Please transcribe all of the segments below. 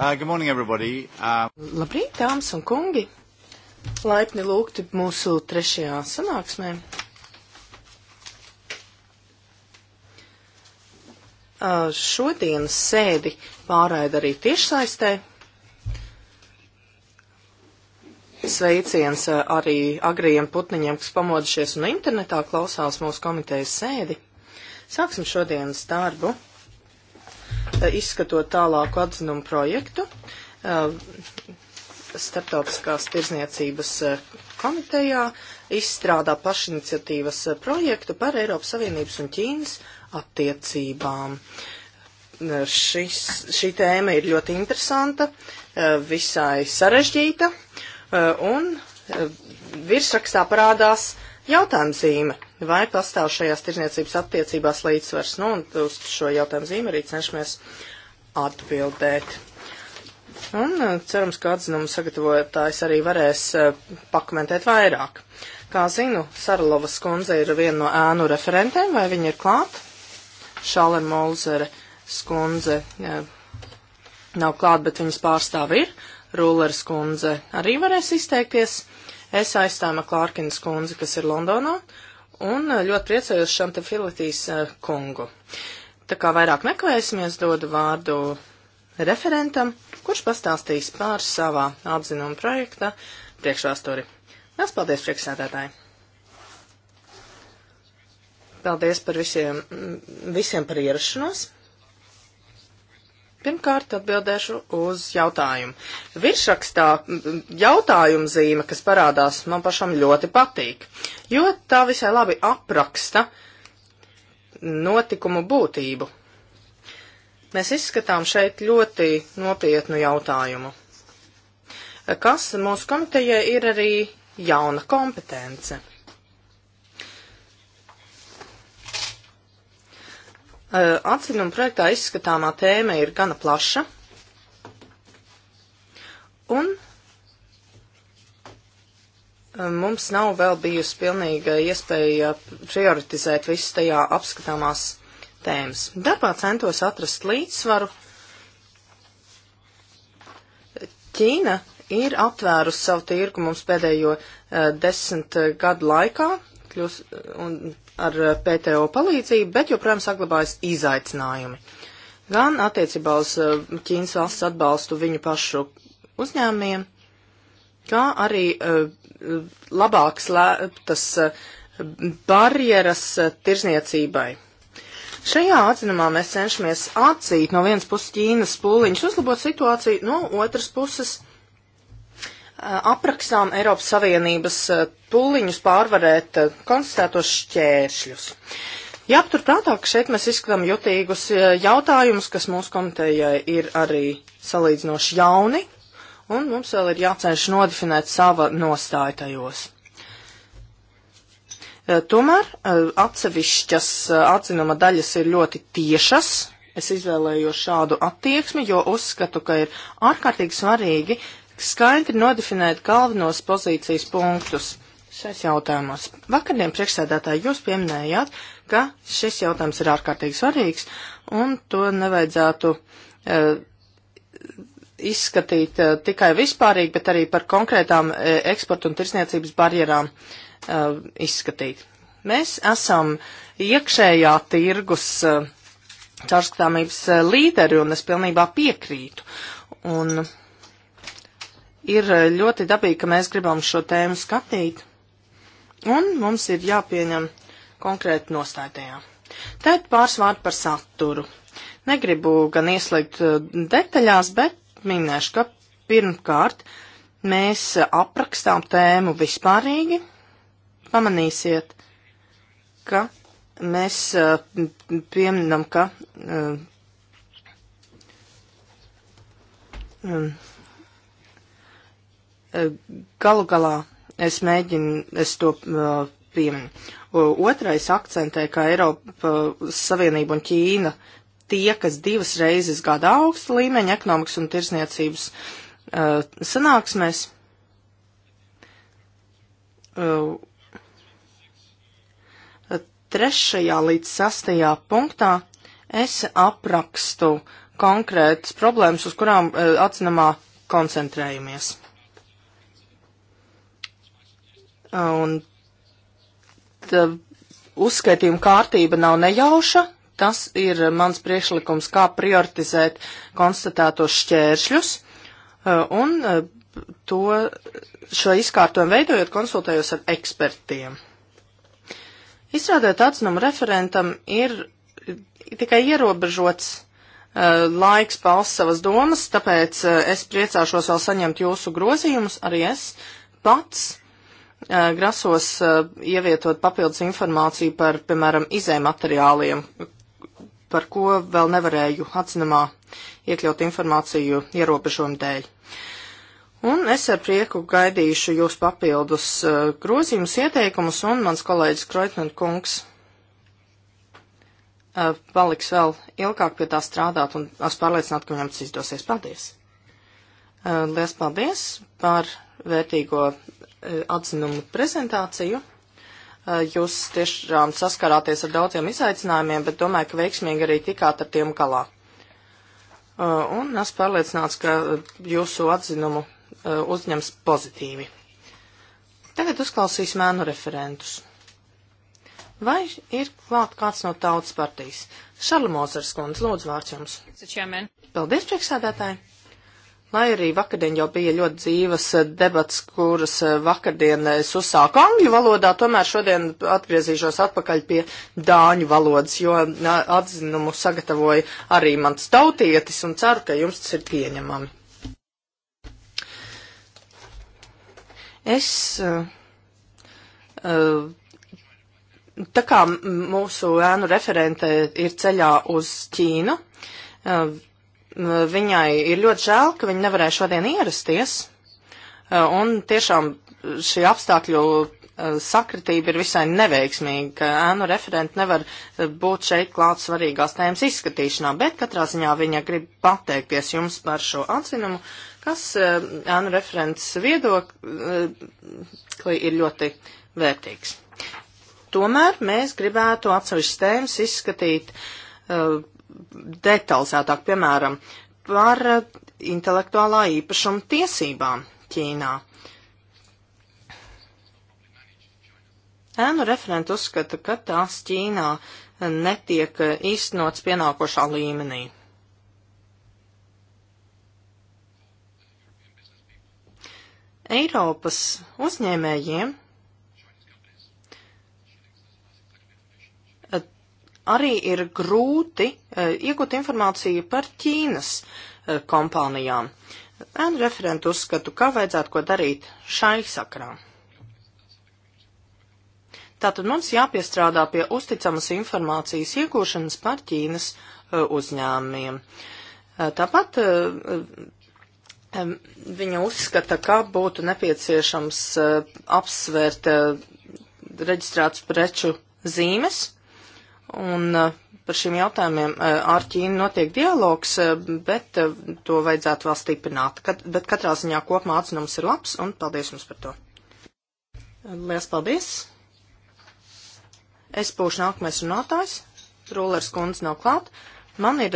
Uh, good morning, everybody. Uh... Labrīt, dāmas un kungi! Laipni lūgti mūsu trešajā sanāksmē. Uh, šodienas sēdi pārraida arī tiešsaistē. Sveiciens uh, arī agriem putniņiem, kas pamodušies un internetā klausās mūsu komitejas sēdi. Sāksim šodienas darbu Eh, izskatot tālāku atzinumu projektu eh, Startautiskās tirzniecības eh, komitejā izstrādā pašiniciatīvas projektu par Eiropas Savienības un Ķīnas attiecībām. Šis, šī tēma ir ļoti interesanta, visai sarežģīta, un virsrakstā parādās jautājumzīme vai pastāv šajās tirzniecības attiecībās līdzsvars. Nu, un uz šo jautājumu zīmi arī cenšamies atbildēt. Un eh, cerams, ka atzinumu sagatavotājs arī varēs eh, pakomentēt vairāk. Kā zinu, Saralovas skundze ir viena no ēnu referentēm, vai viņa ir klāt? Šāle Molzere skundze jā, eh, nav klāt, bet viņas pārstāv ir. Rūlers kundze arī varēs izteikties. Es aizstāju Maklārkins kundzi, kas ir Londonā, un eh, ļoti priecājos šam te filatīs eh, kungu. Tā kā vairāk meklēsimies, dodu vārdu referentam, kurš pastāstīs pār savā apzinuma projekta priekšvēsturi. Mēs paldies priekšsēdētāji! Paldies par visiem, visiem par ierašanos! Pirmkārt, atbildēšu uz jautājumu. Virsrakstā jautājuma zīme, kas parādās, man pašam ļoti patīk, jo tā visai labi apraksta notikumu būtību. Mēs izskatām šeit ļoti nopietnu jautājumu. Kas mūsu komitejai ir arī jauna kompetence? Atzinuma projektā izskatāmā tēma ir gana plaša. Un mums nav vēl bijusi pilnīga iespēja prioritizēt visas tajā apskatāmās tēmas. Darbā centos atrast līdzsvaru. Ķīna ir aptvērusi savu tirgu mums pēdējo uh, desmit gadu laikā, kļūs, un ar eh, PTO palīdzību, bet joprojām saglabājas izaicinājumi. Gan attiecībā uz eh, Ķīnas valsts atbalstu viņu pašu uzņēmumiem, kā arī eh, labāk slēptas barjeras tirzniecībai. Šajā atzinumā mēs cenšamies atzīt no vienas puses Ķīnas pūliņus uzlabot situāciju, no otras puses Eh, aprakstām Eiropas Savienības pūliņus eh, pārvarēt eh, konstatētos šķēršļus. Jāpaturprātā, ka šeit mēs izskatām jutīgus jautājumus, kas mūsu komitejai ir arī salīdzinoši jauni, un mums vēl ir jācenš nodefinēt sava nostāja tajos. Tomēr atsevišķas atzinuma daļas ir ļoti tiešas. Es izvēlējos šādu attieksmi, jo uzskatu, ka ir ārkārtīgi svarīgi skaidri nodefinēt galvenos pozīcijas punktus šais jautājumos. Vakardien priekšsēdētāji jūs pieminējāt, ka šis jautājums ir ārkārtīgi svarīgs un to nevajadzētu e, izskatīt e, tikai vispārīgi, bet arī par konkrētām e, eksporta un tirsniecības barjerām e, izskatīt. Mēs esam iekšējā tirgus e, caurskatāmības e, līderi un es pilnībā piekrītu. Un, e, ir eh, ļoti dabīgi, ka mēs gribam šo tēmu skatīt, un mums ir jāpieņem konkrēti nostādējā. Tad pāris vārdi par saturu. Negribu gan ieslēgt eh, detaļās, bet minēšu, ka pirmkārt mēs aprakstām tēmu vispārīgi. Pamanīsiet, ka mēs eh, pieminam, ka um, Galu galā es mēģinu, es to pieminu. Otrais akcentē, ka Eiropa Savienība un Ķīna tie, kas divas reizes gadā augsta līmeņa ekonomikas un tirsniecības uh, sanāksmēs. Uh, trešajā līdz sastajā punktā es aprakstu konkrētas problēmas, uz kurām uh, atzinamā koncentrējamies. Un uzskaitījuma kārtība nav nejauša. Tas ir mans priekšlikums, kā prioritizēt konstatētos šķēršļus. Un to, šo izkārtojumu veidojot, konsultējos ar ekspertiem. Izstrādāt atzinumu referentam ir tikai ierobežots laiks paust savas domas, tāpēc es priecāšos vēl saņemt jūsu grozījumus. Arī es pats Eh, grasos eh, ievietot papildus informāciju par, piemēram, izējumateriāliem, par ko vēl nevarēju atzinamā iekļaut informāciju ierobežojumu dēļ. Un es ar prieku gaidīšu jūs papildus uh, grozījumus, ieteikumus, un mans kolēģis Kreutmann kungs uh, paliks vēl ilgāk pie tā strādāt, un es pārliecinātu, ka viņam tas izdosies. Paldies! Uh, Lielas paldies par vērtīgo E, atzinumu prezentāciju. E, jūs tiešām saskarāties ar daudziem izaicinājumiem, bet domāju, ka veiksmīgi arī tikāt ar tiem galā. E, un es pārliecināts, ka jūsu atzinumu uzņems pozitīvi. Tagad uzklausīsim mēnu referentus. Vai ir klāt kāds no tautas partijas? Šarla Mozars kundze, lūdzu vārds jums. Paldies, priekšsādātāji! Lai arī vakardien jau bija ļoti dzīvas eh, debats, kuras eh, vakardien es uzsāku angļu valodā, tomēr šodien atgriezīšos atpakaļ pie dāņu valodas, jo eh, atzinumu sagatavoja arī mans tautietis un ceru, ka jums tas ir pieņemami. Es. Uh, tā kā mūsu ēnu referente ir ceļā uz Ķīnu, uh, Viņai ir ļoti žēl, ka viņa nevarēja šodien ierasties, eh, un tiešām šī apstākļu eh, sakritība ir visai neveiksmīga, ka ēnu referenti nevar eh, būt šeit klāt svarīgās tēmas izskatīšanā, bet katrā ziņā viņa grib pateikties jums par šo atzinumu, kas ēnu referents viedokli ir ļoti vērtīgs. Tomēr mēs gribētu atsevišķas tēmas izskatīt uh, detalizētāk, piemēram, par intelektuālā īpašuma tiesībām Ķīnā. Ēnu referenti uzskata, ka tās Ķīnā netiek īstenots pienākošā līmenī. Eiropas uzņēmējiem arī ir grūti e, iegūt informāciju par Ķīnas e, kompānijām. Ēnu referentu uzskatu, kā vajadzētu ko darīt šai sakrā. Tātad mums jāpiestrādā pie uzticamas informācijas iegūšanas par Ķīnas e, uzņēmumiem. Tāpat viņa uzskata, ka būtu nepieciešams apsvērt reģistrētus preču zīmes Un uh, par šiem jautājumiem uh, ar Ķīnu notiek dialogs, uh, bet to vajadzētu vēl stiprināt. Kad, bet katrā ziņā kopumā atzinums ir labs, un paldies jums par to. Lielas paldies! Es būšu nākamais runātājs. Rūlers kundze nav klāt. Man ir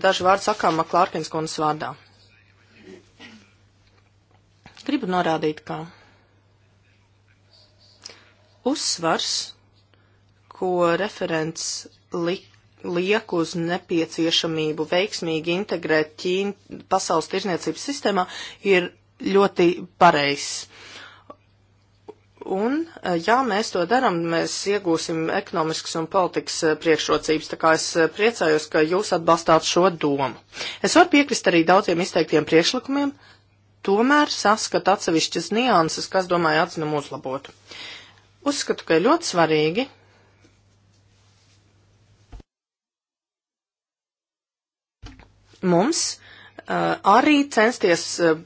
daži vārdi sakāma Klārkins kundzes vārdā. Gribu norādīt, ka uzsvars ko referents lik, liek uz nepieciešamību veiksmīgi integrēt Ķīnu pasaules tirzniecības sistēmā, ir ļoti pareizs. Un, ja mēs to darām, mēs iegūsim ekonomiskas un politikas eh, priekšrocības, tā kā es eh, priecājos, ka jūs atbalstāt šo domu. Es varu piekrist arī daudziem izteiktiem priekšlikumiem, tomēr saskat atsevišķas nianses, kas, domāju, atzinumu uzlabotu. Uzskatu, ka ir ļoti svarīgi mums uh, arī censties uh,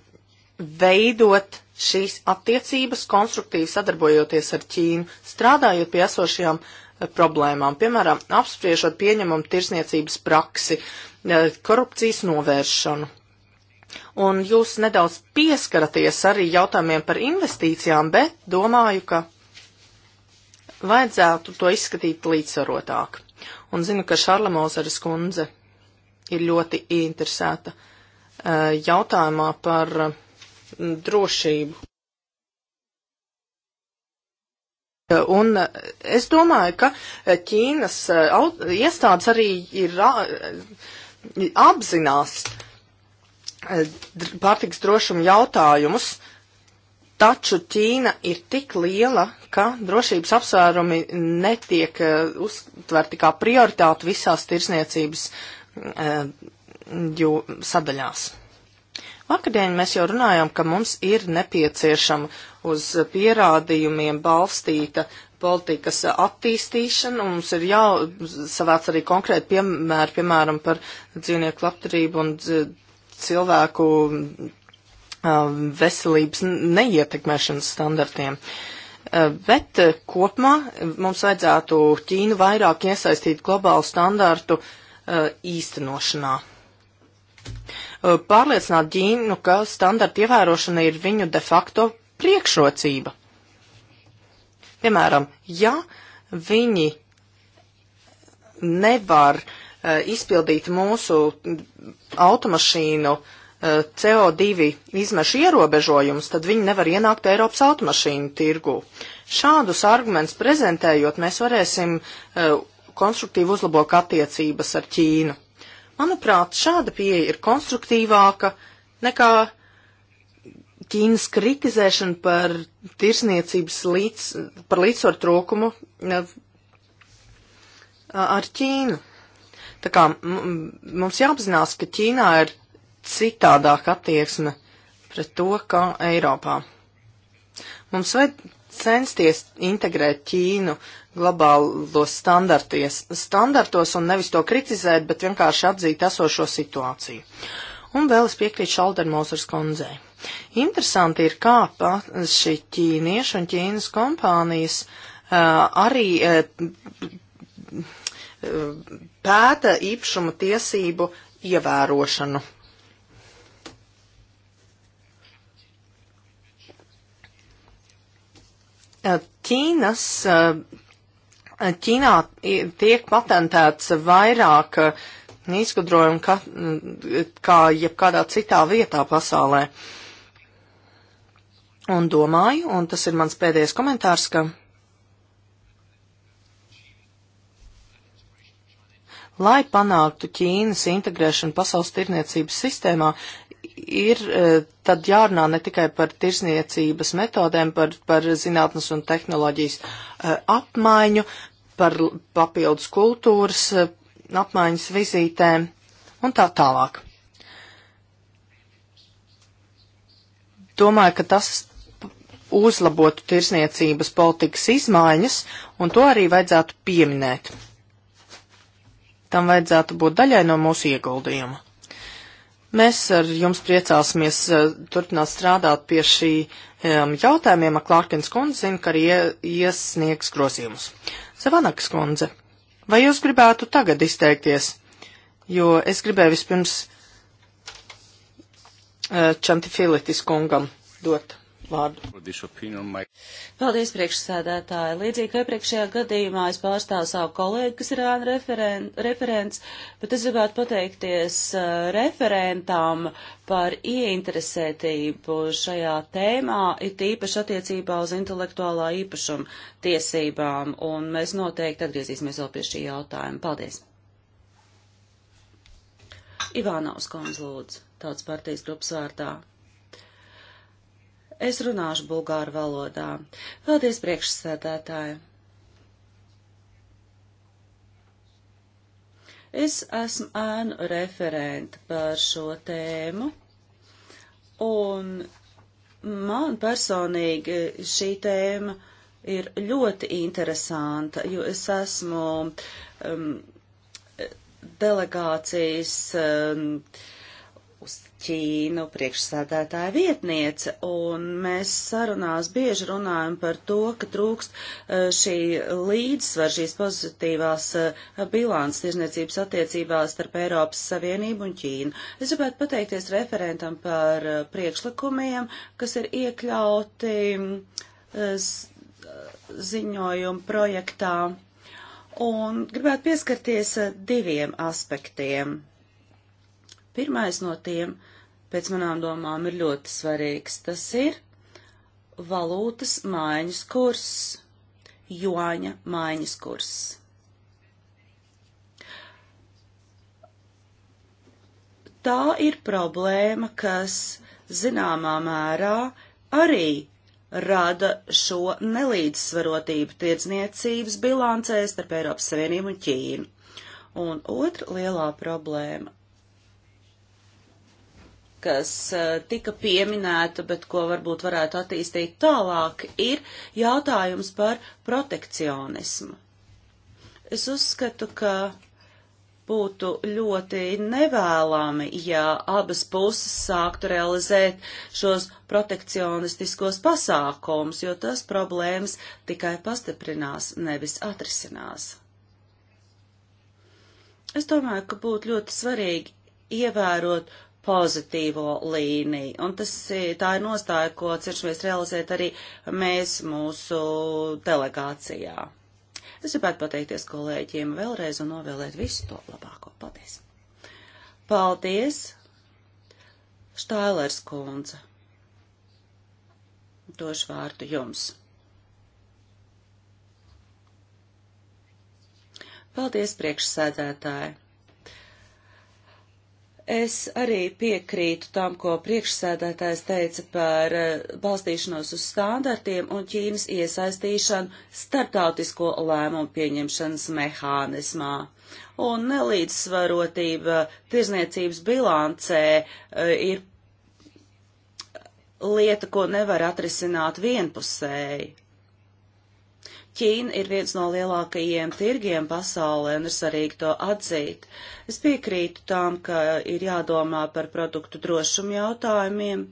veidot šīs attiecības, konstruktīvi sadarbojoties ar Ķīnu, strādājot pie esošajām uh, problēmām, piemēram, apspriežot pieņemam tirsniecības praksi, uh, korupcijas novēršanu. Un jūs nedaudz pieskaraties arī jautājumiem par investīcijām, bet domāju, ka vajadzētu to izskatīt līdzsvarotāk. Un zinu, ka Šarla Mozeres kundze ir ļoti interesēta eh, jautājumā par eh, drošību. Un eh, es domāju, ka Ķīnas iestādes arī ir apzinās pārtiks drošuma jautājumus, taču Ķīna ir tik liela, ka drošības apsvērumi netiek uztverti kā prioritāti visās tirsniecības uh, Eh, jū, sadaļās. Vakardien mēs jau runājām, ka mums ir nepieciešama uz pierādījumiem balstīta politikas attīstīšana, un mums ir jāsavāc arī konkrēti piemēri, piemēram, par dzīvnieku labturību un cilvēku eh, veselības neietekmēšanas standartiem. Eh, bet kopumā mums vajadzētu Ķīnu vairāk iesaistīt globālu standartu uh, Uh, īstenošanā. Uh, pārliecināt Ķīnu, ka standarta ievērošana ir viņu de facto priekšrocība. Piemēram, ja viņi nevar uh, izpildīt mūsu automašīnu uh, CO2 izmešu ierobežojumus, tad viņi nevar ienākt Eiropas automašīnu tirgu. Šādus argumentus prezentējot, mēs varēsim uh, konstruktīvi uzlabok attiecības ar Ķīnu. Manuprāt, šāda pieeja ir konstruktīvāka nekā Ķīnas kritizēšana par tirsniecības līdz, par līdzsvaru trūkumu ar Ķīnu. Tā kā mums jāapzinās, ka Ķīnā ir citādāk attieksme pret to, kā Eiropā. Mums vajag censties integrēt Ķīnu globālos standartos un nevis to kritizēt, bet vienkārši atzīt esošo situāciju. Un vēl es piekrītu Šaldermosers kundzei. Interesanti ir, kā paši ķīnieši un ķīnas kompānijas uh, arī uh, pēta īpašuma tiesību ievērošanu. Ķīnas uh, Ķīnā tiek patentēts vairāk uh, izgudrojumu ka, mm, kā jebkādā citā vietā pasaulē. Un domāju, un tas ir mans pēdējais komentārs, ka Lai panāktu Ķīnas integrēšanu pasaules tirniecības sistēmā, ir e, tad jārunā ne tikai par tirsniecības metodēm, par, par zinātnes un tehnoloģijas e, apmaiņu, par papildus kultūras e, apmaiņas vizītēm un tā tālāk. Domāju, ka tas uzlabotu tirsniecības politikas izmaiņas, un to arī vajadzētu pieminēt tam vajadzētu būt daļai no mūsu ieguldījuma. Mēs ar jums priecāsimies eh, turpināt strādāt pie šī jautājumiem, ak Lārkins kundze zina, ka arī iesniegs grozījumus. Savanakas kundze, vai jūs gribētu tagad izteikties? Jo es gribēju vispirms eh, Čantifilitis kungam dot vārdu. Paldies, priekšsēdētāji. Līdzīgi kā iepriekšējā gadījumā es pārstāvu savu kolēģi, kas ir ēna referen referents, bet es gribētu pateikties referentām par ieinteresētību šajā tēmā, it īpaši attiecībā uz intelektuālā īpašuma tiesībām, un mēs noteikti atgriezīsimies vēl pie šī jautājuma. Paldies! Ivānaus kundze lūdzu, tautas partijas grupas vārdā. Es runāšu bulgāru valodā. Paldies priekšsēdētāji! Es esmu ēnu referenta par šo tēmu, un man personīgi šī tēma ir ļoti interesanta, jo es esmu um, delegācijas um, Ķīnu priekšsādātāja vietniece, un mēs sarunās bieži runājam par to, ka trūkst e, šī līdzsvar, šīs pozitīvās e, bilants tirzniecības attiecībās starp Eiropas Savienību un Ķīnu. Es gribētu pateikties referentam par e, priekšlikumiem, kas ir iekļauti ziņojuma projektā, un gribētu pieskarties diviem aspektiem Pirmais no tiem, pēc manām domām, ir ļoti svarīgs. Tas ir valūtas maiņas kurs, joņa maiņas kurs. Tā ir problēma, kas zināmā mērā arī rada šo nelīdzsvarotību tirdzniecības bilancēs starp Eiropas Savienību un Ķīnu. Un otra lielā problēma kas eh, tika pieminēta, bet ko varbūt varētu attīstīt tālāk, ir jautājums par protekcionismu. Es uzskatu, ka būtu ļoti nevēlami, ja abas puses sāktu realizēt šos protekcionistiskos pasākumus, jo tas problēmas tikai pastiprinās, nevis atrisinās. Es domāju, ka būtu ļoti svarīgi ievērot pozitīvo līniju. Un tas, tā ir nostāja, ko cenšamies realizēt arī mēs mūsu delegācijā. Es gribētu pateikties kolēģiem vēlreiz un novēlēt visu to labāko. Paldies! Paldies! Štailers kundze. Došu vārdu jums. Paldies, priekšsēdētāji! Es arī piekrītu tam, ko priekšsēdētājs teica par eh, balstīšanos uz standartiem un Ķīnas iesaistīšanu starptautisko lēmumu pieņemšanas mehānismā. Un nelīdzsvarotība tirzniecības bilancē eh, ir lieta, ko nevar atrisināt vienpusēji. Ķīna ir viens no lielākajiem tirgiem pasaulē, un ir svarīgi to atzīt. Es piekrītu tām, ka ir jādomā par produktu drošumu jautājumiem,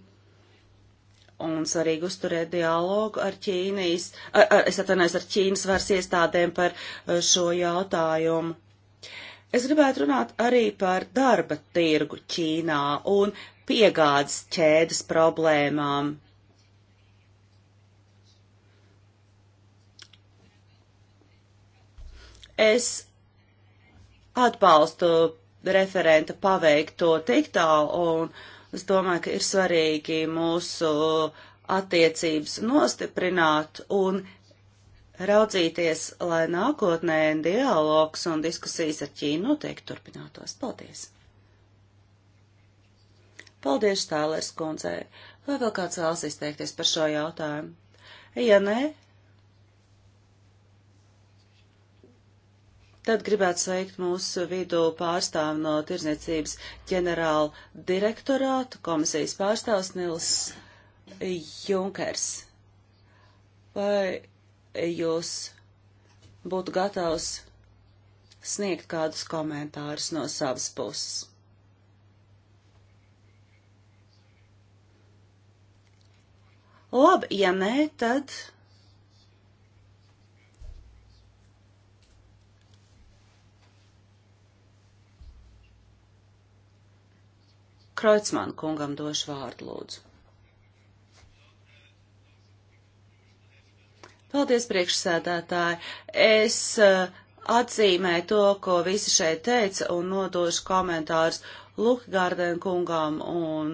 un svarīgi uzturēt dialogu ar Ķīnijas, ar, ar, es atvainojos ar Ķīnas varas iestādēm par šo jautājumu. Es gribētu runāt arī par darba tirgu Ķīnā un piegādes ķēdes problēmām. Es atbalstu referenta paveikto teiktā, un es domāju, ka ir svarīgi mūsu attiecības nostiprināt un raudzīties, lai nākotnē dialogs un diskusijas ar Ķīnu noteikti turpinātos. Paldies! Paldies, Tālērs kundzei! Vai vēl kāds vēlas izteikties par šo jautājumu? Ja nē, Tad gribētu sveikt mūsu vidū pārstāvu no Tirzniecības ģenerāla direktorātu, komisijas pārstāvs Nils Junkers. Vai jūs būtu gatavs sniegt kādus komentārus no savas puses? Labi, ja nē, tad Kreutzmann kungam došu vārdu lūdzu. Paldies, priekšsēdētāji. Es eh, atzīmēju to, ko visi šeit teica, un nodošu komentārus Lukgārden kungām, un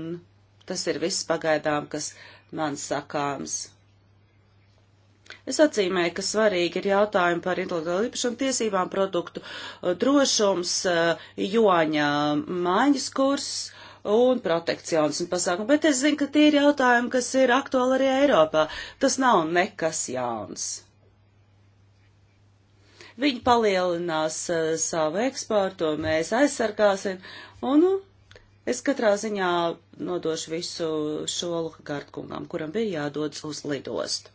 tas ir viss pagaidām, kas man sakāms. Es atzīmēju, ka svarīgi ir jautājumi par intelektuālu īpašumu tiesībām, produktu eh, drošums, eh, joņa maiņas kurss un protekcionismu pasākumu, bet es zinu, ka tie ir jautājumi, kas ir aktuāli arī Eiropā. Tas nav nekas jauns. Viņi palielinās uh, savu eksportu, mēs aizsargāsim, un nu, es katrā ziņā nodošu visu šo Lukagārdkungam, kuram bija jādodas uz lidostu.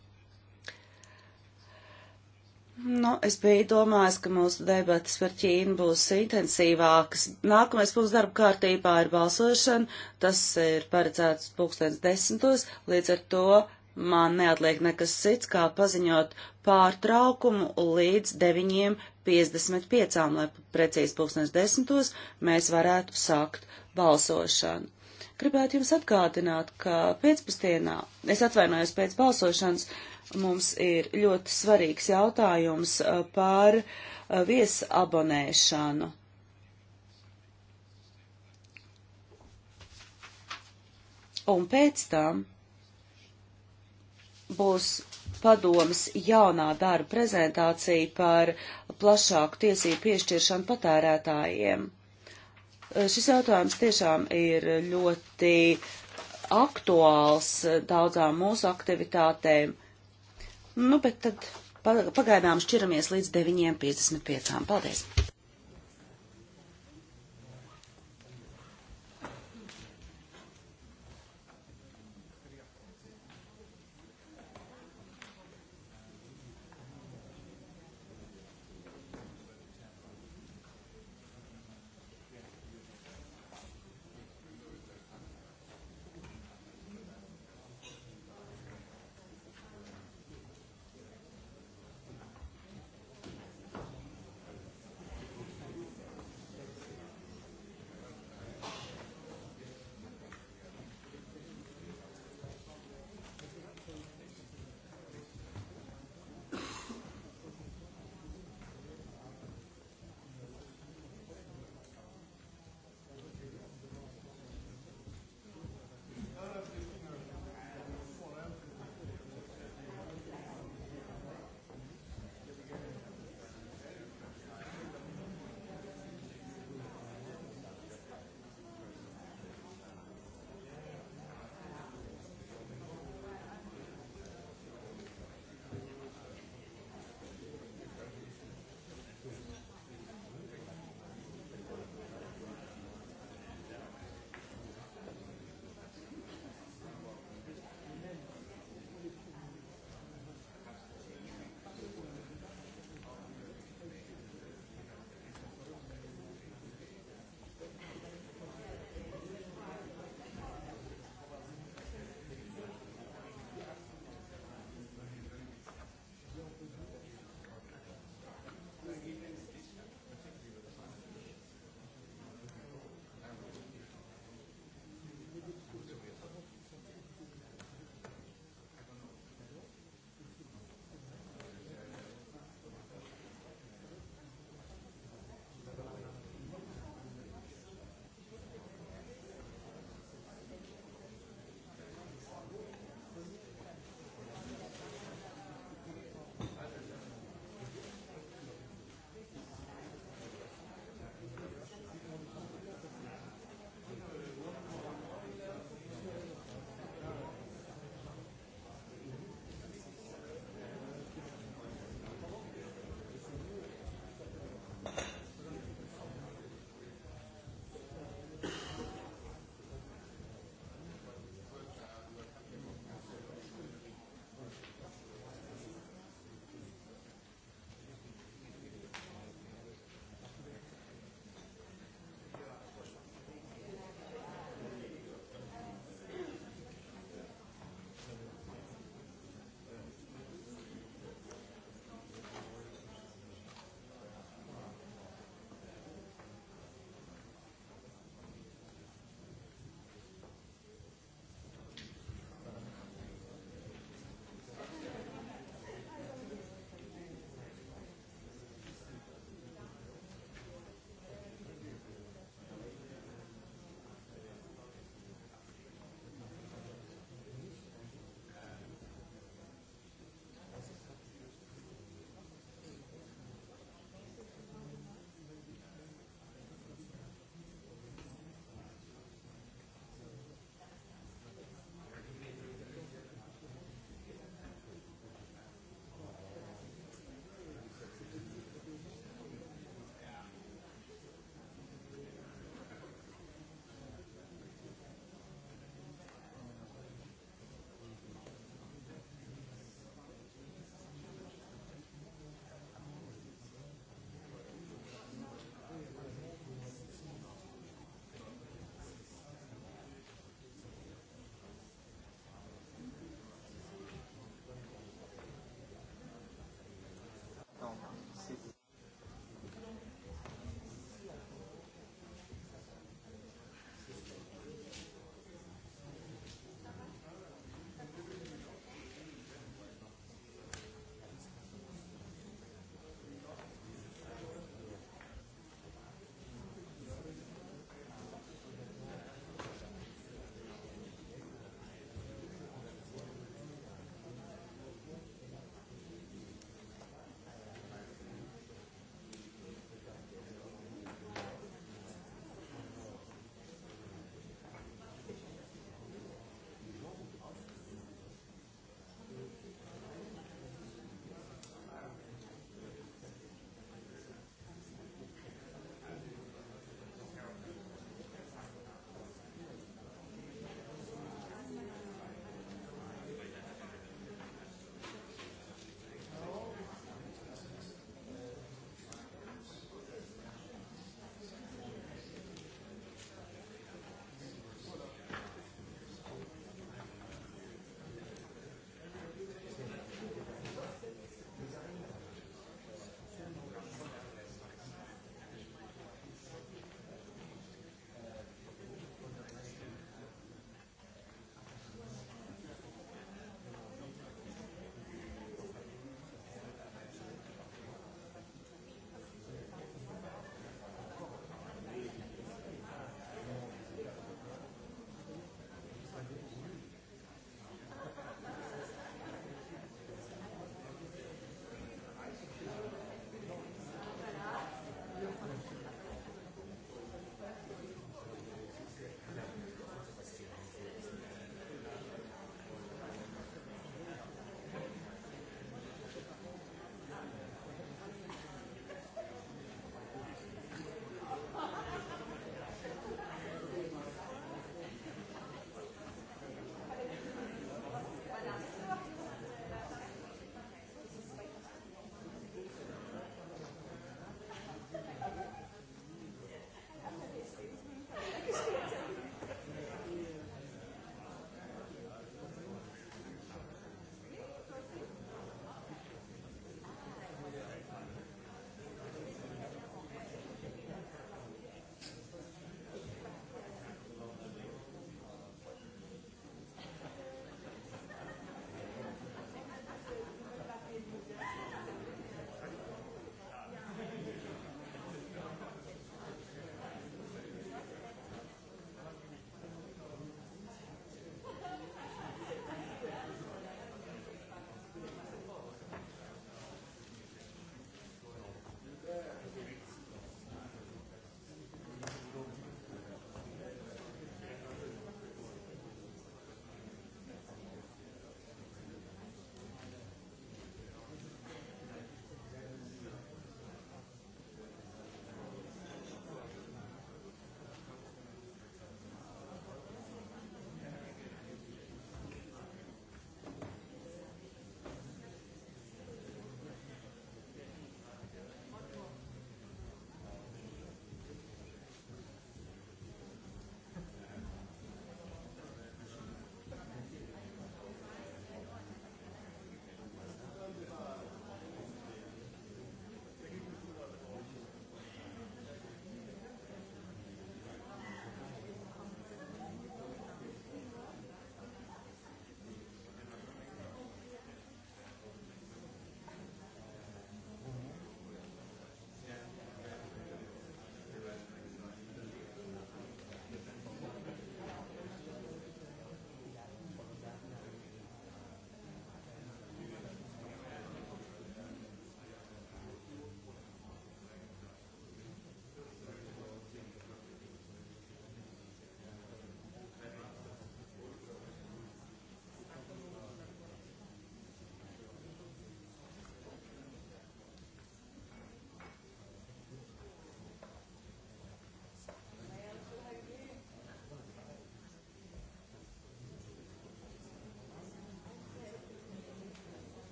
Nu, es biju domājis, ka mūsu debatas par Ķīnu būs intensīvākas. Nākamais punkts darba kārtībā ir balsošana. Tas ir paredzēts pulkstens desmitos, līdz ar to man neatliek nekas cits, kā paziņot pārtraukumu līdz 9.55, lai precīzi pulkstens desmitos mēs varētu sākt balsošanu. Gribētu jums atgādināt, ka pēcpusdienā, es atvainojos pēc balsošanas, uh, mums ir ļoti svarīgs jautājums uh, par uh, viesabonēšanu. Un pēc tam būs padomas jaunā darba prezentācija par plašāku tiesību piešķiršanu patērētājiem. Uh, šis jautājums tiešām ir ļoti aktuāls daudzām mūsu aktivitātēm Nu, bet tad pagaidām šķiramies līdz 9.55. Paldies!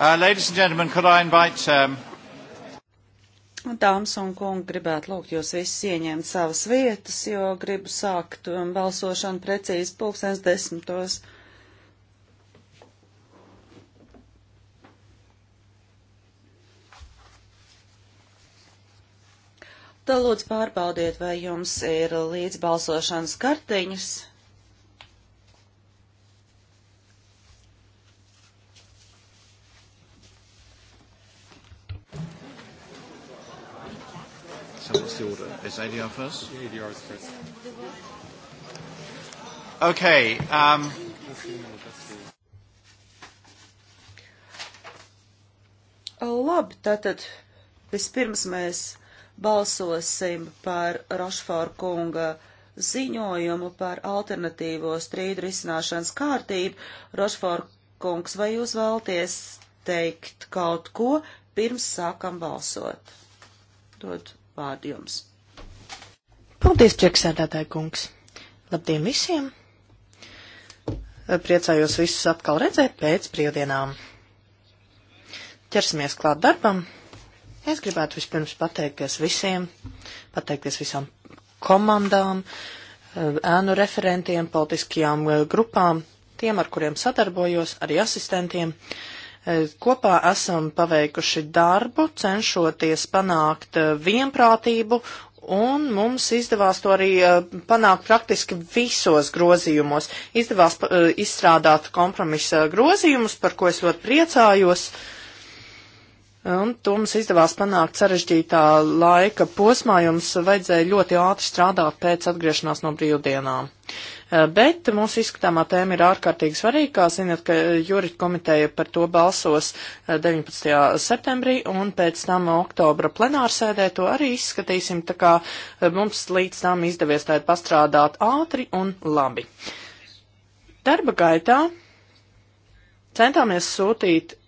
Uh, ladies and gentlemen, could I invite... Um... Dāmas un kungi, gribētu lūgt jūs visus ieņemt savas vietas, jo gribu sākt um, balsošanu precīzi pulkstens desmitos. Tad lūdzu pārbaudiet, vai jums ir līdz balsošanas kartiņas. ADR first? Yeah, ADR is first. Okay. Um, Labi, tātad vispirms mēs balsosim par Rošfāra kunga ziņojumu par alternatīvo strīdu risināšanas kārtību. Rošfāra kungs, vai jūs vēlties teikt kaut ko pirms sākam balsot? Dod vārdu jums. Paldies, priekšsēdētāji kungs! Labdien visiem! Priecājos visus atkal redzēt pēc brīvdienām. Ķersimies klāt darbam. Es gribētu vispirms pateikties visiem, pateikties visām komandām, ēnu referentiem, politiskajām eh, grupām, tiem, ar kuriem sadarbojos, arī asistentiem. Eh, kopā esam paveikuši darbu, cenšoties panākt eh, vienprātību Un mums izdevās to arī eh, panākt praktiski visos grozījumos. Izdevās eh, izstrādāt kompromisa grozījumus, par ko es ļoti priecājos. Uh, Un to mums izdevās panākt sarežģītā laika posmā, jums vajadzēja ļoti ātri strādāt pēc atgriešanās no brīvdienām. Eh, bet mūsu izskatāmā tēma ir ārkārtīgi svarīga, kā zinat, ka Jurit komiteja par to balsos 19. Eh, septembrī un pēc tam oktobra plenārsēdē to arī izskatīsim, tā kā eh, mums līdz tam izdevies tā pastrādāt ātri un labi. Darba gaitā centāmies sūtīt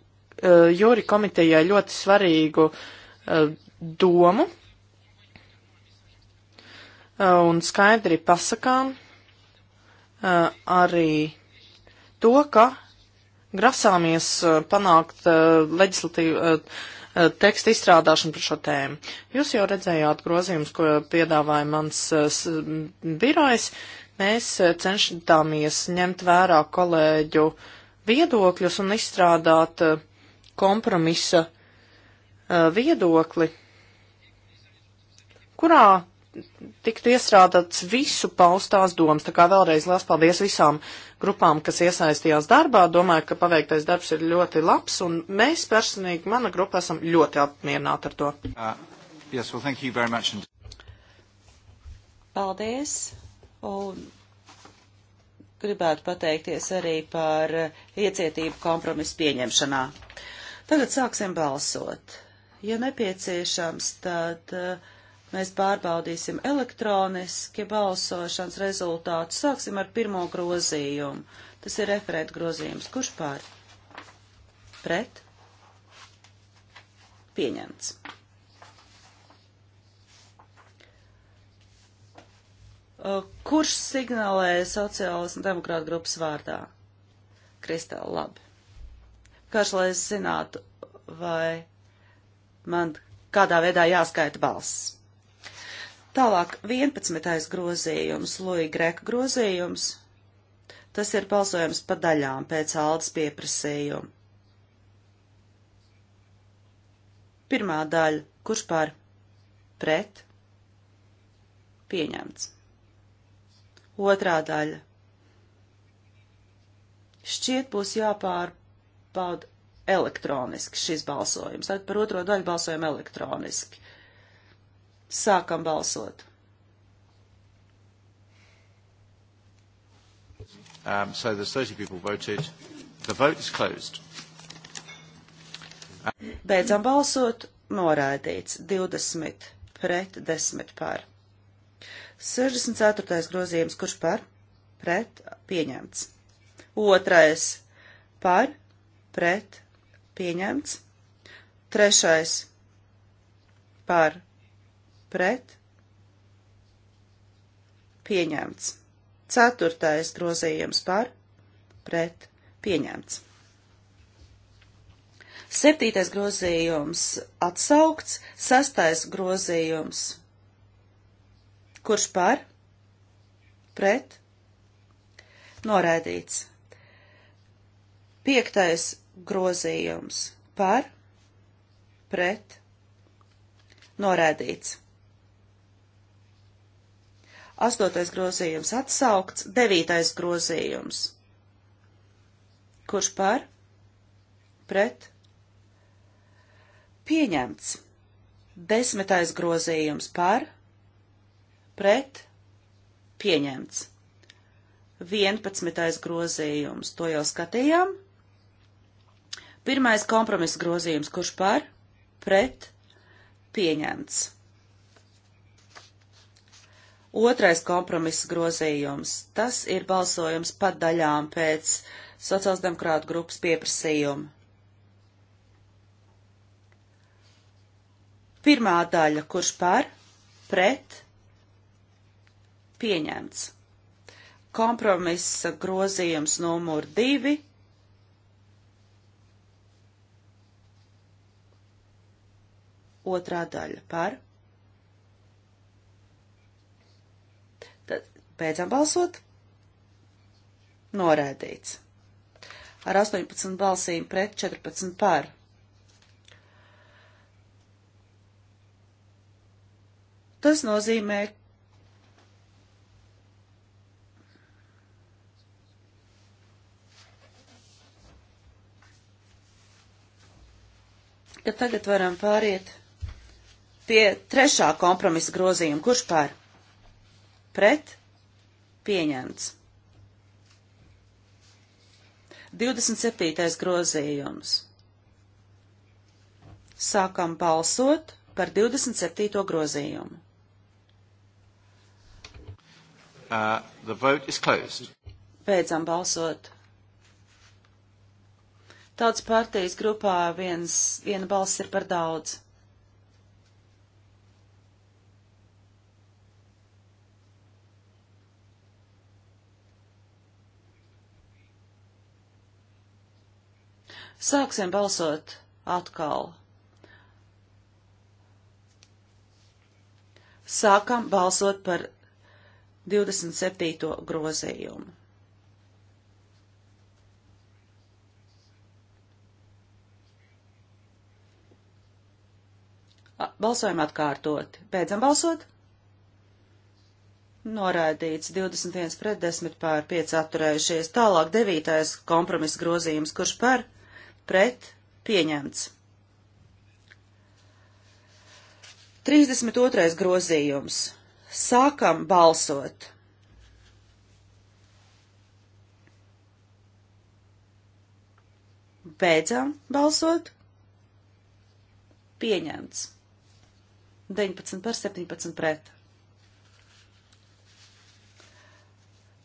Eh, jūri komitejai ļoti svarīgu eh, domu eh, un skaidri pasakām arī to, ka grasāmies panākt leģislatīvu tekstu izstrādāšanu par šo tēmu. Jūs jau redzējāt grozījumus, ko piedāvāja mans birojs. Mēs cenšamies ņemt vērā kolēģu viedokļus un izstrādāt uh, kompromisa uh, viedokli, kurā tiktu iestrādāts visu paustās domas. Tā kā vēlreiz liels paldies visām grupām, kas iesaistījās darbā. Domāju, ka paveiktais darbs ir ļoti labs, un mēs personīgi, mana grupa, esam ļoti apmierināti ar to. Uh, yes, well, thank you very much. Paldies. Un gribētu pateikties arī par iecietību kompromisu pieņemšanā. Tagad sāksim balsot. Ja nepieciešams, tad uh, mēs pārbaudīsim elektroniski balsošanas rezultātu. Sāksim ar pirmo grozījumu. Tas ir referēt grozījums. Kurš pār? Pret? Pieņemts. Eh, kurš signalēja sociālas un demokrāta grupas vārdā? Kristāla, labi vienkārši, lai es zinātu, vai man kādā veidā jāskaita balss. Tālāk, 11. grozījums, Luija Greka grozījums. Tas ir balsojums pa daļām pēc aldas pieprasījuma. Pirmā daļa, kurš par pret pieņemts. Otrā daļa. Šķiet būs jāpār jābauda elektroniski šis balsojums. Tad par otro daļu balsojam elektroniski. Sākam balsot. Um, so there's 30 people voted. The vote is closed. Beidzam balsot, noraidīts 20 pret 10 par. 64. grozījums, kurš par? Pret pieņemts. Otrais par pret pieņemts. Trešais par pret pieņemts. Ceturtais grozījums par pret pieņemts. Septītais grozījums atsaukts, sastais grozījums, kurš par, pret, noraidīts. Piektais grozījums par, pret, norēdīts. Astotais grozījums atsaukts, devītais grozījums. Kurš par, pret, pieņemts. Desmitais grozījums par, pret, pieņemts. Vienpadsmitais grozījums, to jau skatījām. Pirmais kompromiss grozījums, kurš par, pret, pieņemts. Otrais kompromiss grozījums, tas ir balsojums pa daļām pēc sociāldemokrātu grupas pieprasījuma. Pirmā daļa, kurš par, pret, pieņemts. Kompromisa grozījums numur divi otrā daļa par. Tad beidzam balsot. Norēdīts. Ar 18 balsīm pret 14 par. Tas nozīmē, ka tagad varam pāriet pie trešā kompromisa grozījuma. Kurš par? Pret? Pieņemts. 27. grozījums. Sākam balsot par 27. grozījumu. Uh, the vote is closed. Beidzam balsot. Tautas partijas grupā viens, viena balss ir par daudz. Sāksim balsot atkal. Sākam balsot par 27. grozījumu. Balsojam atkārtoti. Beidzam balsot. Norādīts 21 pret 10 pār 5 atturējušies. Tālāk 9. kompromiss grozījums, kurš par? pret pieņemts. 32. grozījums. Sākam balsot. Beidzam balsot. Pieņemts. 19 par 17 pret.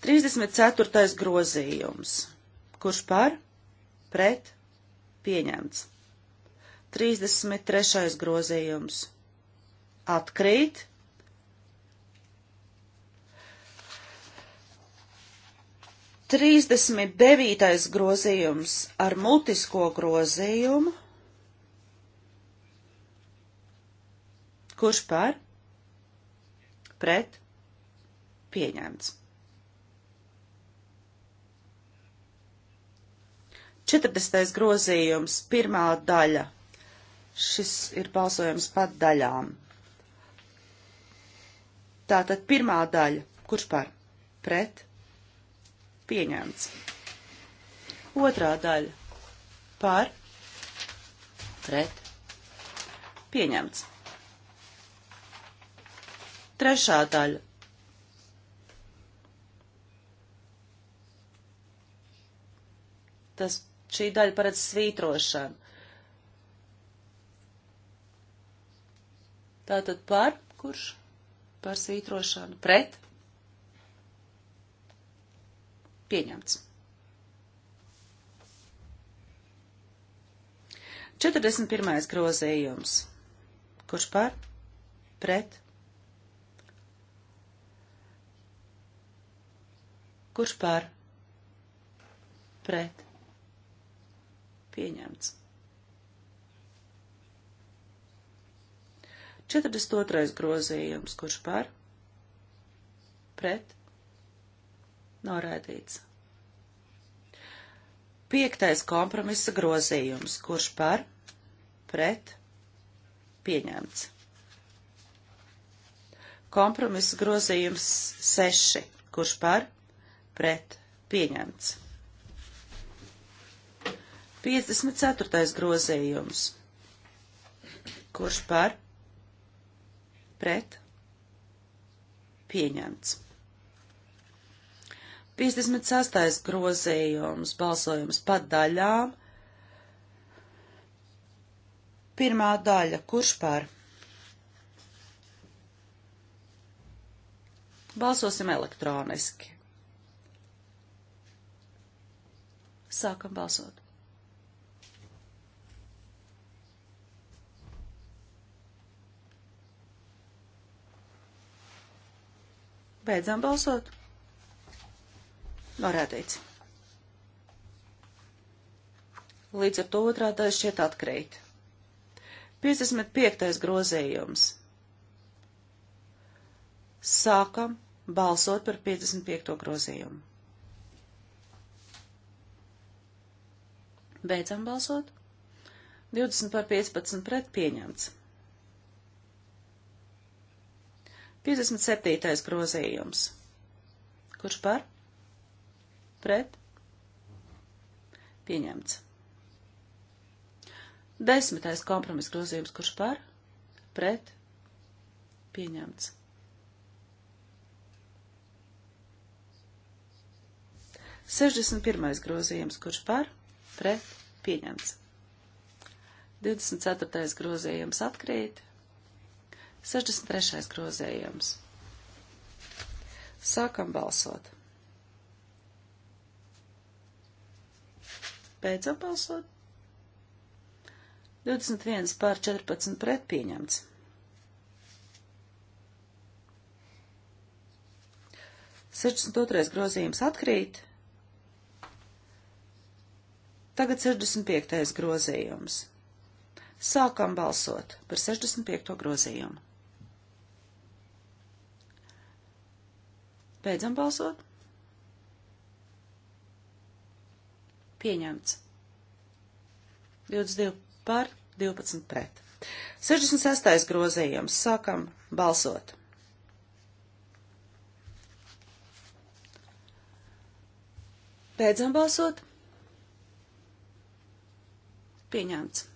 34. grozījums. Kurš par? Pret? pieņemts. 33. grozījums atkrīt. Trīsdesmit devītais grozījums ar mutisko grozījumu. Kurš par? Pret? Pieņemts. 40. grozījums, pirmā daļa. Šis ir balsojums par daļām. Tātad pirmā daļa. Kurš par? Pret? Pieņemts. Otrā daļa. Par? Pret? Pieņemts. Trešā daļa. Tas šī daļa paredz svītrošanu. Tātad par, kurš par svītrošanu, pret, pieņemts. 41. grozījums. Kurš par, pret, kurš par, pret, Pieņemts. 42. grozījums, kurš par, pret, noraidīts. 5. kompromisa grozījums, kurš par, pret, pieņemts. Kompromisa grozījums 6, kurš par, pret, pieņemts. 54. grozījums. Kurš par? Pret? Pieņemts. 56. grozījums balsojums pa daļām. Pirmā daļa, kurš par? Balsosim elektroniski. Sākam balsot. Beidzam balsot. Norādīts. Līdz ar to otrā daļa šķiet atkrīt. 55. grozījums. Sākam balsot par 55. grozījumu. Beidzam balsot. 20 par 15 pret pieņemts. 57. grozījums. Kurš par? Pret? Pieņemts. Desmitais kompromiss grozījums. Kurš par? Pret? Pieņemts. Sešdesmit pirmais grozījums. Kurš par? Pret? Pieņemts. 24. grozījums atkrīt, 63. grozējums. Sākam balsot. Beidzam balsot. 21 pār 14 pret pieņemts. Sešdesmit otrais grozījums atkrīt. Tagad 65. grozījums. Sākam balsot par 65. grozījumu. Beidzam balsot. Pieņemts. 22 par, 12 pret. 66. grozījums. Sākam balsot. Beidzam balsot. Pieņemts.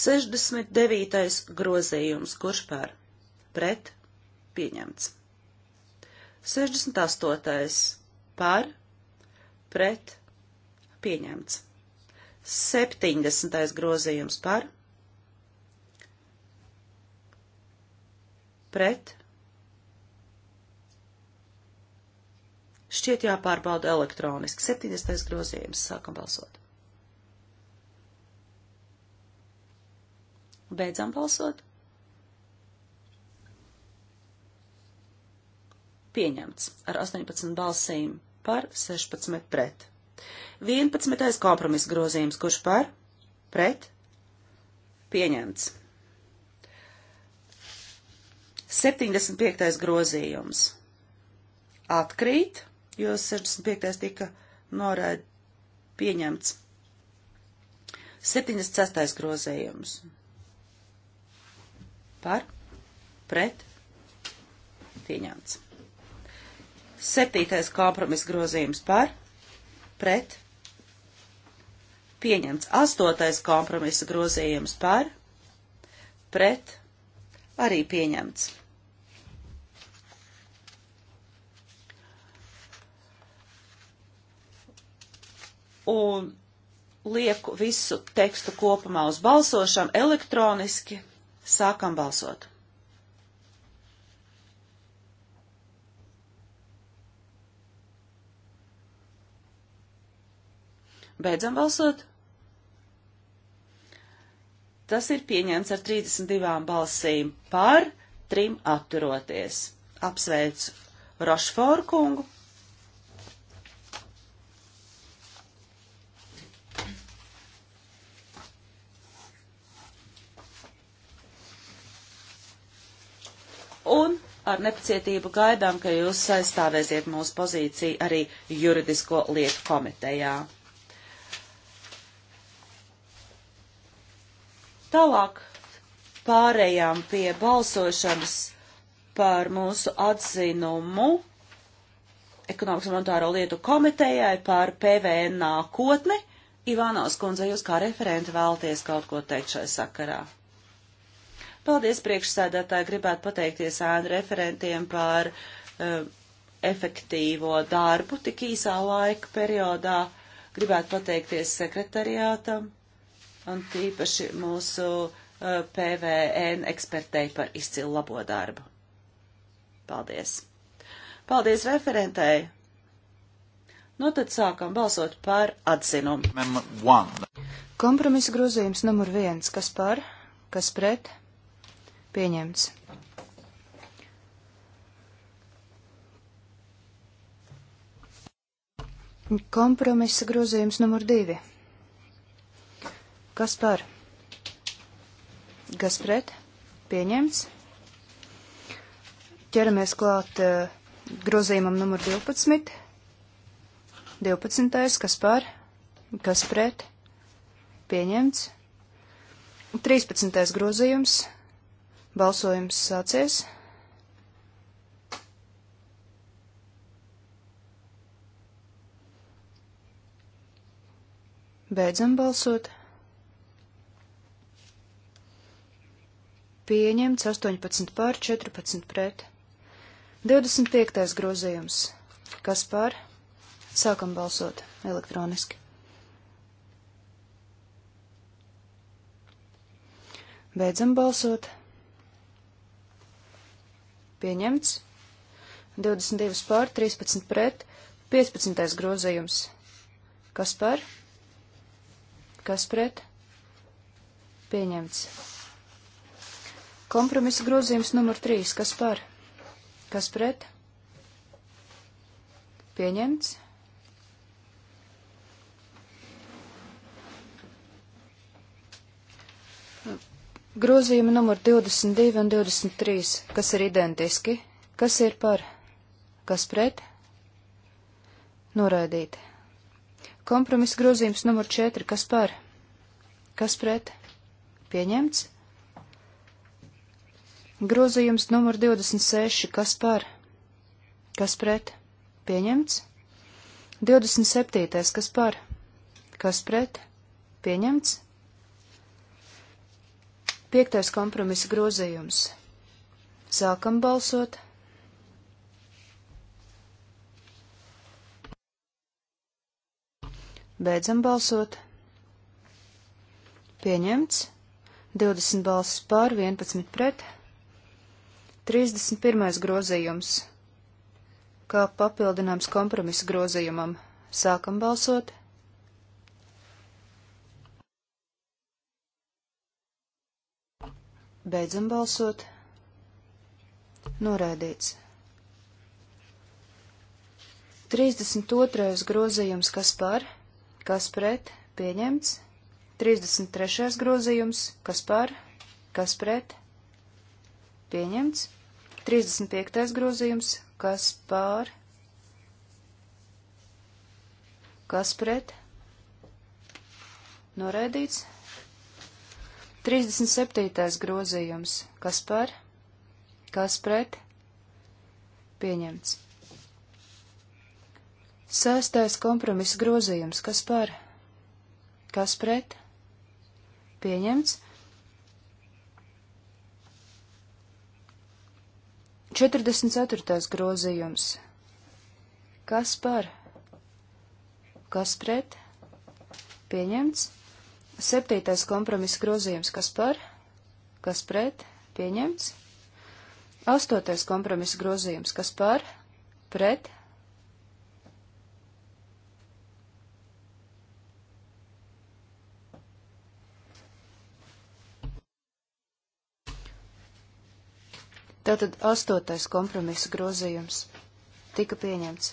69. grozījums, kurš par pret pieņemts. 68. par pret pieņemts. 70. grozījums par pret Šķiet jāpārbauda elektroniski. 70. grozījums. Sākam balsot. Beidzam balsot. Pieņemts ar 18 balsīm par 16 pret. 11. kompromiss grozījums, kurš par? Pret? Pieņemts. 75. grozījums atkrīt, jo 65. tika noraid pieņemts. 76. grozījums par pret pieņemts. Septītais kompromiss grozījums par pret pieņemts. Astotais kompromisa grozījums par pret arī pieņemts. Un lieku visu tekstu kopumā uz balsošanu elektroniski. Sākam balsot. Beidzam balsot. Tas ir pieņemts ar 32 balsīm par, trim atturoties. Apsveicu Rošforu kungu un ar nepacietību gaidām, ka jūs aizstāvēsiet mūsu pozīciju arī juridisko lietu komitejā. Tālāk pārējām pie balsošanas par mūsu atzinumu ekonomikas un monetāro lietu komitejai par PVN nākotni. Ivānos kundze, jūs kā referenti vēlties kaut ko teikt šai sakarā? Paldies priekšsēdētāji, gribētu pateikties ēnu referentiem par uh, efektīvo darbu tik īsā laika periodā. Gribētu pateikties sekretariātam un tīpaši mūsu uh, eh, PVN ekspertei par izcilu labo darbu. Paldies! Paldies referentei! Nu tad sākam balsot par atzinumu. Kompromisa grozījums numur viens. Kas par? Kas pret? Pieņemts. Kompromisa grozījums numur divi. Kas par? Kas pret? Pieņemts. Ķeramies klāt uh, grozījumam numur 12. 12. Kas par? Kas pret? Pieņemts. 13. grozījums Balsojums sācies. Beidzam balsot. Pieņemts 18 pār 14 pret. 25. grozījums. Kas pār? Sākam balsot elektroniski. Beidzam balsot pieņemts, 22 pār, 13 pret, 15. grozījums. Kas par? Kas pret? Pieņemts. Kompromisa grozījums numur 3. Kas par? Kas pret? Pieņemts. Grozījumi numur 22 un 23, kas ir identiski, kas ir par, kas pret, noraidīti. Kompromiss grozījums numur 4, kas par, kas pret, pieņemts. Grozījums numur 26, kas par, kas pret, pieņemts. 27, kas par, kas pret, pieņemts. Piektais kompromisa grozījums. Sākam balsot. Beidzam balsot. Pieņemts. 20 balsis pār, 11 pret. 31. grozījums. Kā papildinājums kompromisa grozījumam. Sākam balsot. Beidzam balsot. Noraidīts. 32. grozījums, kas par, kas pret, pieņemts. 33. grozījums, kas par, kas pret, pieņemts. 35. grozījums, kas par, kas pret, noraidīts. 37. grozījums. Kas par? Kas pret? Pieņemts. Sēstais kompromisa grozījums. Kas par? Kas pret? Pieņemts. 44. grozījums. Kas par? Kas pret? Pieņemts. Septītais kompromisa grozījums, kas par, kas pret, pieņemts. Astotais kompromisa grozījums, kas par, pret. Tātad astotais kompromisa grozījums tika pieņemts.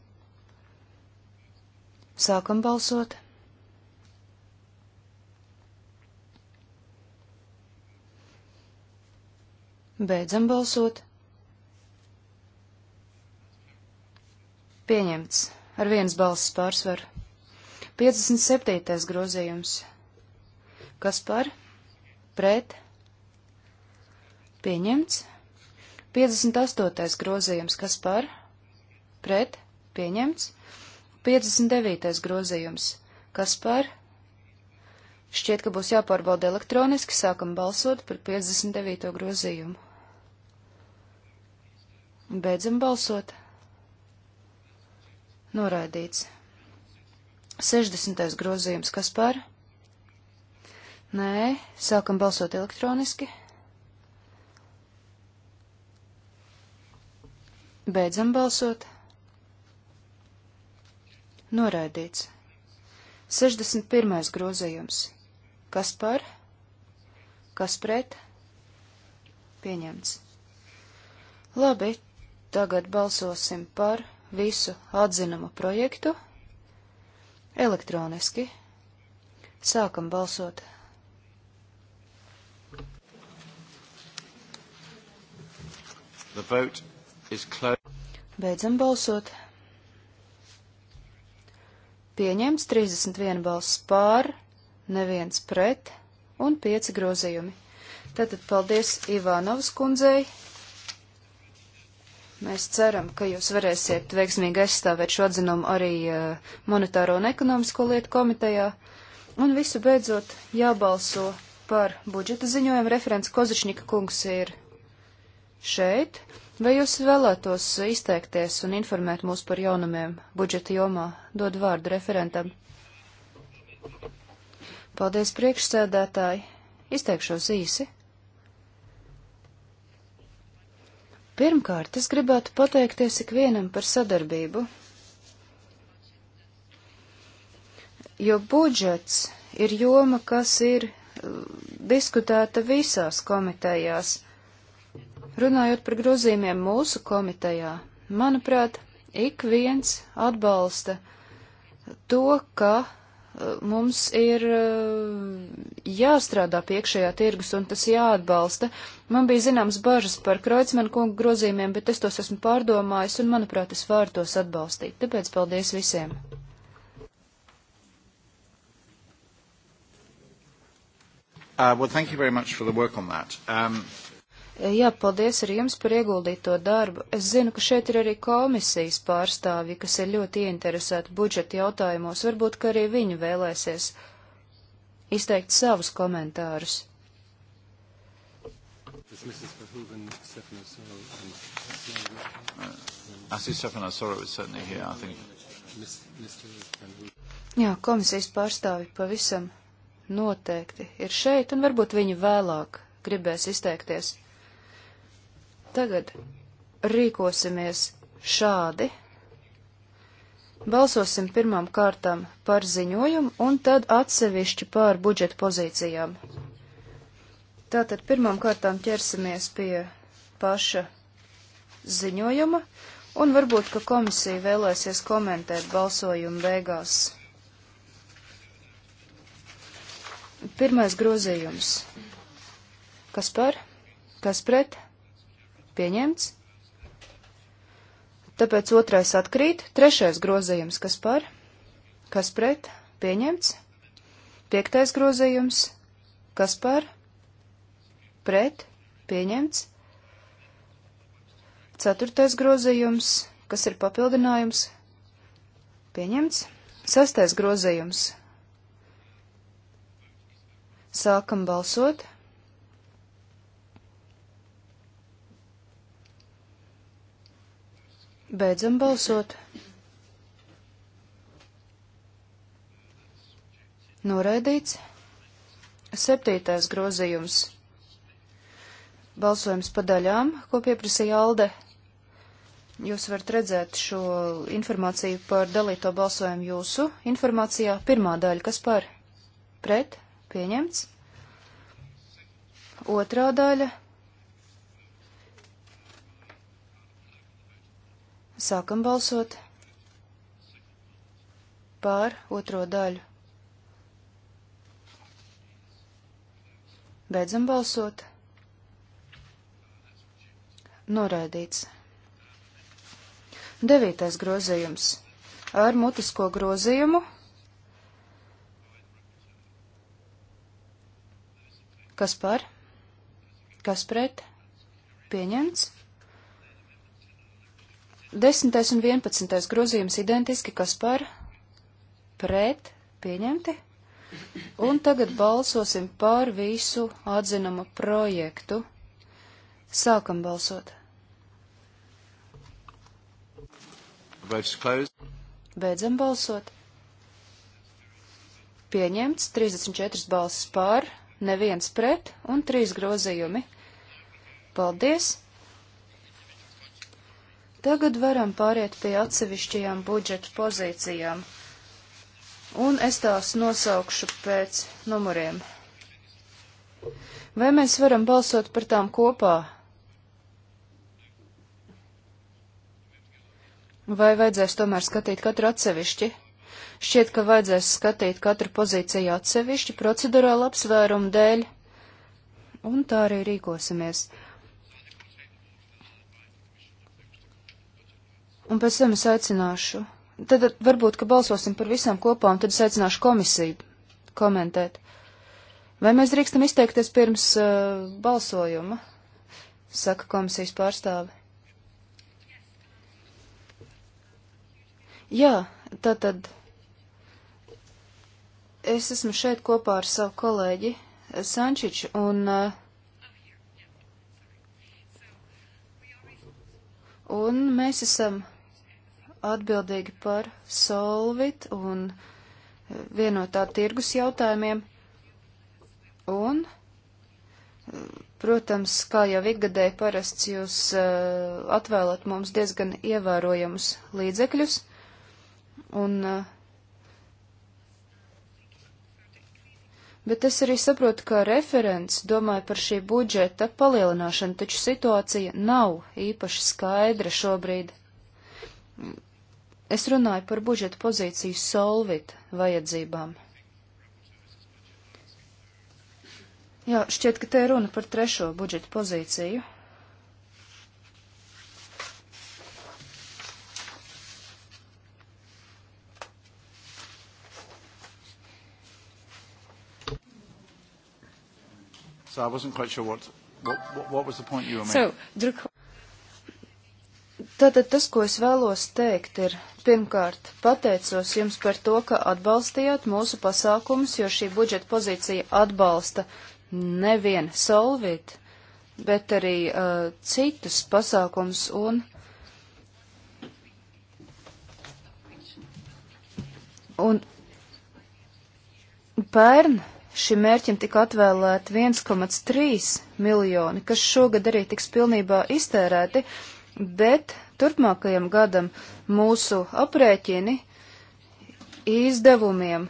Sākam balsot. Beidzam balsot. Pieņemts ar vienas balss pārsvaru. 57. grozījums. Kas par? Pret? Pieņemts. 58. grozījums. Kas par? Pret? Pieņemts. 59. grozījums. Kas par? Šķiet, ka būs jāpārbauda elektroniski, sākam balsot par 59. grozījumu. Beidzam balsot. Noraidīts. 60. grozījums. Kas par? Nē, sākam balsot elektroniski. Beidzam balsot. Noraidīts. 61. grozījums. Kas par? Kas pret? Pieņemts. Labi, tagad balsosim par visu atzinumu projektu elektroniski. Sākam balsot. Beidzam balsot. Pieņemts 31 balss pār, neviens pret un 5 grozījumi. Tātad paldies Ivānovas kundzei. Mēs ceram, ka jūs varēsiet veiksmīgi aizstāvēt šo atzinumu arī uh, Monetāro un ekonomisko lietu komitejā. Un visu beidzot jābalso par budžeta ziņojumu. Referents Kozičņika kungs ir šeit. Vai jūs vēlētos izteikties un informēt mūs par jaunumiem budžeta jomā? Dod vārdu referentam. Paldies, priekšsēdētāji. Izteikšos īsi. Pirmkārt, es gribētu pateikties ikvienam par sadarbību, jo budžets ir joma, kas ir uh, diskutēta visās komitejās. Runājot par grozījumiem mūsu komitejā, manuprāt, ik viens atbalsta to, ka e, mums ir e, jāstrādā pie iekšējā tirgus un tas jāatbalsta. Man bija zināms bažas par Kreutzmanu kungu grozījumiem, bet es tos esmu pārdomājis un, manuprāt, es varu tos atbalstīt. Tāpēc paldies visiem! Uh, well, thank you very much for the work on that. Um, Jā, paldies arī jums par ieguldīto darbu. Es zinu, ka šeit ir arī komisijas pārstāvji, kas ir ļoti ieinteresēti budžeta jautājumos. Varbūt, ka arī viņi vēlēsies izteikt savus komentārus. Jā, komisijas pārstāvi pavisam noteikti ir šeit, un varbūt viņi vēlāk gribēs izteikties. Tagad rīkosimies šādi. Balsosim pirmām kārtām par ziņojumu un tad atsevišķi par budžeta pozīcijām. Tātad pirmām kārtām ķersimies pie paša ziņojuma un varbūt, ka komisija vēlēsies komentēt balsojumu beigās. Pirmais grozījums. Kas par? Kas pret? pieņemts. Tāpēc otrais atkrīt, trešais grozījums, kas par, kas pret, pieņemts. Piektais grozījums, kas par, pret, pieņemts. Ceturtais grozījums, kas ir papildinājums, pieņemts. Sastais grozījums. Sākam balsot. Beidzam balsot. Noraidīts. Septītais grozījums. Balsojums pa daļām, ko pieprasīja Alde. Jūs varat redzēt šo informāciju par dalīto balsojumu jūsu informācijā. Pirmā daļa, kas par pret, pieņemts. Otrā daļa Sākam balsot pār otro daļu. Beidzam balsot. Noraidīts. Devītais grozījums. Ar mutisko grozījumu, kas par, kas pret, pieņemts. 10. un 11. grozījums identiski, kas par pret pieņemti. Un tagad balsosim par visu atzinuma projektu. Sākam balsot. Beidzam balsot. Pieņemts 34 balsis pār, neviens pret un 3 grozījumi. Paldies! Tagad varam pāriet pie atsevišķajām budžeta pozīcijām, un es tās nosaukšu pēc numuriem. Vai mēs varam balsot par tām kopā? Vai vajadzēs tomēr skatīt katru atsevišķi? Šķiet, ka vajadzēs skatīt katru pozīciju atsevišķi procedurāla apsvērumu dēļ, un tā arī rīkosimies. un pēc tam es aicināšu. Tad varbūt, ka balsosim par visām kopā, un tad es aicināšu komisiju komentēt. Vai mēs drīkstam izteikties pirms uh, balsojuma? Saka komisijas pārstāve. Jā, tātad es esmu šeit kopā ar savu kolēģi eh, Sančiču un. Uh, un mēs esam atbildīgi par solvit un e, vienotā tirgus jautājumiem. Un, e, protams, kā jau ikgadēji parasts, jūs e, atvēlat mums diezgan ievērojamus līdzekļus. Un, bet es arī saprotu, ka referents domāja par šī budžeta palielināšanu, taču situācija nav īpaši skaidra šobrīd. Es runāju par budžeta pozīciju solvit vajadzībām. Jā, šķiet, ka te runa par trešo budžeta pozīciju. So I wasn't quite sure what, what, what was the point you were making. So, Tātad tas, ko es vēlos teikt, ir pirmkārt pateicos jums par to, ka atbalstījāt mūsu pasākumus, jo šī budžeta pozīcija atbalsta nevien solvit, bet arī uh, citus pasākumus un. Un pērn šim mērķim tika atvēlēti 1,3 miljoni, kas šogad arī tiks pilnībā iztērēti, bet turpmākajam gadam mūsu aprēķini izdevumiem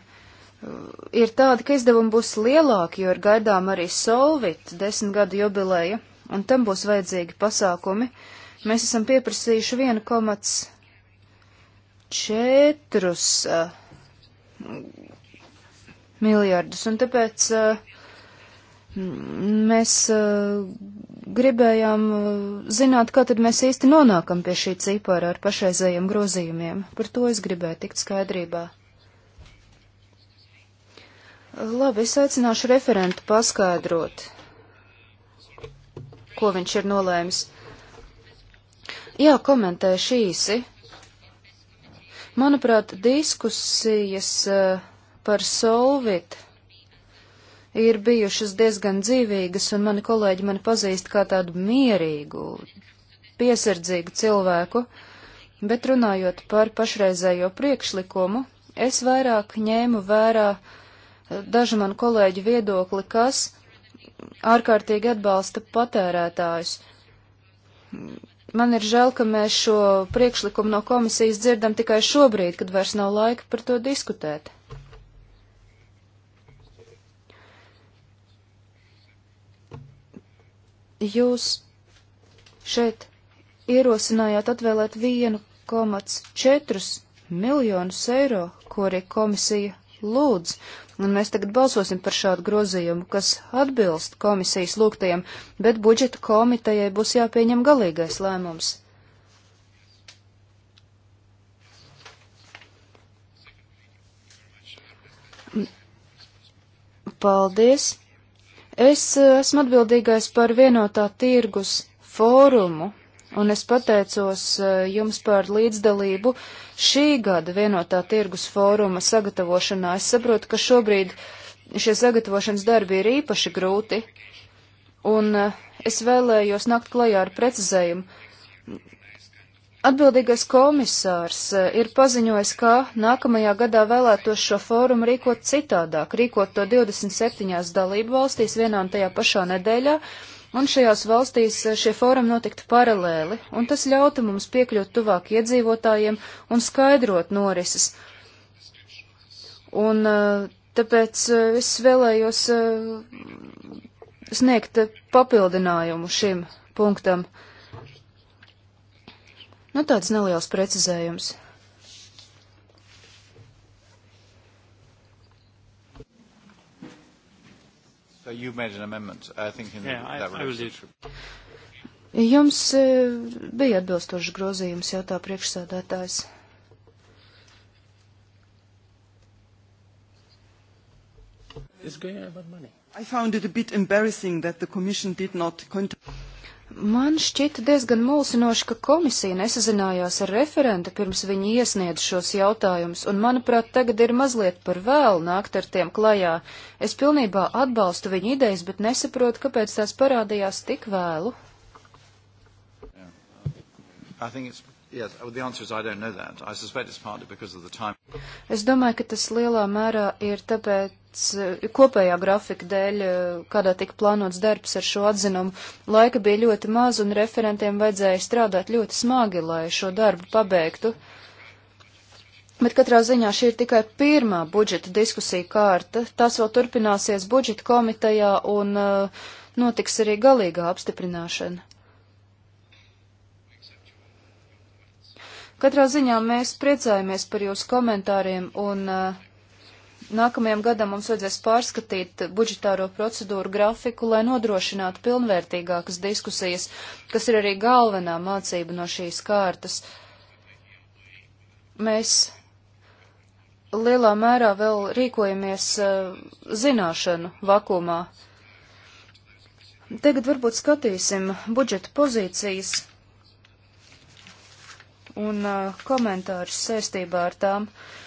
ir tādi, ka izdevumi būs lielāki, jo ir gaidām arī Solvit desmit gadu jubileja, un tam būs vajadzīgi pasākumi. Mēs esam pieprasījuši 1,4 miljardus, un tāpēc mēs gribējām uh, zināt, kā tad mēs īsti nonākam pie šī cipara ar pašreizējiem grozījumiem. Par to es gribēju tikt skaidrībā. Labi, es aicināšu referentu paskaidrot, ko viņš ir nolēmis. Jā, komentēšu īsi. Manuprāt, diskusijas uh, par Solvit ir bijušas diezgan dzīvīgas, un mani kolēģi mani pazīst kā tādu mierīgu, piesardzīgu cilvēku, bet runājot par pašreizējo priekšlikumu, es vairāk ņēmu vērā eh, dažu manu kolēģu viedokli, kas ārkārtīgi atbalsta patērētājus. Man ir žēl, ka mēs šo priekšlikumu no komisijas dzirdam tikai šobrīd, kad vairs nav laika par to diskutēt. jūs šeit ierosinājāt atvēlēt 1,4 miljonus eiro, ko arī komisija lūdz, un mēs tagad balsosim par šādu grozījumu, kas atbilst komisijas lūgtajiem, bet budžeta komitejai būs jāpieņem galīgais lēmums. Paldies! Es eh, esmu atbildīgais par vienotā tirgus fórumu, un es pateicos eh, jums par līdzdalību šī gada vienotā tirgus fóruma sagatavošanā. Es saprotu, ka šobrīd šie sagatavošanas darbi ir īpaši grūti, un eh, es vēlējos nakt klajā ar precizējumu Atbildīgais komisārs eh, ir paziņojis, ka nākamajā gadā vēlētos šo fórumu rīkot citādāk, rīkot to 27 dalību valstīs vienā un tajā pašā nedēļā, un šajās valstīs eh, šie fórumi notiktu paralēli, un tas ļautu mums piekļūt tuvāk iedzīvotājiem un skaidrot norises. Un eh, tāpēc es vēlējos sniegt papildinājumu šim punktam. Uh, Nu, tāds neliels precizējums. So you made an amendment, I think, in yeah, that I, relationship. I Jums eh, bija atbilstošs grozījums, jautā priekšsādātājs. It's going about money. I found it a bit embarrassing that the Commission did not contact. Man šķita diezgan mulsinoši, ka komisija nesazinājās ar referentu pirms viņi iesniedz šos jautājumus, un, manuprāt, tagad ir mazliet par vēlu nākt ar tiem klajā. Es pilnībā atbalstu viņu idejas, bet nesaprotu, kāpēc tās parādījās tik vēlu. Yeah. Yes, es domāju, ka tas lielā mērā ir tāpēc, Eh, kopējā grafika dēļ, eh, kādā tika plānots darbs ar šo atzinumu, laika bija ļoti maz un referentiem vajadzēja strādāt ļoti smagi, lai šo darbu pabeigtu. Bet katrā ziņā šī ir tikai pirmā budžeta diskusija kārta. Tās vēl turpināsies budžeta komitejā un uh, notiks arī galīgā apstiprināšana. Katrā ziņā mēs priecājamies par jūsu komentāriem un uh, Nākamajam gadam mums vajadzēs pārskatīt budžetāro procedūru grafiku, lai nodrošinātu pilnvērtīgākas diskusijas, kas ir arī galvenā mācība no šīs kārtas. Mēs lielā mērā vēl rīkojamies uh, zināšanu vakumā. Tagad varbūt skatīsim budžeta pozīcijas un uh, komentārus saistībā ar tām. Uh,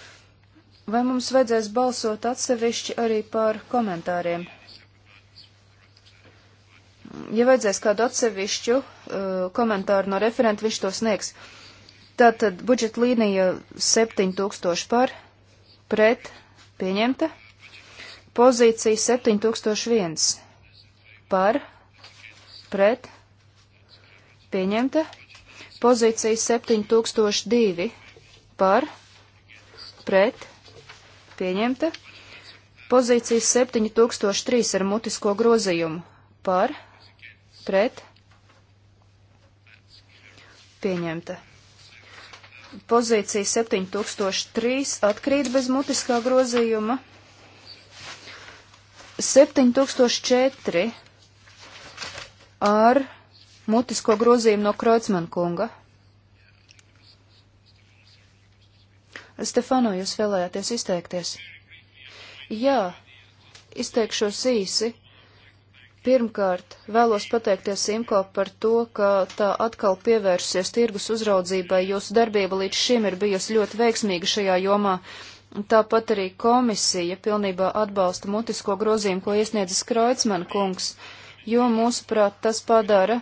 Vai mums vajadzēs balsot atsevišķi arī par komentāriem? Ja vajadzēs kādu atsevišķu uh, komentāru no referenta, viņš to sniegs. Tātad budžeta līnija 7000 par, pret, pieņemta. Pozīcija 7001 par, pret, pieņemta. Pozīcija 7002 par, pret, pieņemta pieņemta. Pozīcija 7003 ar mutisko grozījumu par, pret, pieņemta. Pozīcija 7003 atkrīt bez mutiskā grozījuma. 7004 ar mutisko grozījumu no Kreutzmann kunga. Stefano, jūs vēlējāties izteikties? Jā, izteikšos īsi. Pirmkārt, vēlos pateikties Simko par to, ka tā atkal pievērsies tirgus uzraudzībai. Jūsu darbība līdz šim ir bijusi ļoti veiksmīga šajā jomā. Tāpat arī komisija pilnībā atbalsta mutisko grozījumu, ko iesniedzis Kreutzmann kungs, jo, mūsuprāt, tas padara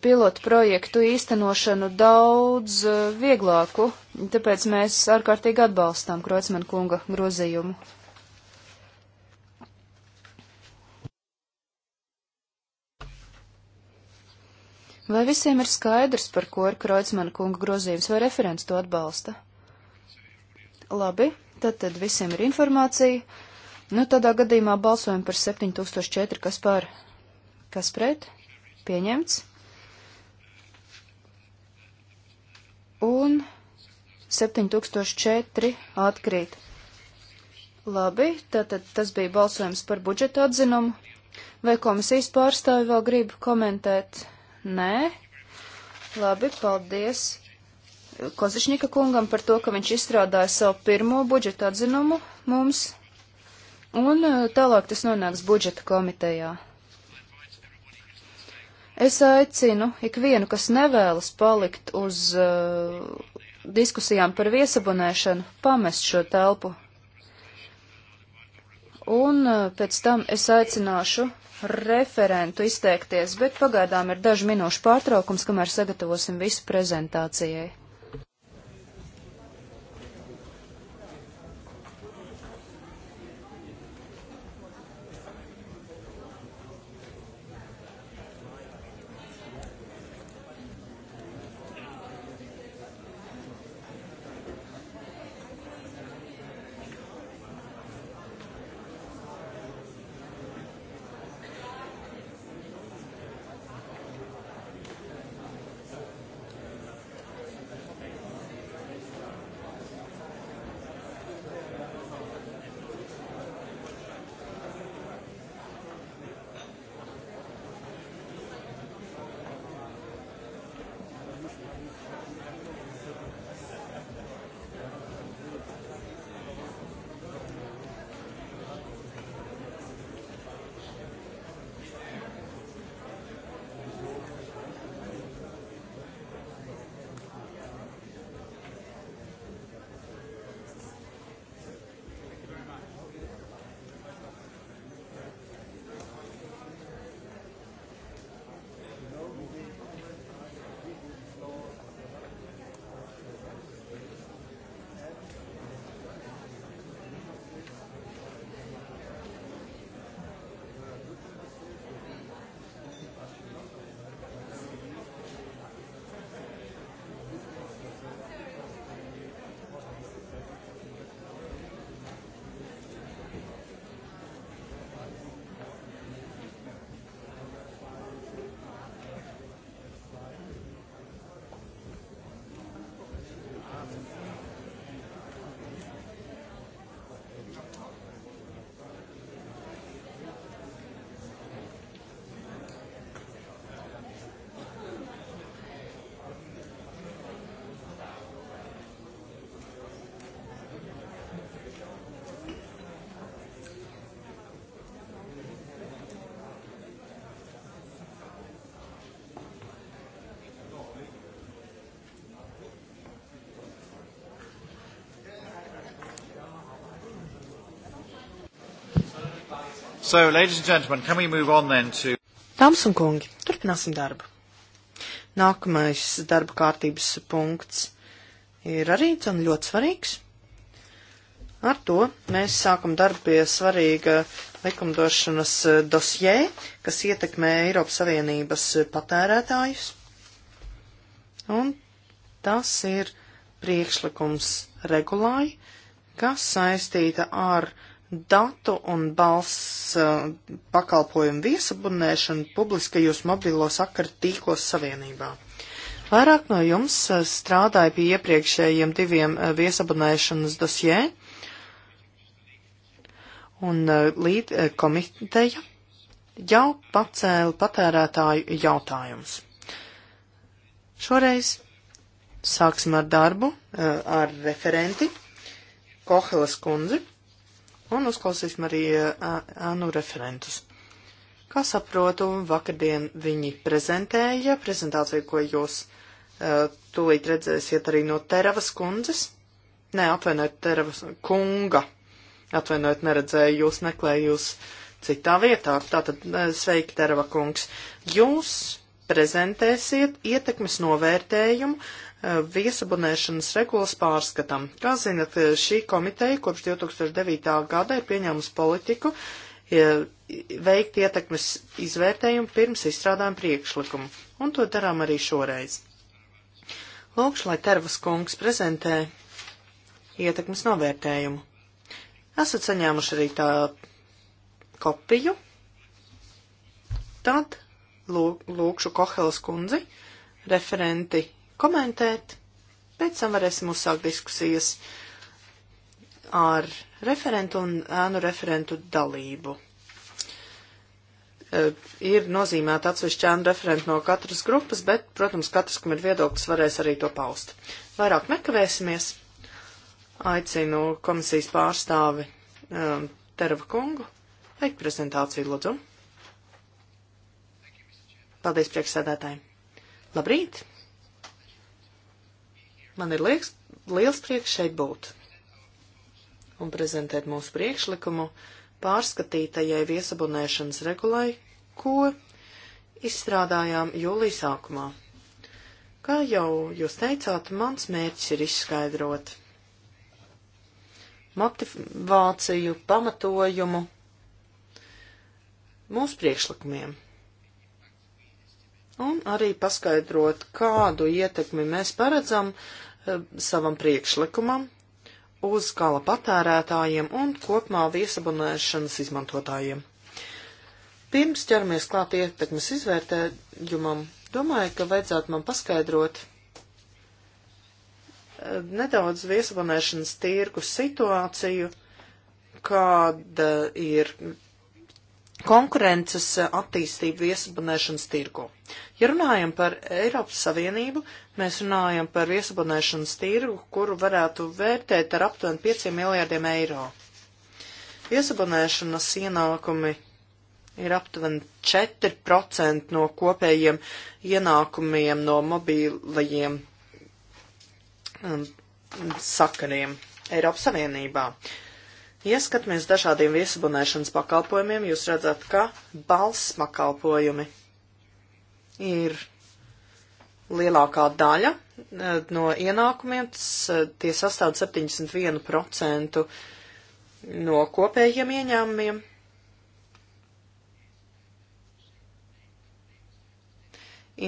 pilotu projektu īstenošanu daudz eh, vieglāku, tāpēc mēs ārkārtīgi atbalstām Krocmanu kunga grozījumu. Vai visiem ir skaidrs, par ko ir Kreutzmana kunga grozījums, vai referents to atbalsta? Labi, tad, tad visiem ir informācija. Nu, tādā gadījumā balsojam par 7004, kas par, kas pret, pieņemts. un 7004 atkrīt. Labi, tātad tas bija balsojums par budžeta atzinumu. Vai komisijas pārstāvi vēl grib komentēt? Nē. Labi, paldies Kozišņika kungam par to, ka viņš izstrādāja savu pirmo budžeta atzinumu mums. Un eh, tālāk tas nonāks budžeta komitejā. Es aicinu ikvienu, kas nevēlas palikt uz uh, diskusijām par viesabonēšanu, pamest šo telpu. Un uh, pēc tam es aicināšu referentu izteikties, bet pagaidām ir dažu minūšu pārtraukums, kamēr sagatavosim visu prezentācijai. So, ladies and gentlemen, can we move on then to... Dāmas un kungi, turpināsim darbu. Nākamais darba kārtības punkts ir arī un ļoti svarīgs. Ar to mēs sākam darbu pie svarīga likumdošanas eh, dosjē, kas ietekmē Eiropas Savienības patērētājus. Un tas ir priekšlikums regulāji, kas saistīta ar uh, datu un balss uh, pakalpojumu viesabunēšanu publiskajos mobilo sakaru tīklos savienībā. Vairāk no jums uh, strādāja pie iepriekšējiem diviem uh, viesabunēšanas dosjē, un līd komiteja jau pacēla patērētāju jautājumus. Šoreiz sāksim ar darbu, ar referenti Kohelas kundzi un uzklausīsim arī ANU referentus. Kā saprotu, vakardien viņi prezentēja prezentāciju, ko jūs uh, tūlīt redzēsiet arī no Teravas kundzes. Nē, atvainojiet, Teravas kunga. Atvainojiet, neredzēju, jūs meklēju jūs citā vietā. Tātad sveiki, Terava kungs. Jūs prezentēsiet ietekmes novērtējumu eh, viesabunēšanas regulas pārskatam. Kā zinat, eh, šī komiteja kopš 2009. gada ir pieņēmusi politiku eh, veikt ietekmes izvērtējumu pirms izstrādājuma priekšlikumu, un to darām arī šoreiz. Lūkšu, lai Tervas kungs prezentē ietekmes novērtējumu. Esat saņēmuši arī tā kopiju. Tad lūk, lūkšu Kohelas kundzi, referenti komentēt, pēc tam varēsim uzsākt diskusijas ar referentu un ēnu referentu dalību. E, ir nozīmēta atsevišķa ēnu referenta no katras grupas, bet, protams, katrs, kam ir viedoklis, varēs arī to paust. Vairāk nekavēsimies. Aicinu komisijas pārstāvi um, e, Terva kungu veikt prezentāciju, lūdzu. Paldies, priekšsēdētāji. Labrīt! Man ir liekas, liels prieks šeit būt un prezentēt mūsu priekšlikumu pārskatītajai viesabunēšanas regulai, ko izstrādājām jūlijas sākumā. Kā jau jūs teicāt, mans mērķis ir izskaidrot motivāciju, pamatojumu mūsu priekšlikumiem un arī paskaidrot, kādu ietekmi mēs paredzam eh, savam priekšlikumam uz gala patērētājiem un kopumā viesabunēšanas izmantotājiem. Pirms ķeramies klāt ietekmes izvērtējumam, domāju, ka vajadzētu man paskaidrot eh, nedaudz viesabunēšanas tirgus situāciju, kāda ir konkurences eh, attīstību viesabonēšanas tirgu. Ja runājam par Eiropas Savienību, mēs runājam par viesabonēšanas tirgu, kuru varētu vērtēt ar aptuveni 5 miljārdiem eiro. Viesabonēšanas ienākumi ir aptuveni 4% no kopējiem ienākumiem no mobīlajiem um, sakariem Eiropas Savienībā. Uh, Ja skatāmies dažādiem viesabunēšanas pakalpojumiem, jūs redzat, ka balss pakalpojumi ir lielākā daļa e, no ienākumiem, e, tie sastāv 71% no kopējiem ieņēmumiem.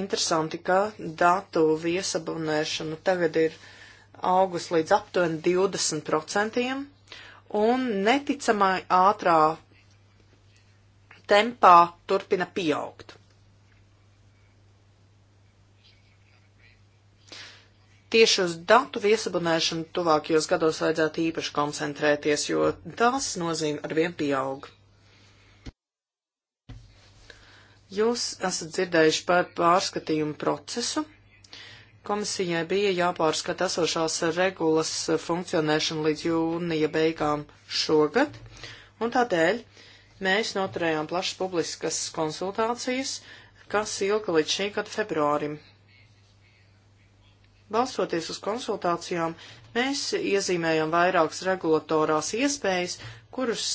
Interesanti, ka datu viesabunēšana tagad ir augus līdz aptuveni 20% un neticamai ātrā tempā turpina pieaugt. Tieši uz datu viesabunēšanu tuvākajos gados vajadzētu īpaši koncentrēties, jo tās nozīme arvien pieaug. Jūs esat dzirdējuši par pārskatījumu procesu, Komisijai bija jāpārskata esošās regulas funkcionēšana līdz jūnija beigām šogad, un tādēļ mēs noturējām plašas publiskas konsultācijas, kas ilga līdz šī gada februārim. Balstoties uz konsultācijām, mēs iezīmējam vairākas regulatorās iespējas, kurus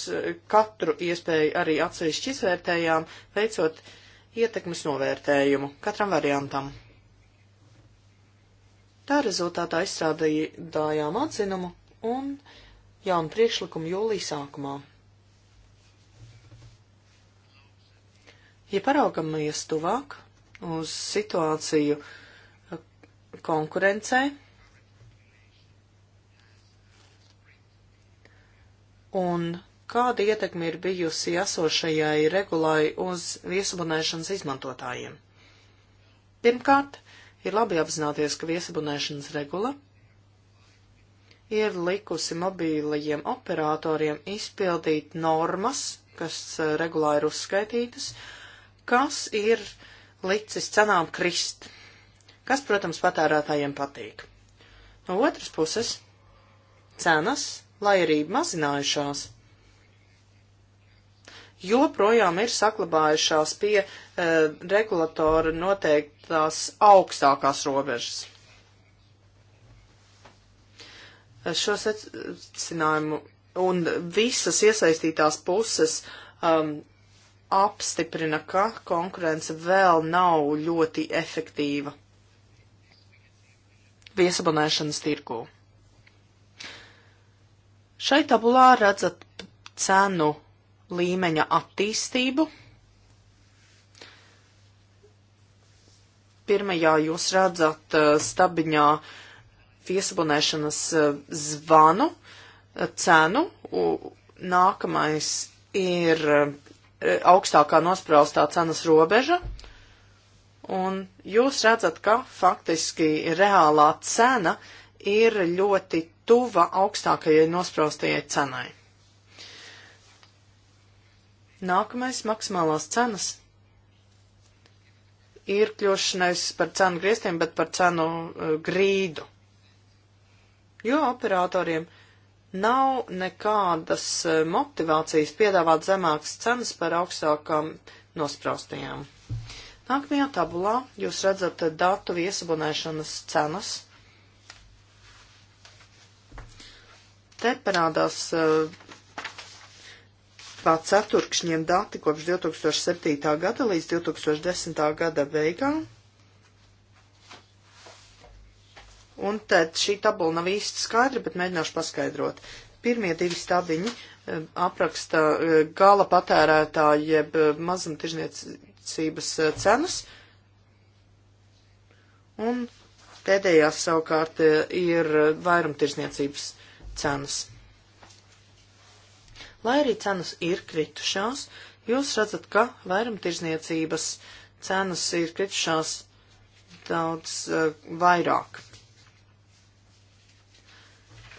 katru iespēju arī atsevišķi izvērtējām, veicot ietekmes novērtējumu katram variantam. Tā rezultātā izstrādājām atzinumu un jaunu priekšlikumu jūlijas sākumā. Ja paraugamies tuvāk uz situāciju eh, konkurencē un kāda ietekme ir bijusi esošajai regulai uz viesabunēšanas izmantotājiem. Pirmkārt, Ir labi apzināties, ka viesabunēšanas regula ir likusi mobīlajiem operatoriem izpildīt normas, kas eh, regulā ir uzskaitītas, kas ir licis cenām krist, kas, protams, patērētājiem patīk. No otras puses, cenas, lai arī mazinājušās, joprojām ir saklabājušās pie e, regulatora noteiktās augstākās robežas. Eh, šo secinājumu un visas iesaistītās puses um, apstiprina, ka konkurence vēl nav ļoti efektīva viesabonēšanas tirgū. Šai tabulā redzat cenu līmeņa attīstību. Pirmajā jūs redzat eh, stabiņā viesabonēšanas eh, zvanu eh, cenu. Nākamais ir augstākā nospraustā cenas robeža. Un jūs redzat, ka faktiski reālā cena ir ļoti tuva augstākajai nospraustajai cenai. Nākamais maksimālās cenas ir kļuvuši nevis par cenu griestiem, bet par cenu uh, grīdu. Jo operatoriem nav nekādas e, motivācijas piedāvāt zemākas cenas par augstākām nospraustajām. Nākamajā tabulā jūs redzat datu viesabonēšanas cenas. Te parādās uh, pa ceturkšņiem dati kopš 2007. gada līdz 2010. gada beigām. Un tad šī tabula nav īsti skaidra, bet mēģināšu paskaidrot. Pirmie divi stabiņi eh, apraksta eh, gala patērētāju jeb eh, mazumtirzniecības cenas. Un pēdējās savukārt ir vairumtirzniecības cenas. Lai arī cenas ir kritušās, jūs redzat, ka vairumtirdzniecības cenas ir kritušās daudz uh, vairāk.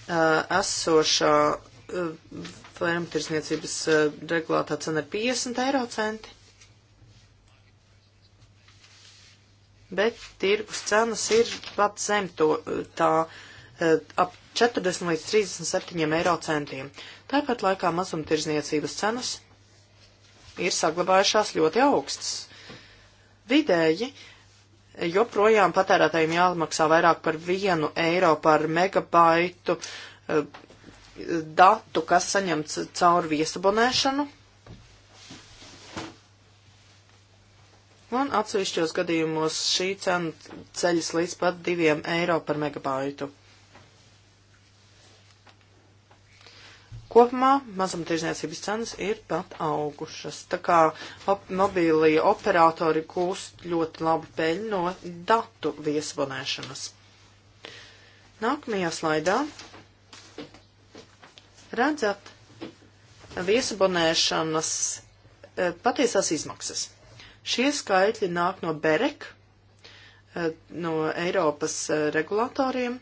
Uh, esošā uh, vairumtirdzniecības uh, regulātā cena ir 50 eiro centi, bet tirgus cenas ir pat zem to, uh, tā Eh, ap 40 līdz 37 eiro centiem. Tāpat laikā mazumtirdzniecības cenas ir saglabājušās ļoti augstas. Vidēji joprojām patērētājiem jāmaksā vairāk par vienu eiro par megabaitu eh, datu, kas saņemts caur viesabonēšanu. Un atsevišķos gadījumos šī cena ceļas līdz pat diviem eiro par megabaitu. Kopumā mazumtirdzniecības cenas ir pat augušas. Tā kā op mobīlie operatori gūst ļoti labu peļņu no datu viesabonēšanas. Nākamajā slaidā redzat viesabonēšanas e, patiesās izmaksas. Šie skaitļi nāk no BEREK, e, no Eiropas e, regulatoriem,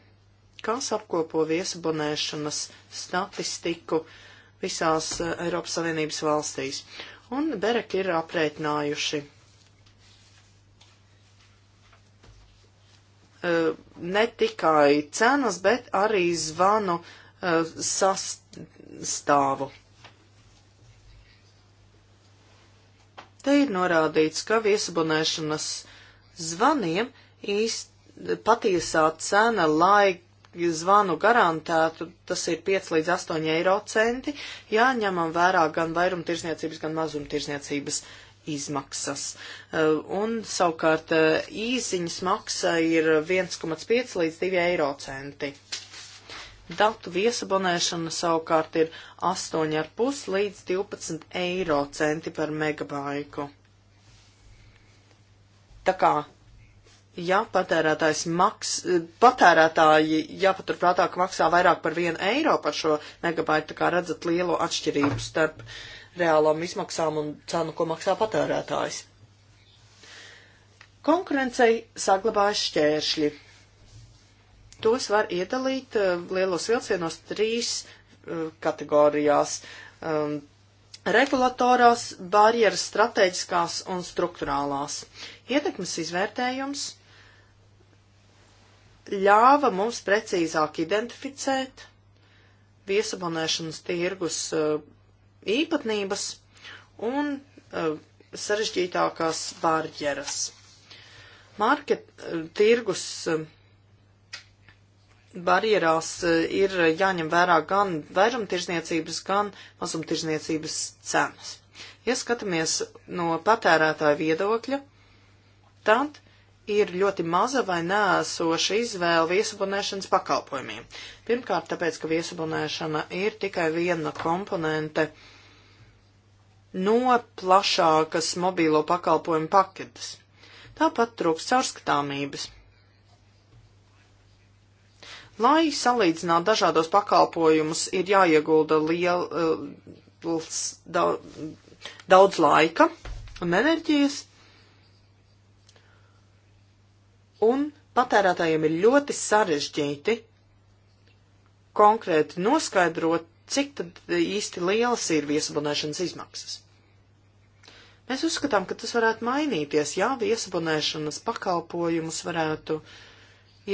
kas apkopo viesabonēšanas statistiku visās eh, Eiropas Savienības valstīs. Un Berek ir aprēķinājuši eh, ne tikai cenas, bet arī zvanu eh, sastāvu. Te ir norādīts, ka viesabonēšanas zvaniem īsti patiesā cena laika zvanu garantētu, tas ir 5 līdz 8 eiro centi, jāņemam vērā gan vairumtirzniecības, gan mazumtirzniecības izmaksas. Eh, un savukārt eh, īsiņas maksa ir 1,5 līdz 2 eiro centi. Datu viesabonēšana savukārt ir 8,5 līdz 12 eiro centi par megabaiku. Tā kā ja patērētājs maks, patērētāji jāpaturprātā, ka maksā vairāk par vienu eiro par šo megabaitu, tā kā redzat lielo atšķirību starp reālām izmaksām un cenu, ko maksā patērētājs. Konkurencei saglabājas šķēršļi. Tos var iedalīt eh, lielos vilcienos trīs eh, kategorijās um, regulatorās barjeras, strateģiskās un struktūrālās. Ietekmes izvērtējums ļāva mums precīzāk identificēt viesabonēšanas tirgus eh, īpatnības un eh, sarežģītākās barjeras. Market eh, tirgus barjerās ir jāņem vērā gan vairumtirzniecības, gan mazumtirzniecības cenas. Ja skatāmies no patērētāja viedokļa, tad ir ļoti maza vai nēsoša izvēle viesabonēšanas pakalpojumiem. Pirmkārt, tāpēc, ka viesabonēšana ir tikai viena komponente no plašākas mobīlo pakalpojumu paketes. Tāpat trūks caurskatāmības. Lai salīdzinātu dažādos pakalpojumus, ir jāiegulda liels, eh, daudz, daudz laika un enerģijas, un patērētājiem ir ļoti sarežģīti konkrēti noskaidrot, cik tad īsti lielas ir viesabonēšanas izmaksas. Mēs uzskatām, ka tas varētu mainīties, ja viesabonēšanas pakalpojumus varētu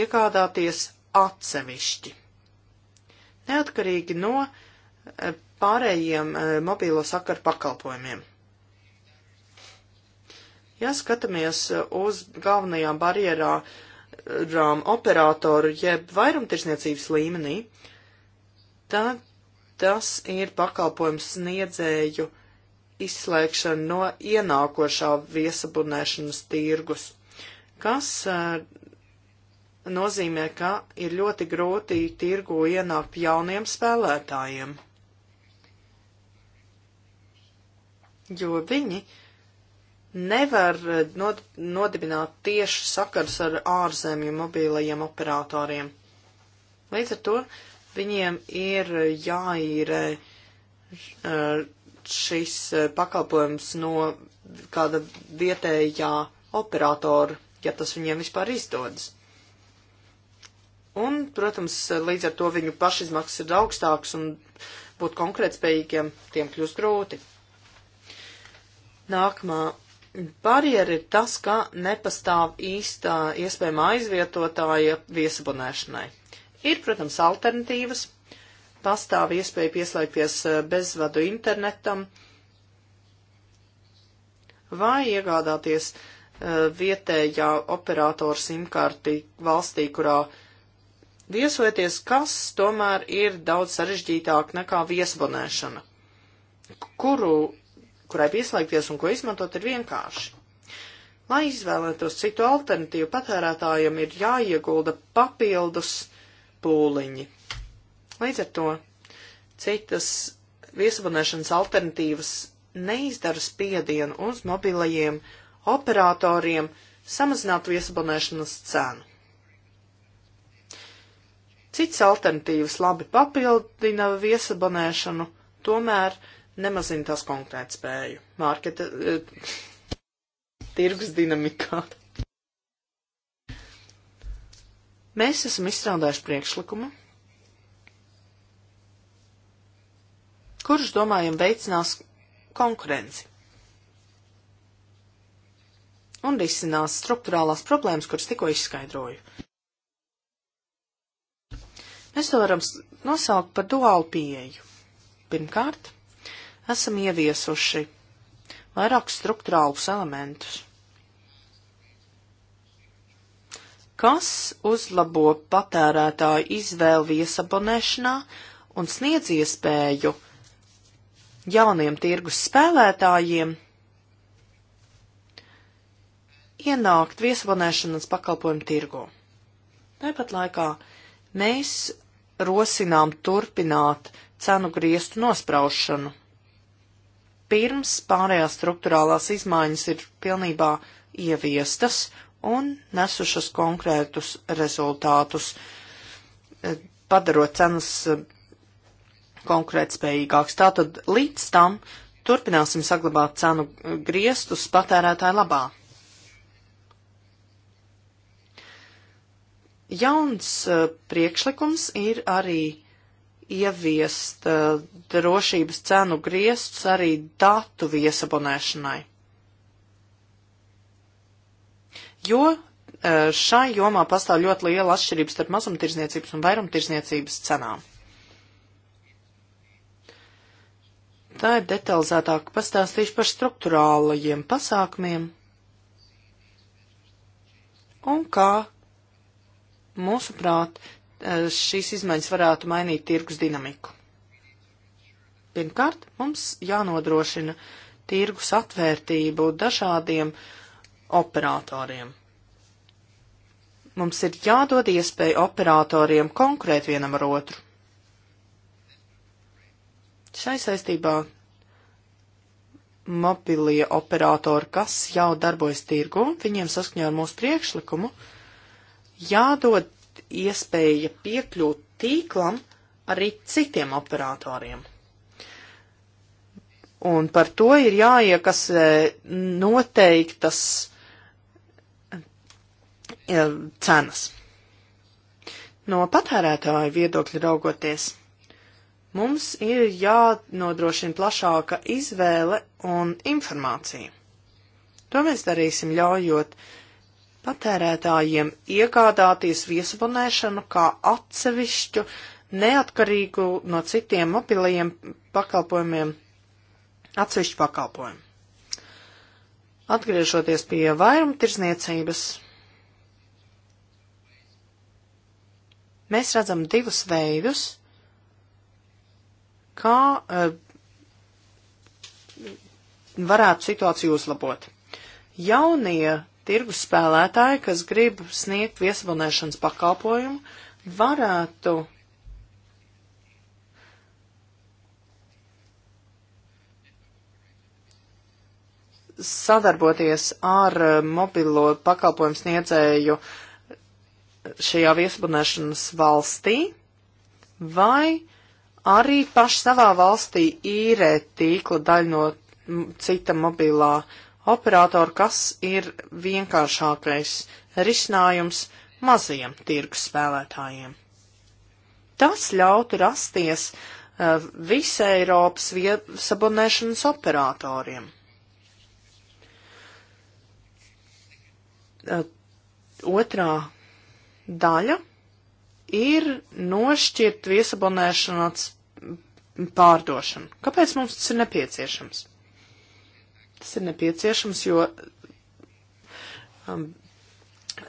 iegādāties atsevišķi. Neatkarīgi no eh, pārējiem eh, mobīlo sakaru pakalpojumiem. Ja skatāmies uh, uz galvenajām barjerām uh, operatoru jeb vairumtirsniecības līmenī, tad tas ir pakalpojums sniedzēju izslēgšana no ienākošā viesabunēšanas tirgus, kas uh, nozīmē, ka ir ļoti grūti tirgu ienākt jauniem spēlētājiem, jo viņi uh, nevar eh, nodibināt tieši sakars ar ārzemju mobīlajiem operatoriem. Līdz ar to viņiem ir jāīrē eh, šis eh, pakalpojums no kāda vietējā operatora, ja tas viņiem vispār izdodas. Un, protams, līdz ar to viņu pašizmaksas ir augstāks un būt konkrētspējīgiem tiem kļūst grūti. Nākamā Barjeri ir tas, ka nepastāv īstā iespējama aizvietotāja viesabonēšanai. Ir, protams, alternatīvas. Pastāv iespēja pieslēgties eh, bezvadu internetam vai iegādāties eh, vietējā operatora simkarti valstī, kurā viesojoties, kas tomēr ir daudz sarežģītāk nekā viesabonēšana, kuru kurai pieslēgties un ko izmantot, ir vienkārši. Lai izvēlētos citu alternatīvu, patērētājiem ir jāiegulda papildus pūliņi. Līdz ar to citas viesabonēšanas alternatīvas neizdara spiedienu uz mobilajiem operatoriem samazināt viesabonēšanas cenu. Cits alternatīvas labi papildina viesabonēšanu, tomēr uh, nemazina tās konkrētu spēju. Mārketa uh, tirgus dinamikā. Mēs esam izstrādājuši priekšlikumu, kurš, domājam, veicinās konkurenci un risinās struktūrālās problēmas, kuras tikko izskaidroju. Mēs to varam nosaukt par duālu pieeju. Pirmkārt, esam ieviesuši vairākus struktūrālus elementus, kas uzlabo patērētāju izvēlu viesabonēšanā un sniedz iespēju jauniem tirgus spēlētājiem ienākt viesabonēšanas pakalpojumu tirgu. Tāpat laikā mēs rosinām turpināt cenu griestu nospraušanu pirms pārējās struktūrālās izmaiņas ir pilnībā ieviestas un nesušas konkrētus rezultātus, eh, padarot cenas eh, konkurētspējīgāks. Tātad līdz tam turpināsim saglabāt cenu eh, griestus patērētāju labā. Jauns priekšlikums ir arī ieviest uh, drošības cenu griestus arī datu viesabonēšanai. Jo uh, šai jomā pastāv ļoti liela atšķirības starp mazumtirdzniecības un vairumtirdzniecības cenām. Tā ir detalizētāk pastāstīšu par struktūrālajiem pasākumiem un kā, mūsuprāt, uh, Eh, šīs izmaiņas varētu mainīt tirgus dinamiku. Pirmkārt, mums jānodrošina tirgus atvērtību dažādiem operatoriem. Mums ir jādod iespēja operatoriem konkrēt vienam ar otru. Šai saistībā mobilie operatori, kas jau darbojas tirgu, viņiem saskaņā ar mūsu priekšlikumu, jādod iespēja piekļūt tīklam arī citiem operatoriem. Un par to ir jāiekasē noteiktas e, cenas. No patērētāja viedokļa raugoties, mums ir jānodrošina plašāka izvēle un informācija. To mēs darīsim ļaujot uh, patērētājiem iegādāties viesabonēšanu kā atsevišķu, neatkarīgu no citiem mobilajiem pakalpojumiem, atsevišķu pakalpojumu. Atgriežoties pie vairuma tirzniecības, mēs redzam divus veidus, kā uh, varētu situāciju uzlabot. Jaunie tirgus spēlētāji, kas grib sniegt viesabonēšanas pakalpojumu, varētu sadarboties ar eh, mobilo pakalpojumu sniedzēju šajā viesabunēšanas valstī, vai arī paši savā valstī īrē tīkla daļu no cita mobilā uh, operātoru, kas ir vienkāršākais risinājums mazajiem tirgus spēlētājiem. Tas ļautu rasties uh, eh, visai Eiropas viesabonēšanas operatoriem. Uh, otrā daļa ir nošķirt viesabonēšanas pārdošanu. Kāpēc mums tas ir nepieciešams? Tas ir nepieciešams, jo um,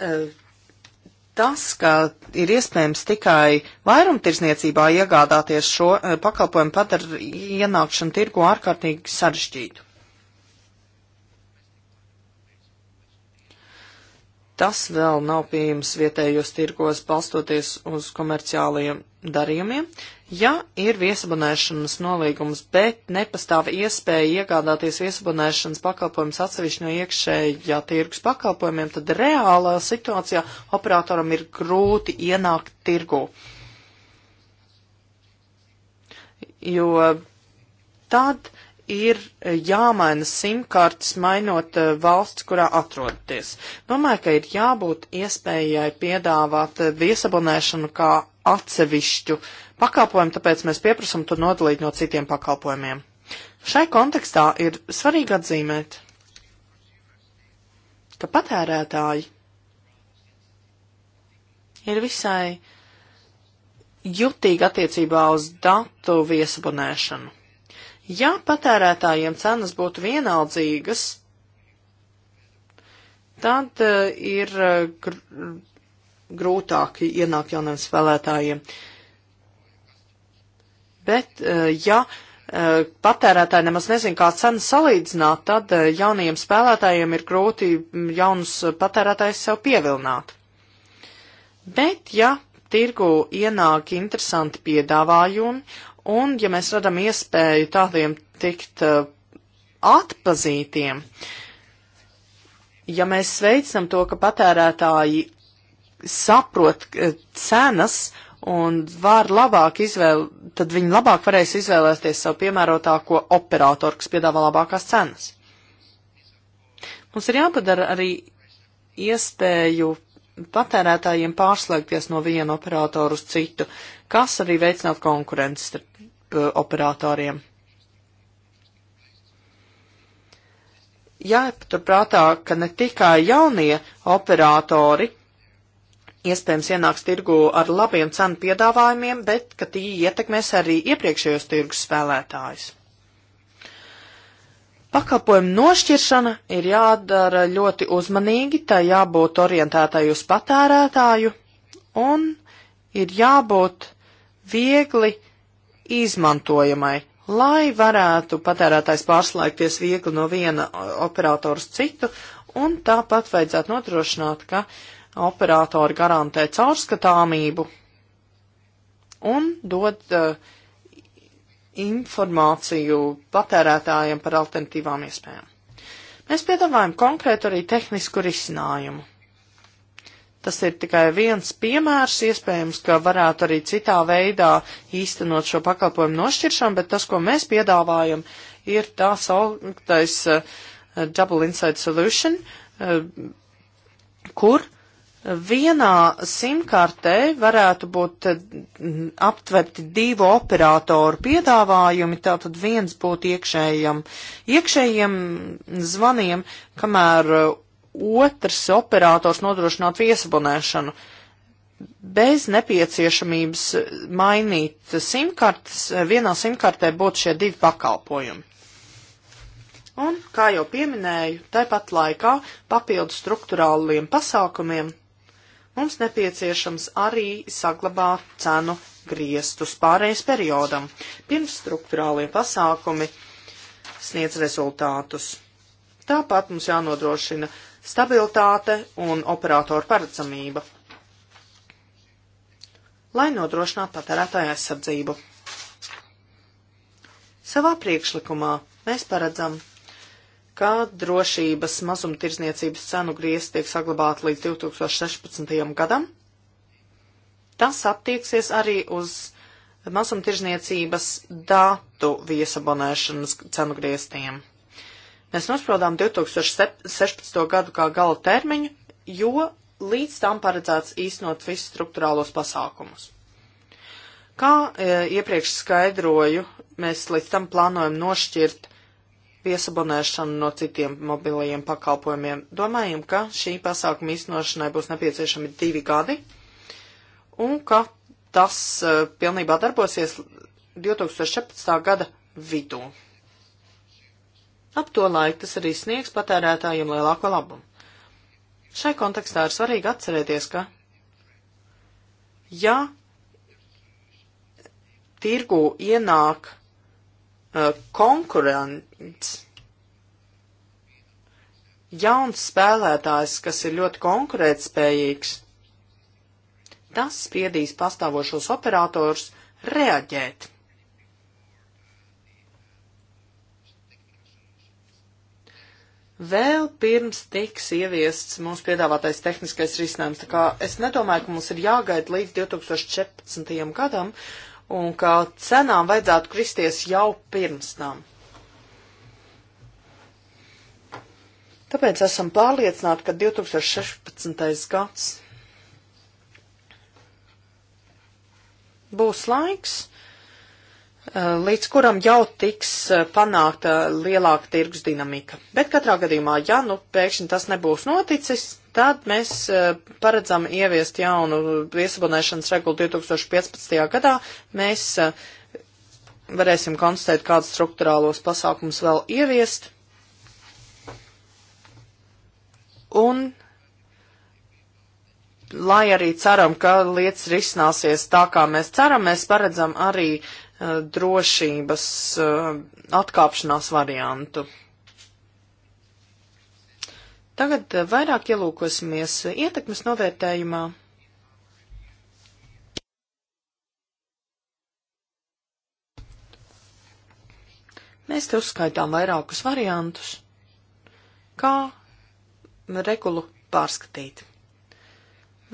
eh, tas, ka ir iespējams tikai vairumtirzniecībā iegādāties šo uh, pakalpojumu, padara ienākšanu tirgu ārkārtīgi sarežģītu. Tas vēl nav pieejams vietējos tirgos balstoties uz komerciālajiem darījumiem, uh, Ja ir viesabunēšanas nolīgums, bet nepastāv iespēja iegādāties viesabunēšanas pakalpojumus atsevišķi no iekšējā tirgus pakalpojumiem, tad reālā situācijā operatoram ir grūti ienākt tirgu. Jo tad ir jāmaina simkartes, mainot eh, valsts, kurā atrodaties. Domāju, ka ir jābūt iespējai piedāvāt eh, viesabunēšanu kā atsevišķu uh, pakalpojumu, tāpēc mēs pieprasam to nodalīt no citiem pakalpojumiem. Šai kontekstā ir svarīgi atzīmēt, ka patērētāji ir visai jutīgi attiecībā uz datu viesabonēšanu. Ja patērētājiem cenas būtu vienaldzīgas, tad uh, ir eh, gr grūtāk ienākt jauniem spēlētājiem. Uh, bet eh, ja eh, patērētāji nemaz nezin, kā cenu salīdzināt, tad eh, jaunajiem spēlētājiem ir grūti mm, jaunus patērētājus sev pievilināt. Bet, ja tirgu ienāk interesanti piedāvājumi, un ja mēs radam iespēju tādiem tikt uh, atpazītiem, ja mēs veicam to, ka patērētāji saprot uh, cenas, uh, un var labāk izvēl, tad viņi labāk varēs izvēlēties savu piemērotāko operātoru, kas piedāvā labākās cenas. Mums ir jāpadara arī iespēju patērētājiem pārslēgties no viena operātora uz citu, kas arī veicinātu konkurenci starp uh, operatoriem. Jāpaturprātā, ka ne tikai jaunie operatori iespējams ienāks tirgu ar labiem cenu piedāvājumiem, bet ka tī ietekmēs arī iepriekšējos tirgus spēlētājus. Pakalpojumu nošķiršana ir jādara ļoti uzmanīgi, tai jābūt orientētai uz patērētāju un ir jābūt viegli izmantojamai, lai varētu patērētājs pārslēgties viegli no viena operatora uz citu, un tāpat vajadzētu nodrošināt, ka uh, operatori garantē caurskatāmību un dod uh, informāciju patērētājiem par alternatīvām iespējām. Mēs piedāvājam konkrētu arī tehnisku risinājumu. Tas ir tikai viens piemērs, iespējams, ka varētu arī citā veidā īstenot šo pakalpojumu nošķiršanu, bet tas, ko mēs piedāvājam, ir tā sauktais uh, Double Inside Solution, uh, kur uh, Vienā simkartē varētu būt eh, aptverti divu operatoru piedāvājumi, tātad viens būtu iekšējiem, iekšējiem zvaniem, kamēr eh, otrs operators nodrošinātu viesabonēšanu. Bez nepieciešamības mainīt simkartes, eh, vienā simkartē būtu šie divi pakalpojumi. Un, kā jau pieminēju, tāpat laikā papildu struktūrāliem pasākumiem Mums nepieciešams arī saglabāt cenu griestus pārējais periodam, pirms struktūrālie pasākumi sniedz rezultātus. Tāpat mums jānodrošina stabilitāte un operātoru paredzamība, lai nodrošinātu patērētāju aizsardzību. Savā priekšlikumā mēs paredzam ka drošības mazumtirdzniecības cenu griezti tiek saglabāti līdz 2016. gadam. Tas attieksies arī uz mazumtirdzniecības datu viesabonēšanas cenu grieztiem. Mēs nospraudām 2016. gadu kā gala termiņu, jo līdz tam paredzēts īstenot visus struktūrālos pasākumus. Kā e, iepriekš skaidroju, mēs līdz tam plānojam nošķirt viesabonēšanu no citiem mobilajiem pakalpojumiem. Domājam, ka šī pasākuma iznošanai būs nepieciešami divi gadi un ka tas uh, pilnībā darbosies 2014. gada vidū. Ap to laiku tas arī sniegs patērētājiem lielāko labumu. Šai kontekstā ir svarīgi atcerēties, ka ja tirgu ienāk Uh, konkurents, jauns spēlētājs, kas ir ļoti konkurētspējīgs, tas spiedīs pastāvošos operators reaģēt. Vēl pirms tiks ieviests mūsu piedāvātais tehniskais risinājums, tā kā es nedomāju, ka mums ir jāgaida līdz 2014. gadam, uh, un ka cenām vajadzētu kristies jau pirms tam. Tāpēc esam pārliecināti, ka 2016. gads būs laiks, eh, līdz kuram jau tiks eh, panākta lielāka tirgus dinamika. Bet katrā gadījumā, ja nu pēkšņi tas nebūs noticis, Tad mēs eh, paredzam ieviest jaunu viesabonēšanas regulu 2015. gadā. Mēs eh, varēsim konstatēt, kādus struktūrālos pasākumus vēl ieviest. Un lai arī ceram, ka lietas risināsies tā, kā mēs ceram, mēs paredzam arī uh, drošības uh, atkāpšanās variantu. Tagad eh, vairāk ielūkosimies ietekmes novērtējumā. Mēs te uzskaitām vairākus variantus, kā regulu pārskatīt.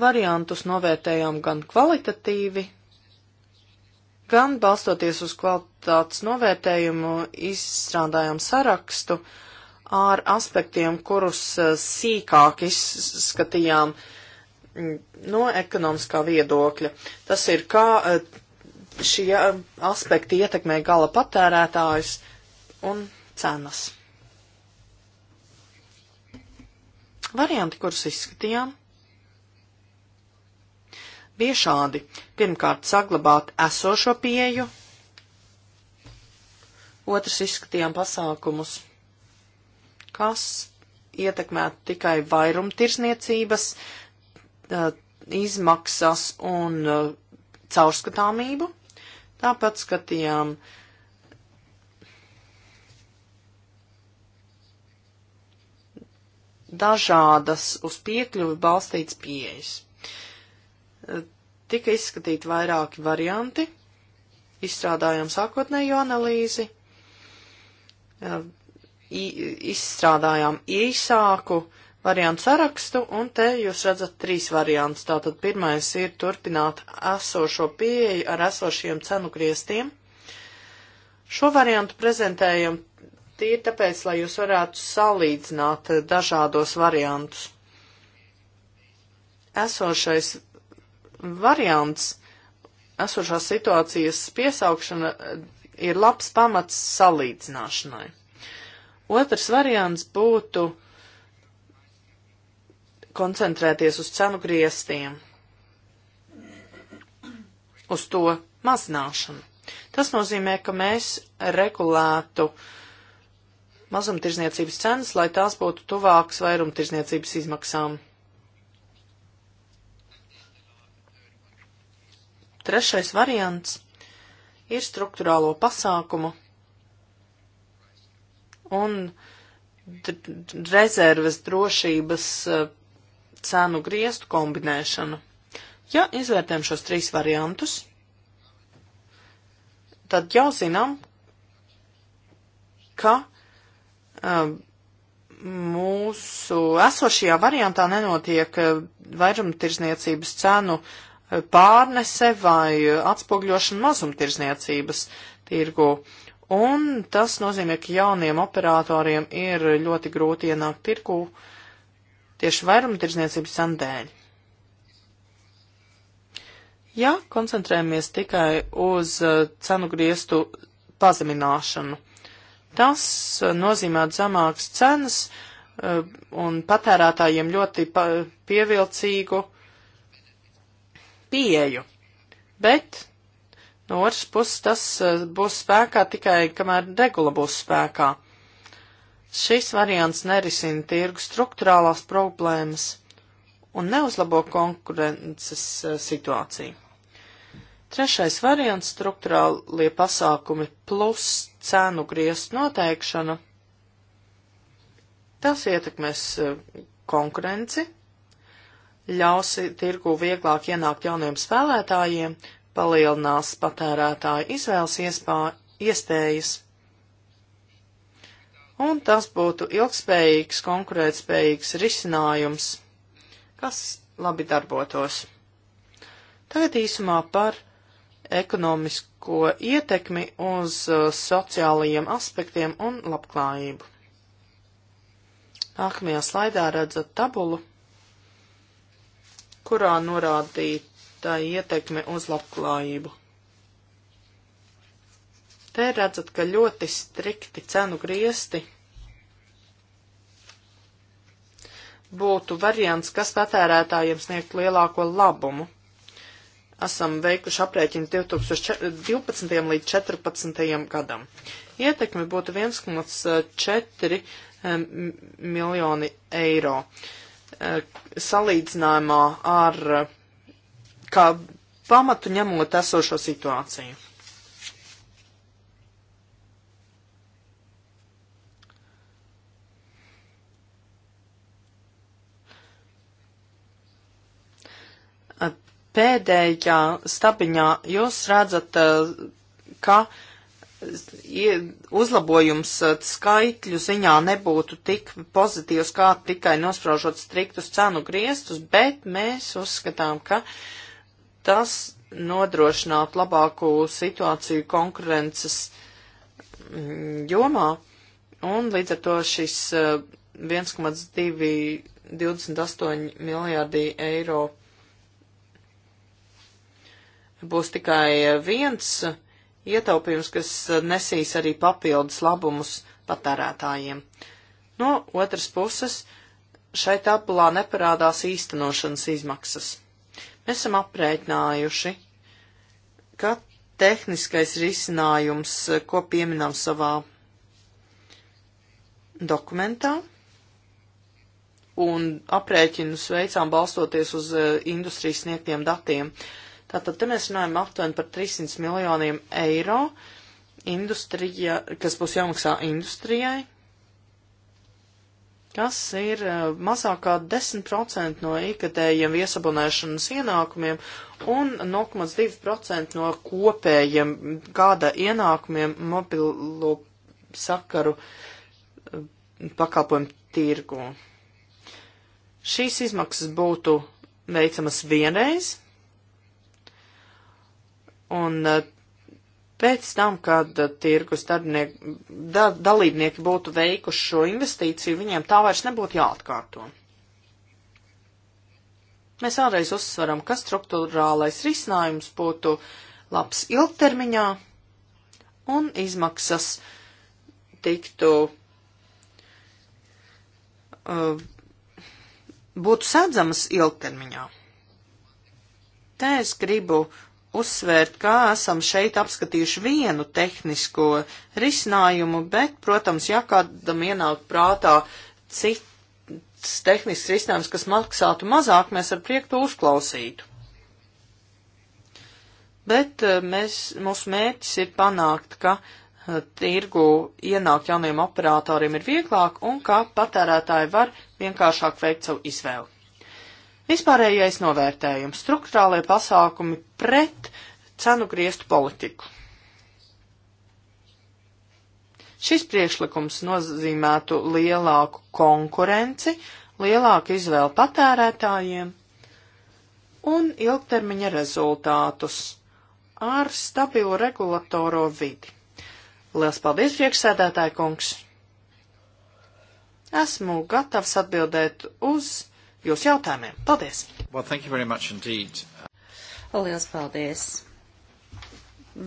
Variantus novērtējām gan kvalitatīvi, gan balstoties uz kvalitātes novērtējumu izstrādājām sarakstu ar aspektiem, kurus eh, sīkāk izskatījām mm, no ekonomiskā viedokļa. Tas ir, kā eh, šie eh, aspekti ietekmē gala patērētājus un cenas. Varianti, kurus izskatījām, bija šādi. Pirmkārt, saglabāt esošo pieju. Otrs izskatījām pasākumus kas ietekmētu tikai vairumtirsniecības izmaksas un caurskatāmību. Tāpat skatījām dažādas uz piekļuvi balstītas pieejas. Tika izskatīti vairāki varianti, izstrādājām sākotnējo analīzi, izstrādājām īsāku variantu sarakstu, un te jūs redzat trīs variants. Tātad pirmais ir turpināt esošo pieeju ar esošiem cenu griestiem. Šo variantu prezentējam tīri tāpēc, lai jūs varētu salīdzināt dažādos variantus. Esošais variants, esošās situācijas piesaukšana ir labs pamats salīdzināšanai. Otrs variants būtu koncentrēties uz cenu griestiem, uz to mazināšanu. Tas nozīmē, ka mēs regulētu mazumtirdzniecības cenas, lai tās būtu tuvākas vairumtirdzniecības izmaksām. Trešais variants ir struktūrālo pasākumu un rezerves drošības eh, cenu griestu kombinēšanu. Ja izvērtējam šos trīs variantus, tad jau zinām, ka um, mūsu esošajā variantā nenotiek eh, vairumtirzniecības cenu pārnese vai atspogļošana mazumtirzniecības tirgu. Uh, Un tas nozīmē, ka jauniem operatoriem ir ļoti grūti ienākt tirku tieši vairumtirdzniecības sandēļ. Ja koncentrējamies tikai uz uh, cenu griestu pazemināšanu, tas uh, nozīmē zemākas cenas uh, un patērētājiem ļoti pievilcīgu pieeju. Bet No otras puses, tas eh, būs spēkā tikai, kamēr regula būs spēkā. Šis variants nerisina tirgu struktūrālās problēmas un neuzlabo konkurences eh, situāciju. Trešais variants - struktūrālie pasākumi plus cēnu griezt noteikšana. Tas ietekmēs eh, konkurenci, ļaus tirgu vieglāk ienākt jauniem spēlētājiem, palielinās patērētāju izvēles iespā, iespējas, un tas būtu ilgspējīgs, konkurētspējīgs risinājums, kas labi darbotos. Tagad īsumā par ekonomisko ietekmi uz uh, sociālajiem aspektiem un labklājību. Nākamajā slaidā redzat tabulu, kurā norādīt tā ietekme uz labklājību. Te redzat, ka ļoti strikti cenu griesti būtu variants, kas patērētājiem sniegt lielāko labumu. Esam veikuši aprēķinu 2012. līdz 2014. gadam. Ietekme būtu 1,4 miljoni eiro. E, salīdzinājumā ar kā pamatu ņemot esošo situāciju. Pēdējā stabiņā jūs redzat, ka uzlabojums uh, skaitļu ziņā nebūtu tik pozitīvs, kā tikai nospraužot striktus cenu griestus, bet mēs uzskatām, ka uh, Tas nodrošinātu labāku situāciju konkurences mm, jomā, un līdz ar to šis 1,28 eh, miljārdi eiro būs tikai eh, viens ietaupījums, kas eh, nesīs arī papildus labumus patērētājiem. No otras puses, šai tabulā neparādās īstenošanas izmaksas. Mēs esam aprēķinājuši, ka tehniskais risinājums, eh, ko pieminam savā dokumentā, un aprēķinus veicām balstoties uz eh, industrijas sniegtiem datiem. Tātad te mēs runājam aptuveni par 300 miljoniem eiro, industrija, kas būs jāmaksā industrijai, kas ir eh, mazāk kā 10% no ikgadējiem viesabonēšanas ienākumiem un 0,2% no kopējiem gada ienākumiem mobilo sakaru eh, pakalpojumu tirgu. Šīs izmaksas būtu veicamas vienreiz, un eh, Pēc tam, kad uh, tirgus da, dalībnieki būtu veikuši šo investīciju, viņiem tā vairs nebūtu jāatkārto. Mēs vēlreiz uzsveram, ka struktūrālais risinājums būtu labs ilgtermiņā un izmaksas tiktu uh, būtu sedzamas ilgtermiņā. Te es gribu uzsvērt, kā esam šeit apskatījuši vienu tehnisko risinājumu, bet, protams, ja kādam ienāk prātā cits tehnisks risinājums, kas maksātu mazāk, mēs ar prieku to uzklausītu. Bet eh, mēs, mūsu mērķis ir panākt, ka eh, tirgu ienākt jauniem operātoriem ir vieglāk un ka patērētāji var vienkāršāk veikt savu izvēli. Vispārējais novērtējums - struktūrālie pasākumi pret cenu griestu politiku. Šis priekšlikums nozīmētu lielāku konkurenci, lielāku izvēlu patērētājiem un ilgtermiņa rezultātus ar stabilu regulatoro vidi. Lielas paldies, priekšsēdētāji kungs! Esmu gatavs atbildēt uz jūsu jautājumiem. Paldies! Well, thank you very much indeed. Liels paldies!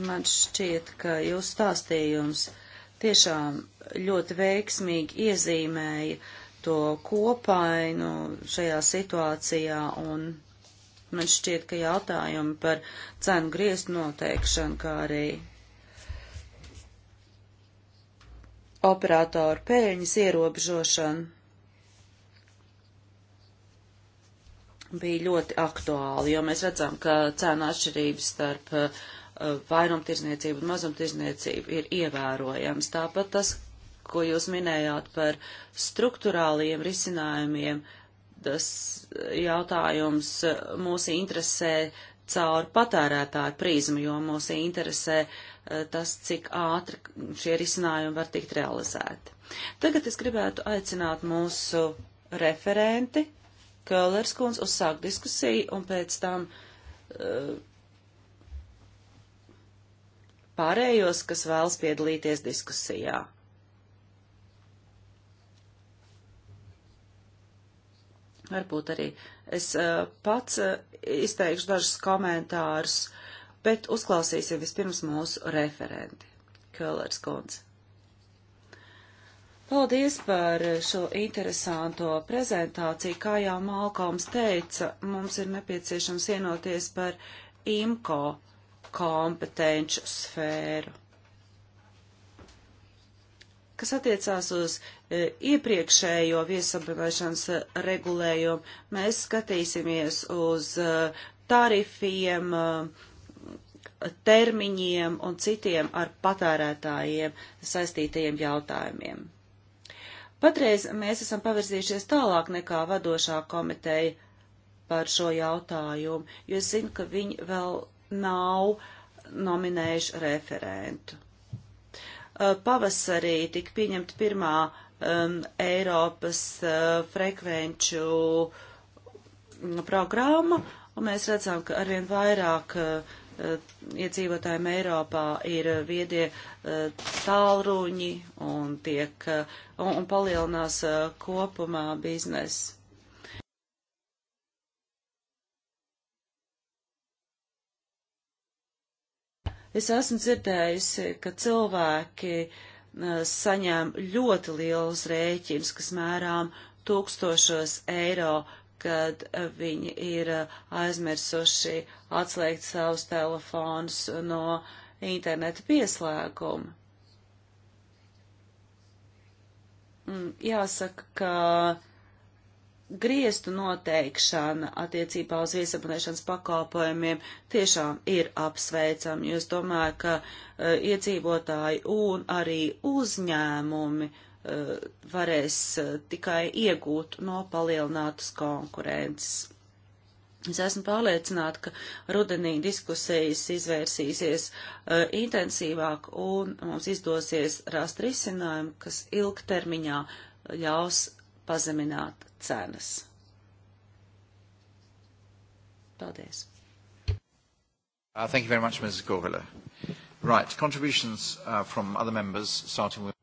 Man šķiet, ka jūsu stāstījums tiešām ļoti veiksmīgi iezīmēja to kopainu šajā situācijā un man šķiet, ka jautājumi par cenu griestu noteikšanu, kā arī operātoru pēļņas ierobežošanu bija ļoti aktuāli, jo mēs redzam, ka cēnu atšķirības starp uh, vairumtirzniecību un mazumtirzniecību ir ievērojams. Tāpat tas, ko jūs minējāt par struktūrāliem risinājumiem, tas jautājums mūs interesē caur patērētāju prizmu, jo mūs interesē uh, tas, cik ātri šie risinājumi var tikt realizēti. Tagad es gribētu aicināt mūsu referenti Kellers kundz uzsāk diskusiju un pēc tam uh, pārējos, kas vēlas piedalīties diskusijā. Varbūt arī es uh, pats uh, izteikšu dažus komentārus, bet uzklausīsim vispirms mūsu referenti. Kellers kundze. Paldies par šo interesanto prezentāciju. Kā jau Malkoms teica, mums ir nepieciešams vienoties par IMCO kompetenču sfēru. Kas attiecās uz e, iepriekšējo viesabrunāšanas regulējumu, mēs skatīsimies uz e, tarifiem, e, termiņiem un citiem ar patērētājiem saistītajiem jautājumiem. Patreiz mēs esam pavirzījušies tālāk nekā vadošā komiteja par šo jautājumu, jo es zinu, ka viņi vēl nav nominējuši referentu. Pavasarī tika pieņemta pirmā um, Eiropas uh, frekvenču programma, un mēs redzam, ka arvien vairāk uh, Eh, iedzīvotājiem Eiropā ir viedie eh, tālruņi un, tiek, eh, un, un palielinās kopumā biznesa. Es esmu dzirdējusi, ka cilvēki saņem ļoti lielus rēķinus, kas mērām tūkstošos eiro kad eh, viņi ir eh, aizmirsuši atslēgt savus telefonus no interneta pieslēguma. Mm, jāsaka, ka griestu noteikšana attiecībā uz viesapunēšanas pakalpojumiem tiešām ir apsveicama, jo es domāju, ka eh, iedzīvotāji un arī uzņēmumi uh, Eh, varēs eh, tikai iegūt no palielinātas konkurences. Es esmu pārliecināta, ka rudenī diskusijas izvērsīsies uh, intensīvāk un mums izdosies rast risinājumu, kas ilgtermiņā ļaus pazemināt cenas. Paldies. Uh, thank you very much, Mrs. Gorvila. Right, contributions uh, from other members, starting with...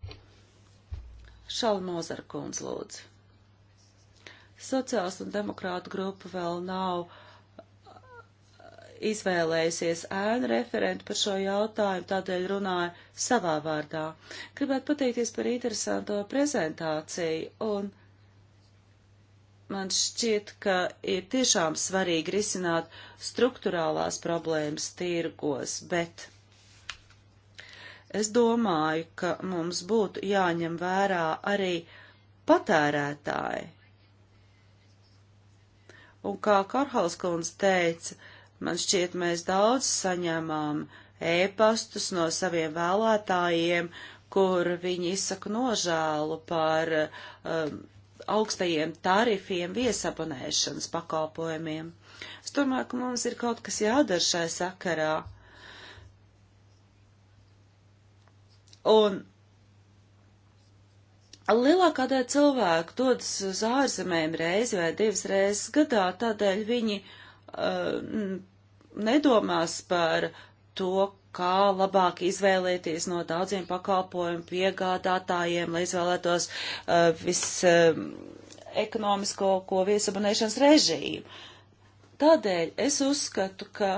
Šalmozara kundz lūdzu. Sociāls un demokrātu grupa vēl nav uh, izvēlējusies ēnu referentu par šo jautājumu, tādēļ runāju savā vārdā. Gribētu pateikties par interesanto prezentāciju, un man šķiet, ka ir tiešām svarīgi risināt struktūrālās problēmas tirgos, bet Es domāju, ka mums būtu jāņem vērā arī patērētāji. Un kā Karhalskundze teica, man šķiet, mēs daudz saņemam ēpastus no saviem vēlētājiem, kur viņi izsaka nožēlu par um, augstajiem tarifiem viesabonēšanas pakalpojumiem. Es domāju, ka mums ir kaut kas jādara šai sakarā. Un lielākā daļa cilvēku dodas uz ārzemēm reizi vai divas reizes gadā, tādēļ viņi uh, nedomās par to, kā labāk izvēlēties no daudziem pakalpojumu piegādātājiem, lai izvēlētos uh, visekonomisko um, uh, ko viesabunēšanas režīmu. Tādēļ es uzskatu, ka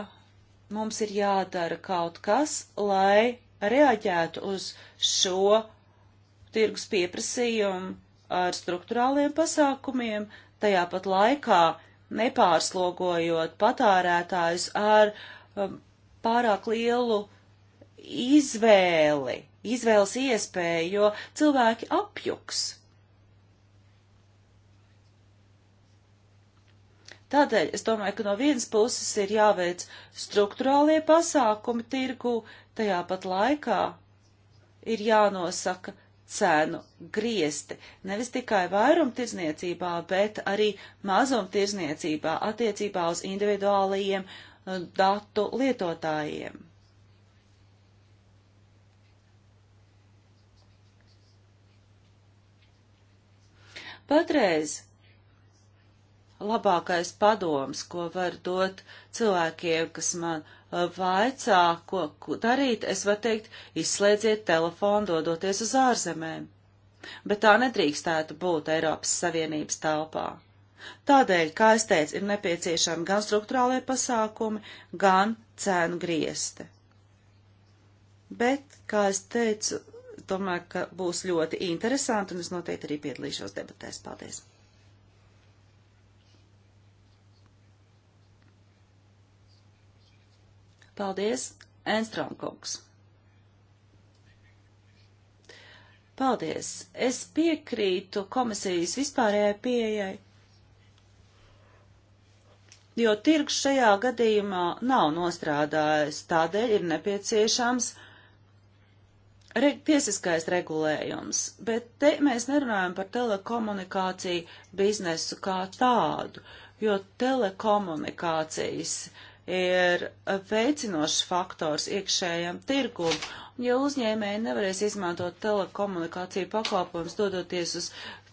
mums ir jādara kaut kas, lai reaģētu uz šo tirgus pieprasījumu ar struktūrāliem pasākumiem, tajā pat laikā nepārslogojot patārētājus ar um, pārāk lielu izvēli, izvēles iespēju, jo cilvēki apjuks. Tādēļ es domāju, ka no vienas puses ir jāveic struktūrālie pasākumi tirgu, tajā pat laikā ir jānosaka cēnu griesti, nevis tikai vairumtirdzniecībā, bet arī mazumtirdzniecībā attiecībā uz individuālajiem uh, datu lietotājiem. Patreiz labākais padoms, ko var dot cilvēkiem, kas man uh, vaicā, ko darīt, es varu teikt, izslēdziet telefonu, dodoties uz ārzemēm. Bet tā nedrīkstētu būt Eiropas Savienības telpā. Tādēļ, kā es teicu, ir nepieciešami gan struktūrālie pasākumi, gan cēnu griesti. Bet, kā es teicu, domāju, ka būs ļoti interesanti, un es noteikti arī piedalīšos debatēs. Paldies! Paldies, Enstrānkungs. Paldies. Es piekrītu komisijas vispārējai pieejai, jo tirgs šajā gadījumā nav nostrādājis, tādēļ ir nepieciešams re tiesiskais regulējums. Bet te mēs nerunājam par telekomunikāciju biznesu kā tādu, jo telekomunikācijas uh, ir veicinošs faktors iekšējam tirgum. Ja uzņēmēji nevarēs izmantot telekomunikāciju pakalpojumus, dodoties uz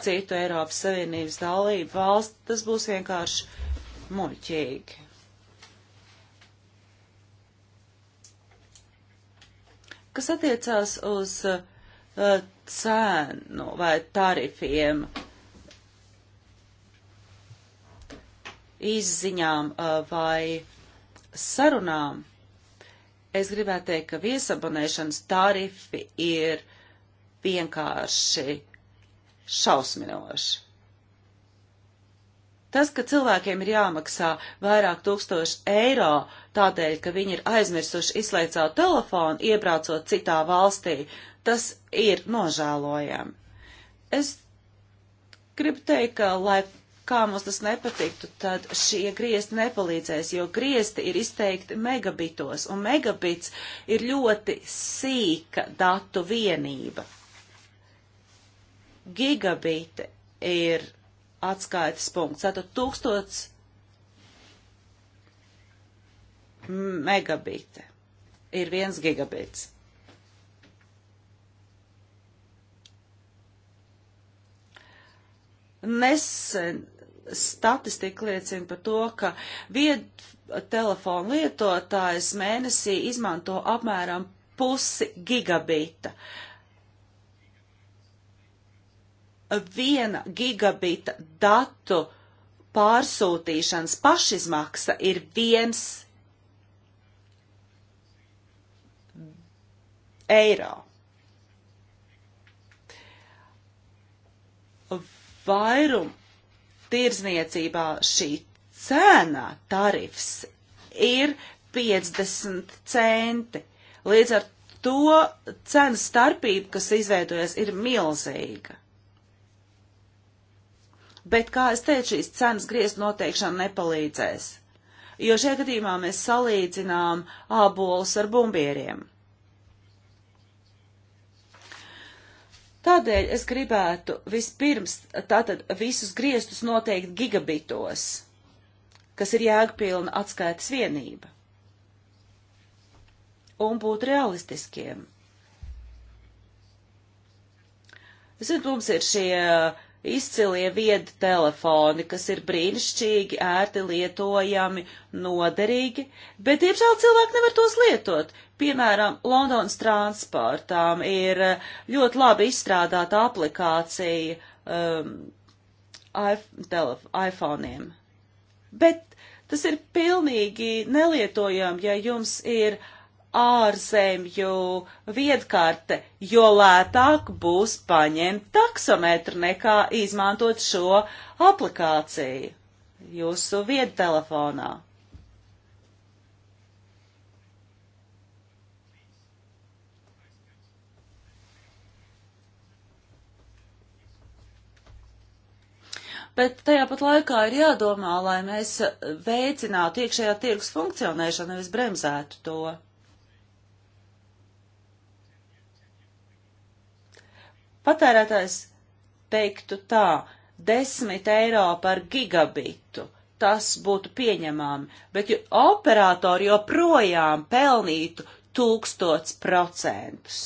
citu Eiropas Savienības dalību valsts, tas būs vienkārši muļķīgi. Kas attiecās uz uh, cēnu vai tarifiem, izziņām uh, vai uh, sarunām, es gribētu teikt, ka viesabonēšanas tarifi ir vienkārši šausminoši. Tas, ka cilvēkiem ir jāmaksā vairāk tūkstoši eiro tādēļ, ka viņi ir aizmirsuši izslēgt savu telefonu, iebraucot citā valstī, tas ir nožēlojami. Es gribu teikt, ka, lai kā mums tas nepatiktu, tad šie griezti nepalīdzēs, jo griezti ir izteikti megabitos, un megabits ir ļoti sīka datu vienība. Gigabite ir atskaites punkts, tātad tūkstots megabite ir viens gigabits. Nesen statistika liecina par to, ka vied telefonu lietotājs mēnesī izmanto apmēram pusi gigabita. Viena gigabita datu pārsūtīšanas pašizmaksa ir viens eiro. Vairum tirzniecībā šī cena tarifs ir 50 centi. Līdz ar to cenas starpība, kas izveidojas, ir milzīga. Bet, kā es teicu, šīs cenas griezt noteikšana nepalīdzēs, jo šajā gadījumā mēs salīdzinām ābolus ar bumbieriem. Tādēļ es gribētu vispirms tātad visus griestus noteikt gigabitos, kas ir jēgpilna atskaites vienība, un būt realistiskiem. Ziniet, mums ir šie izcilie viedi telefoni, kas ir brīnišķīgi, ērti lietojami, noderīgi, bet, diemžēl, cilvēki nevar tos lietot, Piemēram, Londonas transportām ir ļoti labi izstrādāta aplikācija um, iPhone'iem. Bet tas ir pilnīgi nelietojami, ja jums ir ārzemju viedkarte, jo lētāk būs paņemt taksometru nekā izmantot šo aplikāciju jūsu viedtelefonā. telefonā. bet tajā pat laikā ir jādomā, lai mēs veicinātu iekšējā tirgus funkcionēšanu, nevis bremzētu to. Patērētājs teiktu tā, 10 eiro par gigabitu, tas būtu pieņemami, bet operatori joprojām pelnītu tūkstots procentus.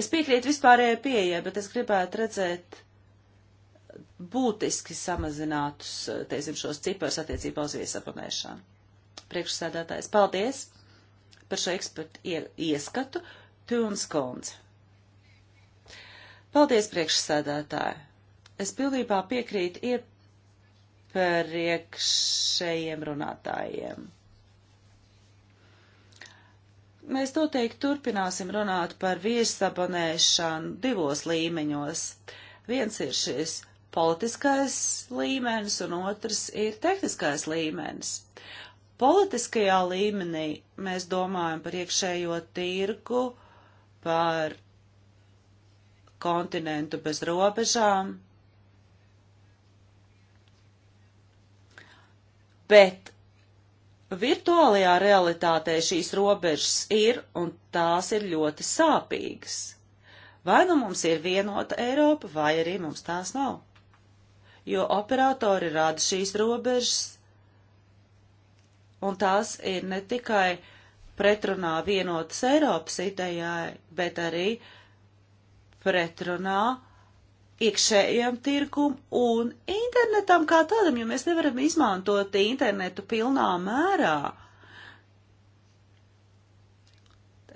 Es piekrītu vispārējai pieejai, bet es gribētu redzēt būtiski samazinātus, eh, teiksim, šos ciparus attiecībā uz viesapanēšanu. Priekšsēdētājs, paldies par šo ekspertu ieskatu, Tūns Kolns. Paldies, priekšsēdētāji. Es pilnībā piekrītu iepriekšējiem runātājiem. Mēs noteikti turpināsim runāt par viesabonēšanu divos līmeņos. Viens ir šis politiskais līmenis, un otrs ir tehniskais līmenis. Politiskajā līmenī mēs domājam par iekšējo tirgu, par kontinentu bez robežām, bet Virtuālajā realitātē šīs robežas ir, un tās ir ļoti sāpīgas. Vai nu mums ir vienota Eiropa, vai arī mums tās nav. Jo operatori rada šīs robežas, un tās ir ne tikai pretrunā vienotas Eiropas idejai, bet arī pretrunā iekšējam tirgum un internetam kā tādam, jo mēs nevaram izmantot internetu pilnā mērā.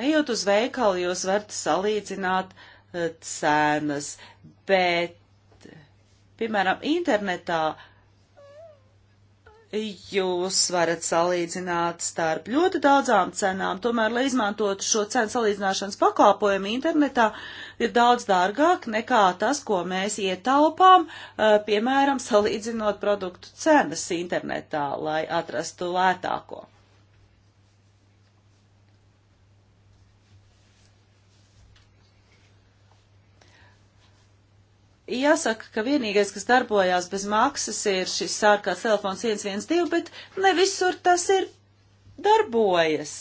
Ejot uz veikalu, jūs varat salīdzināt eh, cenas, bet, piemēram, internetā uh, jūs varat salīdzināt starp ļoti daudzām cenām, tomēr, lai izmantotu šo cenu salīdzināšanas pakalpojumu internetā, ir daudz dārgāk nekā tas, ko mēs ietaupām, eh, piemēram, salīdzinot produktu cenas internetā, lai atrastu lētāko. Jāsaka, ka vienīgais, kas darbojās bez maksas, ir šis sārkāts telefons 112, bet ne visur tas ir darbojas.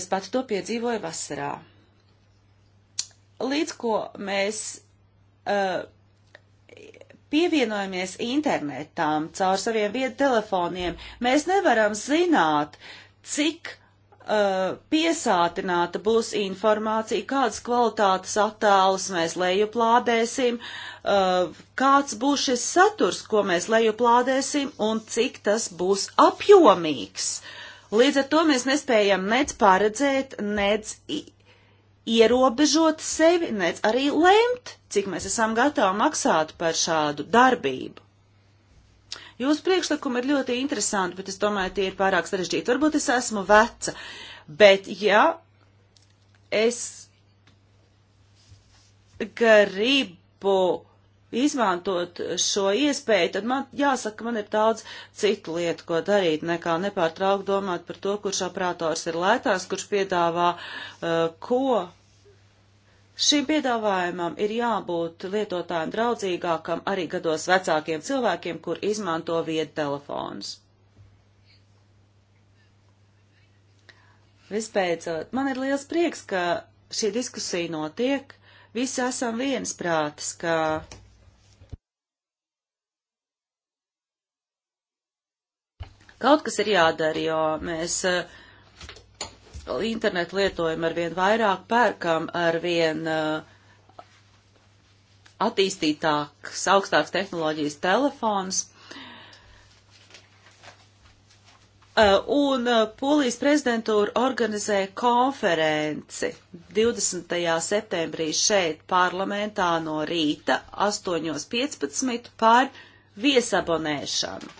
Es pati to piedzīvoju vasarā. Līdz ko mēs uh, pievienojamies internetām caur saviem viedtelefoniem, mēs nevaram zināt, cik Uh, piesātināta būs informācija, kādas kvalitātes attēlus mēs lejuplādēsim, uh, kāds būs šis saturs, ko mēs lejuplādēsim un cik tas būs apjomīgs. Līdz ar to mēs nespējam nec paredzēt, nec ierobežot sevi, nec arī lemt, cik mēs esam gatavi maksāt par šādu darbību. Jūsu priekšlikumi ir ļoti interesanti, bet es domāju, tie ir pārāk sarežģīti. Varbūt es esmu veca, bet ja es gribu izmantot šo iespēju, tad man jāsaka, man ir daudz citu lietu, ko darīt, nekā nepārtraukt domāt par to, kurš operators ir lētās, kurš piedāvā uh, ko Šim piedāvājumam ir jābūt lietotājiem draudzīgākam arī gados vecākiem cilvēkiem, kur izmanto vietu telefons. Vispēcot, man ir liels prieks, ka šī diskusija notiek. Visi esam viensprātis, ka kaut kas ir jādara, jo mēs uh, internetu lietojumu ar vien vairāk pērkam, ar vien uh, attīstītāks, augstāks tehnoloģijas telefons. Uh, un uh, Polijas prezidentūra organizē konferenci 20. septembrī šeit parlamentā no rīta 8.15 par viesabonēšanu.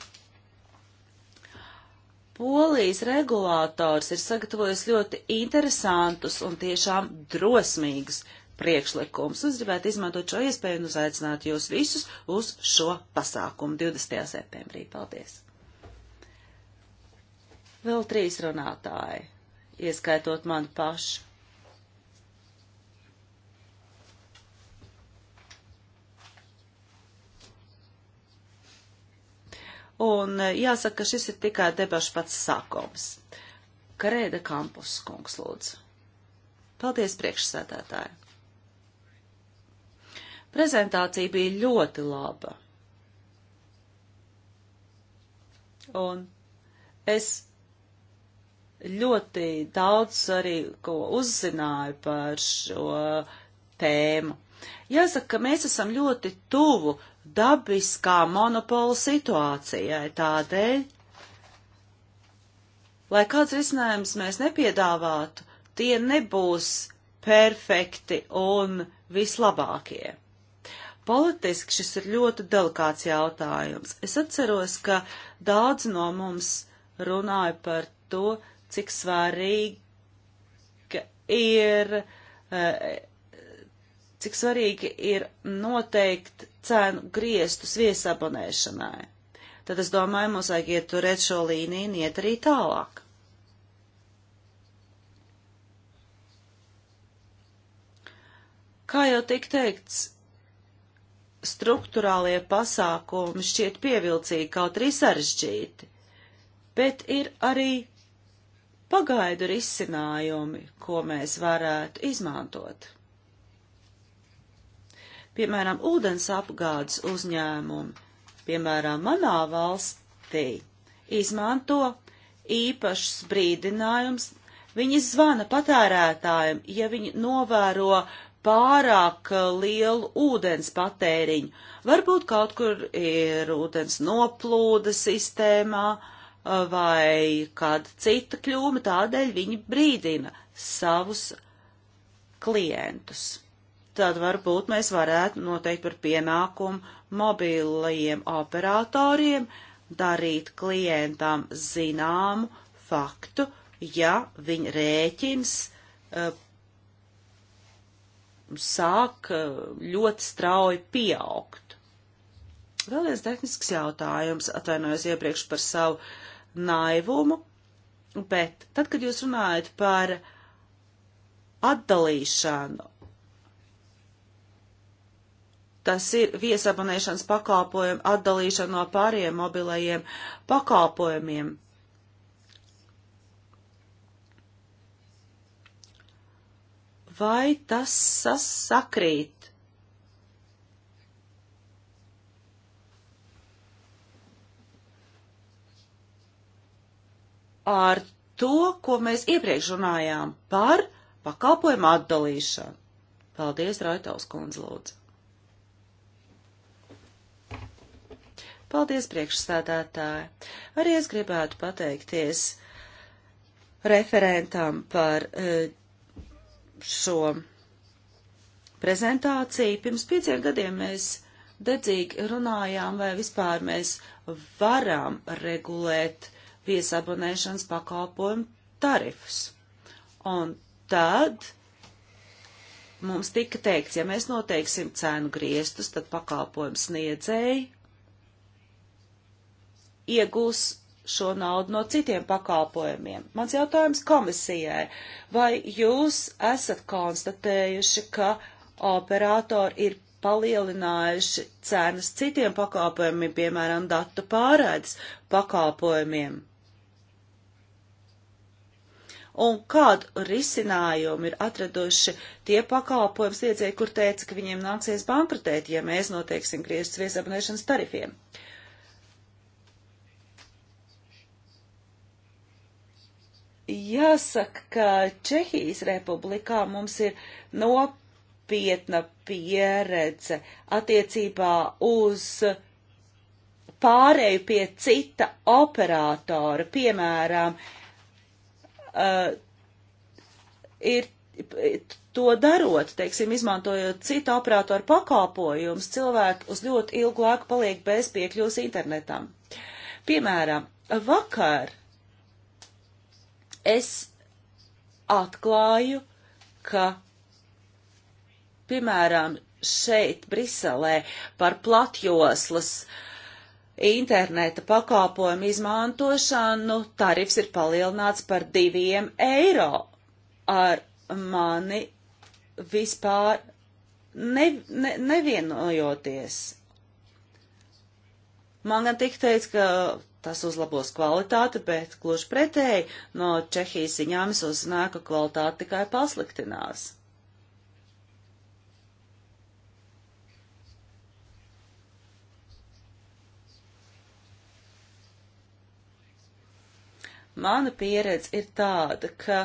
Polijas regulātors ir sagatavojis ļoti interesantus un tiešām drosmīgus priekšlikums. Es gribētu izmantot šo iespēju un uzaicināt jūs visus uz šo pasākumu 20. septembrī. Paldies! Vēl trīs runātāji, ieskaitot mani pašu. un eh, jāsaka, ka šis ir tikai debašu pats sākums. Karēda Kampus, kungs, lūdzu. Paldies, priekšsēdētāji. Prezentācija bija ļoti laba. Un es ļoti daudz arī ko uzzināju par šo tēmu. Jāsaka, ka mēs esam ļoti tuvu dabiskā monopola situācijai tādēļ, lai kāds risinājums mēs nepiedāvātu, tie nebūs perfekti un vislabākie. Politiski šis ir ļoti delikāts jautājums. Es atceros, ka daudz no mums runāja par to, cik svarīga ir uh, cik svarīgi ir noteikt cenu griestus viesabonēšanai. Tad es domāju, mums vajag ieturēt šo līniju un iet arī tālāk. Kā jau tik teikts, struktūrālie pasākumi šķiet pievilcīgi, kaut arī sarežģīti, bet ir arī pagaidu risinājumi, ko mēs varētu izmantot piemēram, ūdens apgādes uzņēmumi, piemēram, manā valstī, izmanto īpašs brīdinājums. Viņi zvana patērētājiem, ja viņi novēro pārāk lielu ūdens patēriņu. Varbūt kaut kur ir ūdens noplūda sistēmā vai kāda cita kļūme, tādēļ viņi brīdina savus klientus tad varbūt mēs varētu noteikt par pienākumu mobilajiem operatoriem darīt klientam zināmu faktu, ja viņa rēķins uh, sāk uh, ļoti strauji pieaugt. Vēl viens tehnisks jautājums, atvainojos iepriekš par savu naivumu, bet tad, kad jūs runājat par atdalīšanu Tas ir viesabonēšanas pakalpojumu atdalīšana no pāriem mobilajiem pakalpojumiem. Vai tas sakrīt? Ar to, ko mēs iepriekš runājām par pakalpojumu atdalīšanu. Paldies, Raitaus kundze, lūdzu. Paldies, priekšstādātāji! Arī es gribētu pateikties referentam par eh, šo prezentāciju. Pirms pieciem gadiem mēs dedzīgi runājām, vai vispār mēs varam regulēt viesabonēšanas pakalpojumu tarifus. Un tad mums tika teikts, ja mēs noteiksim cēnu griestus, tad pakalpojums sniedzēji iegūs šo naudu no citiem pakalpojumiem. Mans jautājums komisijai. Vai jūs esat konstatējuši, ka operatori ir palielinājuši cenas citiem pakalpojumiem, piemēram, datu pārēdes pakalpojumiem? Un kādu risinājumu ir atraduši tie pakalpojums sniedzēji, kur teica, ka viņiem nāksies bankrotēt, ja mēs noteiksim grieztus viesabunēšanas tarifiem? Uh, Jāsaka, ka Čehijas republikā mums ir nopietna pieredze attiecībā uz pārēju pie cita operātora, piemēram, uh, ir to darot, teiksim, izmantojot citu operātoru pakalpojumus, cilvēki uz ļoti ilgu laiku paliek bez piekļuvas internetam. Piemēram, vakar es atklāju, ka, piemēram, šeit Briselē par platjoslas interneta pakāpojumu izmantošanu tarifs ir palielināts par diviem eiro. Ar mani vispār ne, ne, nevienojoties. Man gan tik teica, ka tas uzlabos kvalitāti, bet gluži pretēji no Čehijas ziņām es uzzināju, ka kvalitāte tikai pasliktinās. Mana pieredze ir tāda, ka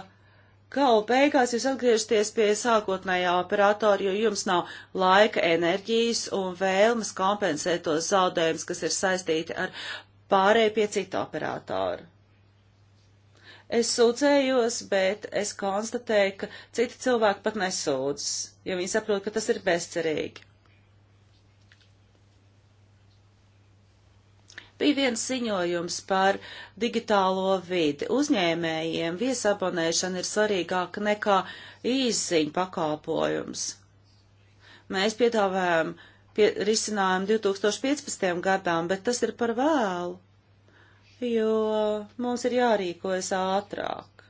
gala beigās jūs atgriežaties pie sākotnējā operatora, jo jums nav laika, enerģijas un vēlmes kompensēt tos zaudējumus, kas ir saistīti ar pārēja pie cita operatora. Es sūdzējos, bet es konstatēju, ka citi cilvēki pat nesūdzas, jo viņi saprot, ka tas ir bezcerīgi. Bija viens ziņojums par digitālo vidi. Uzņēmējiem viesabonēšana ir svarīgāka nekā īsziņa pakalpojums. Mēs piedāvājam uh, pie, risinājumu 2015. gadām, bet tas ir par vēlu, jo mums ir jārīkojas ātrāk.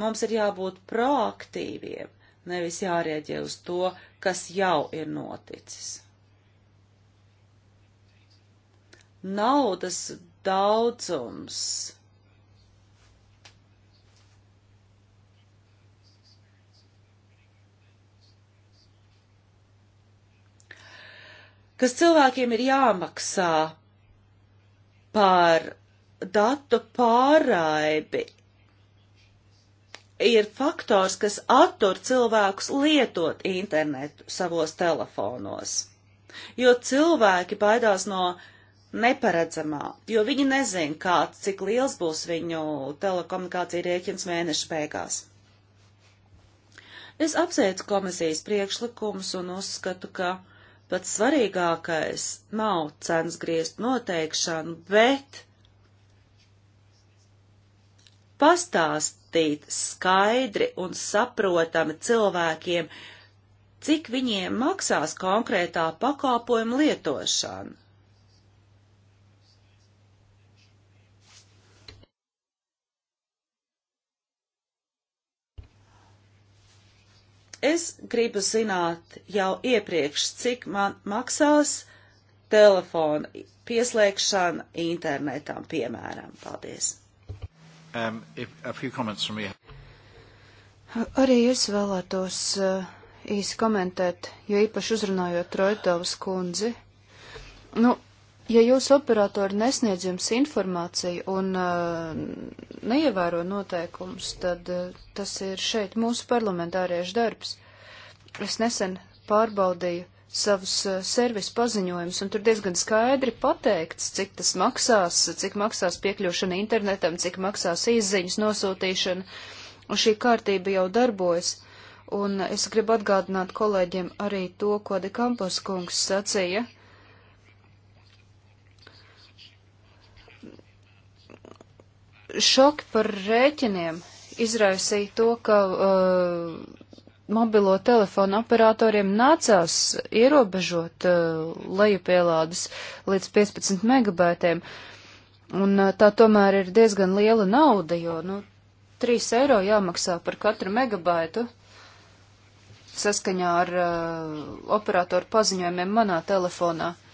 Mums ir jābūt proaktīviem, nevis jārieģē uz to, kas jau ir noticis. Naudas daudzums kas cilvēkiem ir jāmaksā par datu pārraibi, ir faktors, kas attur cilvēkus lietot internetu savos telefonos. Jo cilvēki baidās no neparedzamā, jo viņi nezin, kāds, cik liels būs viņu telekomunikācija rēķins mēneša beigās. Es apsveicu komisijas priekšlikumus un uzskatu, ka uh, Pats svarīgākais nav cenas griezt noteikšanu, bet pastāstīt skaidri un saprotami cilvēkiem, cik viņiem maksās konkrētā pakalpojuma lietošana. Es gribu zināt jau iepriekš, cik man maksās telefona pieslēgšana internetam, piemēram. Paldies. Um, if, Arī es vēlētos uh, īsi komentēt, jo īpaši uzrunājot Roitovas kundzi. Nu, Ja jūsu operatori nesniedz jums informāciju un uh, neievēro noteikumus, tad uh, tas ir šeit mūsu parlamentāriešu darbs. Es nesen pārbaudīju savus uh, servisu paziņojumus, un tur diezgan skaidri pateikts, cik tas maksās, cik maksās piekļūšana internetam, cik maksās izziņas nosūtīšana, un šī kārtība jau darbojas. Un es gribu atgādināt kolēģiem arī to, ko Dekampos kungs sacīja. Uh, Šoki par rēķiniem izraisīja to, ka uh, mobilo telefonu operatoriem nācās ierobežot uh, lejupielādes līdz 15 megabaitiem. Un uh, tā tomēr ir diezgan liela nauda, jo nu, 3 eiro jāmaksā par katru megabaitu saskaņā ar uh, operatoru paziņojumiem manā telefonā. Uh,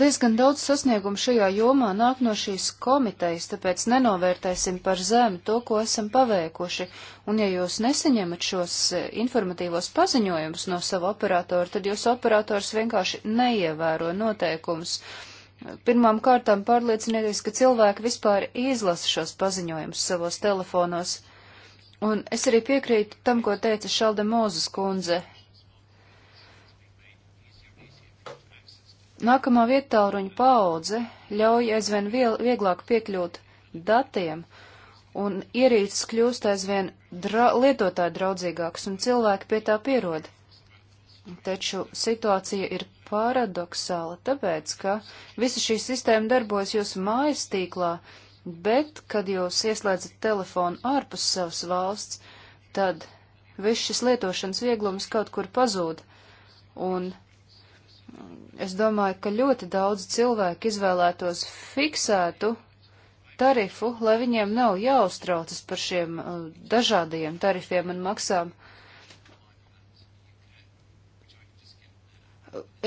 Diezgan daudz sasniegumu šajā jomā nāk no šīs komitejas, tāpēc nenovērtēsim par zemu to, ko esam paveikuši, un ja jūs nesaņemat šos e, informatīvos paziņojumus no sava operatora, tad jūs operators vienkārši neievēro noteikumus. Pirmām kārtām pārliecinieties, ka cilvēki vispār izlasa šos paziņojumus savos telefonos. Un es arī piekrītu tam, ko teica Šalda Mūzes kundze. Nākamā vietāluņa paudze ļauj aizvien vieglāk piekļūt datiem, un ierīces kļūst aizvien dra lietotāju draudzīgāks, un cilvēki pie tā pierod. Taču situācija ir paradoxāla, tāpēc, ka visa šī sistēma darbojas jūsu mājas tīklā, bet, kad jūs ieslēdzat telefonu ārpus savas valsts, tad viss šis lietošanas vieglums kaut kur pazūd, un Es domāju, ka ļoti daudz cilvēku izvēlētos fiksētu tarifu, lai viņiem nav jāuztraucas par šiem uh, dažādajiem tarifiem un maksām.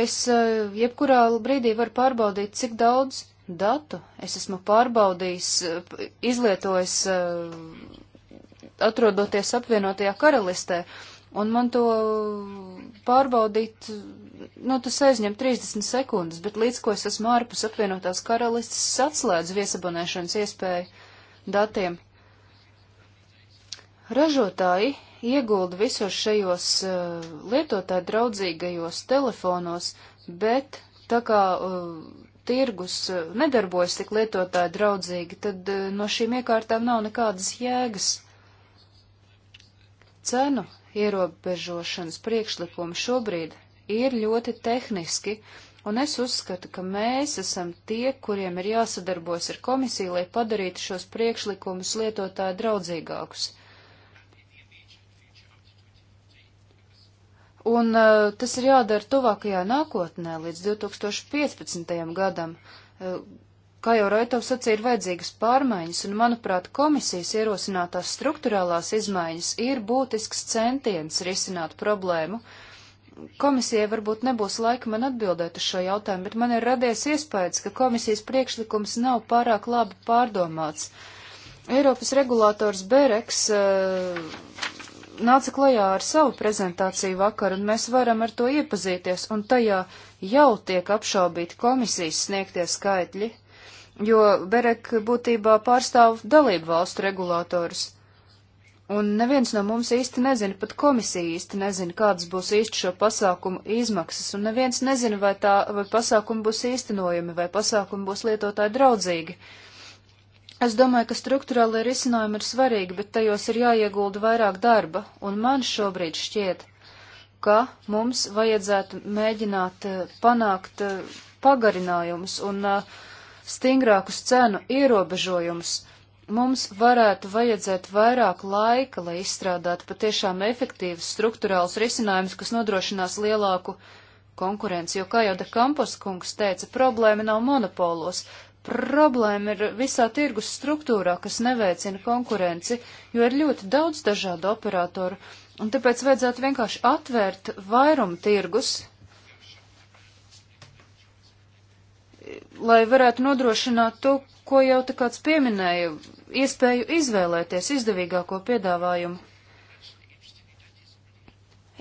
Es uh, jebkurā brīdī varu pārbaudīt, cik daudz datu es esmu pārbaudījis, uh, izlietojis, uh, atrodoties apvienotajā karalistē, un man to pārbaudīt nu, tas aizņem 30 sekundes, bet līdz ko es esmu ārpus apvienotās karalistes, atslēdz viesabonēšanas iespēju datiem. Ražotāji iegulda visos šajos uh, lietotāju draudzīgajos telefonos, bet tā kā uh, tirgus uh, nedarbojas tik lietotāju draudzīgi, tad uh, no šīm iekārtām nav nekādas jēgas. Cenu ierobežošanas priekšlikumi šobrīd ir ļoti tehniski, un es uzskatu, ka mēs esam tie, kuriem ir jāsadarbos ar komisiju, lai padarītu šos priekšlikumus lietotāju draudzīgākus. Un uh, tas ir jādara tuvākajā nākotnē, līdz 2015. gadam. Uh, kā jau Raitovs sacīja, ir vajadzīgas pārmaiņas, un, manuprāt, komisijas ierosinātās struktūrālās izmaiņas ir būtisks centiens risināt problēmu, uh, komisijai varbūt nebūs laika man atbildēt uz šo jautājumu, bet man ir radies iespējas, ka komisijas priekšlikums nav pārāk labi pārdomāts. Eiropas regulators Bereks eh, nāca klajā ar savu prezentāciju vakar, un mēs varam ar to iepazīties, un tajā jau tiek apšaubīti komisijas sniegtie skaitļi, jo Berek būtībā pārstāv dalību valstu regulātorus. Un neviens no mums īsti nezina, pat komisija īsti nezina, kādas būs īsti šo pasākumu izmaksas, un neviens nezina, vai, tā, vai pasākumi būs īstenojami, vai pasākumi būs lietotāji draudzīgi. Es domāju, ka struktūrālai risinājumi ir svarīgi, bet tajos ir jāiegulda vairāk darba, un man šobrīd šķiet, ka mums vajadzētu mēģināt eh, panākt eh, pagarinājumus un eh, stingrākus cenu ierobežojumus mums varētu vajadzēt vairāk laika, lai izstrādātu patiešām efektīvas struktūrāls risinājums, kas nodrošinās lielāku konkurenci, jo, kā jau Dekampos kungs teica, problēma nav monopolos. Problēma ir visā tirgus struktūrā, kas neveicina konkurenci, jo ir ļoti daudz dažādu operatoru, un tāpēc vajadzētu vienkārši atvērt vairumu tirgus, lai varētu nodrošināt to, ko jau te kāds pieminēja, iespēju izvēlēties izdevīgāko piedāvājumu.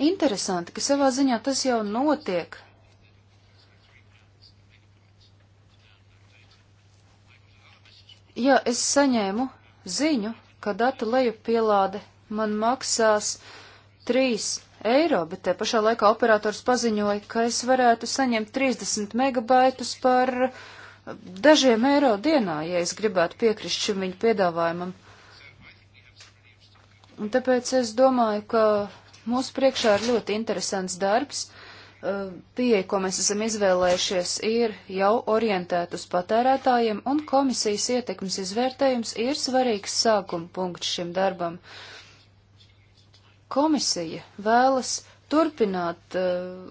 Interesanti, ka savā ziņā tas jau notiek. Jā, es saņēmu ziņu, ka datu lejupielāde man maksās 3 eiro, bet te pašā laikā operators paziņoja, ka es varētu saņemt 30 megabaitus par dažiem eiro dienā, ja es gribētu piekrist šim viņu piedāvājumam. Un tāpēc es domāju, ka mūsu priekšā ir ļoti interesants darbs. Pieeja, ko mēs esam izvēlējušies, ir jau orientēta uz patērētājiem, un komisijas ietekmes izvērtējums ir svarīgs sākuma punkts šim darbam. Uh, Komisija vēlas turpināt uh,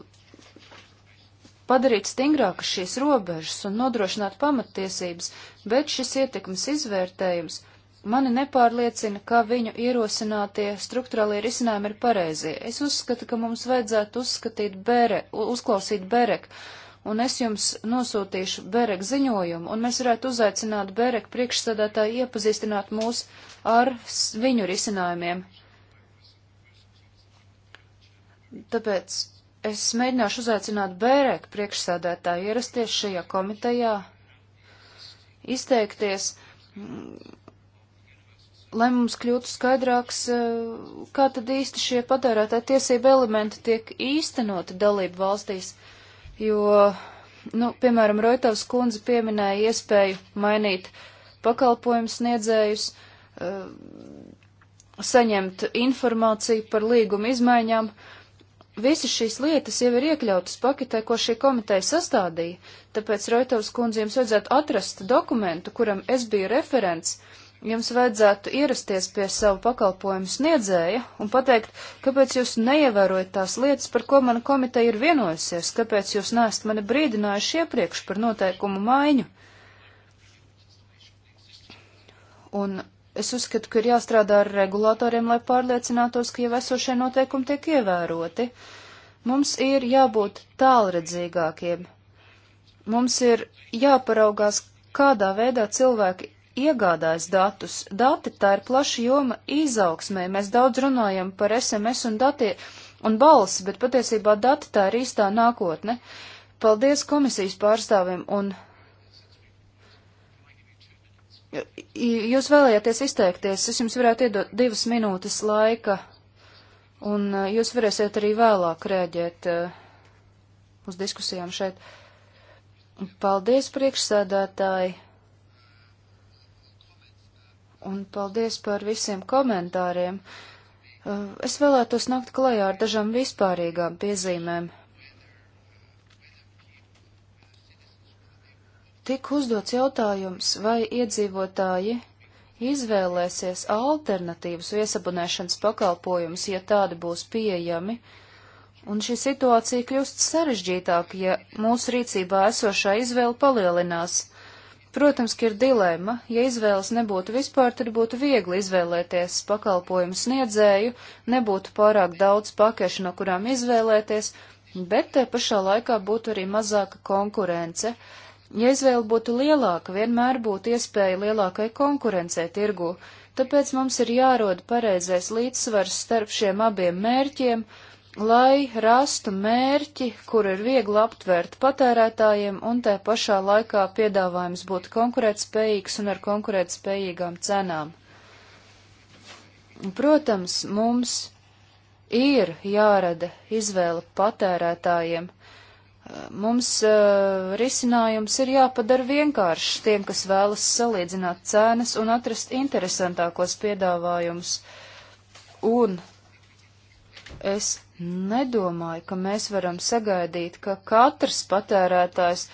padarīt stingrākas šīs robežas un nodrošināt pamatiesības, bet šis ietekmes izvērtējums mani nepārliecina, ka viņu ierosinātie struktūrālie risinājumi ir pareizie. Es uzskatu, ka mums vajadzētu uzskatīt bere, uzklausīt Berek, un es jums nosūtīšu Berek ziņojumu, un mēs varētu uzaicināt Berek priekšsādātāju iepazīstināt mūs ar viņu risinājumiem Tāpēc es mēģināšu uzaicināt Bērēku priekšsēdētāju ierasties šajā komitejā, izteikties, mm, lai mums kļūtu skaidrāks, eh, kā tad īsti šie patērētāji tiesība elementi tiek īstenoti dalību valstīs, jo, nu, piemēram, Roitovs kundze pieminēja iespēju mainīt pakalpojumu sniedzējus, eh, saņemt informāciju par līguma izmaiņām, uh, Visas šīs lietas jau ir iekļautas paketē, ko šī komiteja sastādīja, tāpēc Roitovs kundze jums vajadzētu atrast dokumentu, kuram es biju referents. Jums vajadzētu ierasties pie savu pakalpojumu sniedzēja un pateikt, kāpēc jūs neievērojat tās lietas, par ko mana komiteja ir vienojusies, kāpēc jūs neesat mani brīdinājuši iepriekš par noteikumu maiņu. Un Es uzskatu, ka ir jāstrādā ar regulātoriem, lai pārliecinātos, ka jau esošie noteikumi tiek ievēroti. Mums ir jābūt tālredzīgākiem. Mums ir jāparaugās, kādā veidā cilvēki iegādājas datus. Dati tā ir plaša joma izaugsmē. Mēs daudz runājam par SMS un dati un balsi, bet patiesībā dati tā ir īstā nākotne. Paldies komisijas pārstāvim un Jūs vēlējāties izteikties, es jums varētu iedot divas minūtes laika, un uh, jūs varēsiet arī vēlāk rēģēt uh, uz diskusijām šeit. Paldies, priekšsēdētāji! Un paldies par visiem komentāriem. Uh, es vēlētos nākt klajā ar dažām vispārīgām piezīmēm. Tik uzdots jautājums, vai iedzīvotāji izvēlēsies alternatīvas viesabunēšanas pakalpojumus, ja tādi būs pieejami, un šī situācija kļūst sarežģītāka, ja mūsu rīcībā esošā izvēle palielinās. Protams, ka ir dilema. Ja izvēles nebūtu vispār, tad būtu viegli izvēlēties pakalpojumu sniedzēju, nebūtu pārāk daudz pakešu, no kurām izvēlēties, bet te pašā laikā būtu arī mazāka konkurence. Uh, Ja izvēle būtu lielāka, vienmēr būtu iespēja lielākai konkurencē tirgu, tāpēc mums ir jārod pareizais līdzsvars starp šiem abiem mērķiem, lai rastu mērķi, kur ir viegli aptvērt patērētājiem un tā pašā laikā piedāvājums būtu konkurētspējīgs un ar konkurētspējīgām cenām. Protams, mums ir jārada izvēle patērētājiem, Mums uh, risinājums ir jāpadara vienkāršs tiem, kas vēlas salīdzināt cenas un atrast interesantākos piedāvājumus. Un es nedomāju, ka mēs varam sagaidīt, ka katrs patērētājs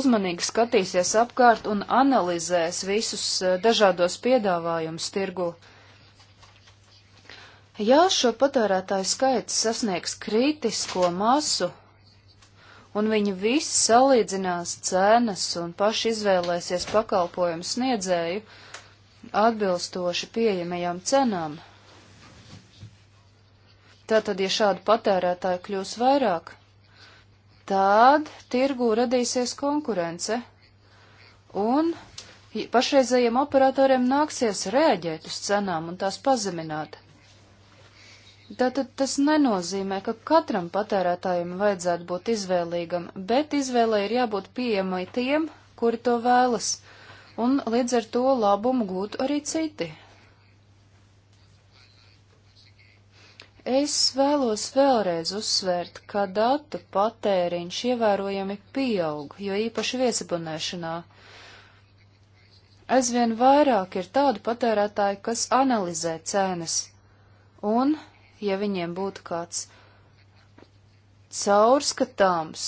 uzmanīgi skatīsies apkārt un analizēs visus eh, dažādos piedāvājumus tirgu. Ja šo patērētāju skaits sasniegs kritisko masu, un viņi visi salīdzinās cenas un paši izvēlēsies pakalpojumu sniedzēju atbilstoši pieejamajām cenām. Tātad, ja šādu patērētāju kļūs vairāk, tad tirgū radīsies konkurence, un pašreizējiem operatoriem nāksies rēģēt uz cenām un tās pazemināt. Tātad tas nenozīmē, ka katram patērētājam vajadzētu būt izvēlīgam, bet izvēlei ir jābūt pieejamai tiem, kuri to vēlas, un līdz ar to labumu gūtu arī citi. Es vēlos vēlreiz uzsvērt, ka datu patēriņš ievērojami pieaug, jo īpaši viesabunēšanā. Aizvien vairāk ir tādu patērētāju, kas analizē cenas, un ja viņiem būtu kāds caurskatāms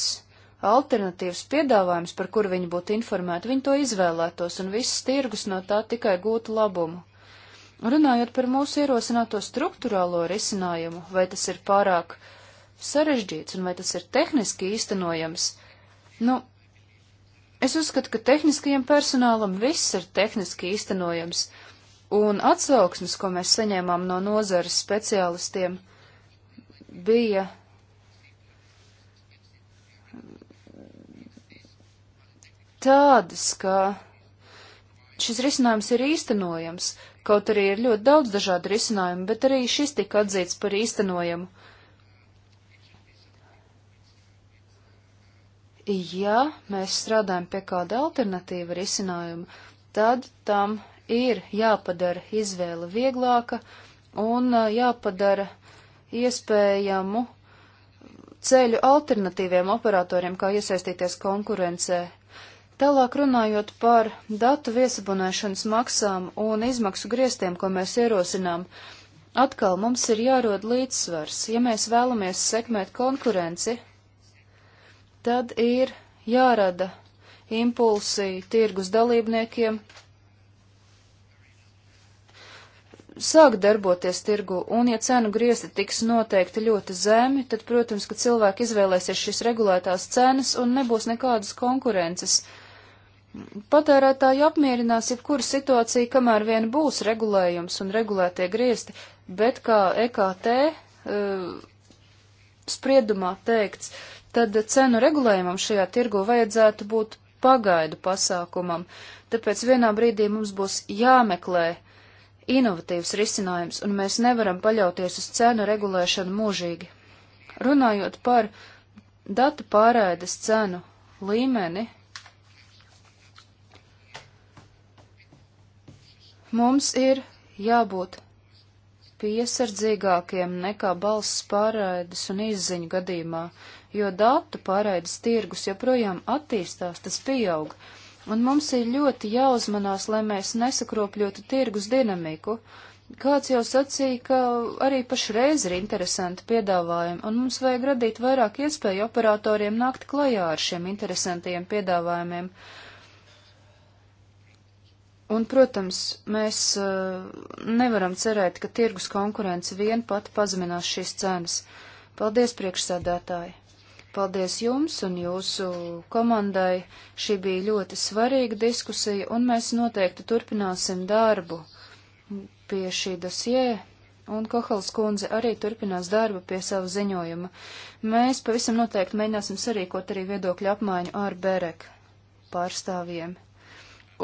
alternatīvas piedāvājums, par kuru viņi būtu informēti, viņi to izvēlētos, un viss tirgus no tā tikai gūtu labumu. Runājot par mūsu ierosināto struktūrālo risinājumu, vai tas ir pārāk sarežģīts un vai tas ir tehniski īstenojams, nu, es uzskatu, ka tehniskajam personālam viss ir tehniski īstenojams. Uh, Un atsauksmes, ko mēs saņēmām no nozares speciālistiem, bija tādas, ka šis risinājums ir īstenojams, kaut arī ir ļoti daudz dažādu risinājumu, bet arī šis tika atzīts par īstenojamu. Ja mēs strādājam pie kāda alternatīva risinājuma, tad tam ir jāpadara izvēle vieglāka un uh, jāpadara iespējamu ceļu alternatīviem operatoriem, kā iesaistīties konkurencē. Tālāk runājot par datu viesabunēšanas maksām un izmaksu griestiem, ko mēs ierosinām, atkal mums ir jārod līdzsvars. Ja mēs vēlamies sekmēt konkurenci, tad ir jārada impulsi tirgus dalībniekiem, sāk darboties tirgu, un ja cenu griezti tiks noteikti ļoti zemi, tad, protams, ka cilvēki izvēlēsies šīs regulētās cenas un nebūs nekādas konkurences. Patērētāji apmierinās jebkuru situāciju, kamēr vien būs regulējums un regulētie griezti, bet kā EKT uh, e, spriedumā teikts, tad cenu regulējumam šajā tirgu vajadzētu būt pagaidu pasākumam, tāpēc vienā brīdī mums būs jāmeklē uh, inovatīvs risinājums, un mēs nevaram paļauties uz cenu regulēšanu mūžīgi. Runājot par datu pārēdes cenu līmeni, mums ir jābūt piesardzīgākiem nekā balss pārēdes un izziņu gadījumā, jo datu pārēdes tirgus joprojām attīstās, tas pieaug un mums ir ļoti jāuzmanās, lai mēs nesakropļotu tirgus dinamiku. Kāds jau sacīja, ka arī pašreiz ir interesanti piedāvājumi, un mums vajag radīt vairāk iespēju operatoriem nākt klajā ar šiem interesantiem piedāvājumiem. Un, protams, mēs uh, nevaram cerēt, ka tirgus konkurence vien pat pazeminās šīs cenas. Paldies, priekšsēdētāji! Paldies jums un jūsu komandai. Šī bija ļoti svarīga diskusija, un mēs noteikti turpināsim darbu pie šī dosie, un Kohals kundze arī turpinās darbu pie sava ziņojuma. Mēs pavisam noteikti mēģināsim sarīkot arī viedokļu apmaiņu ar Berek pārstāvjiem,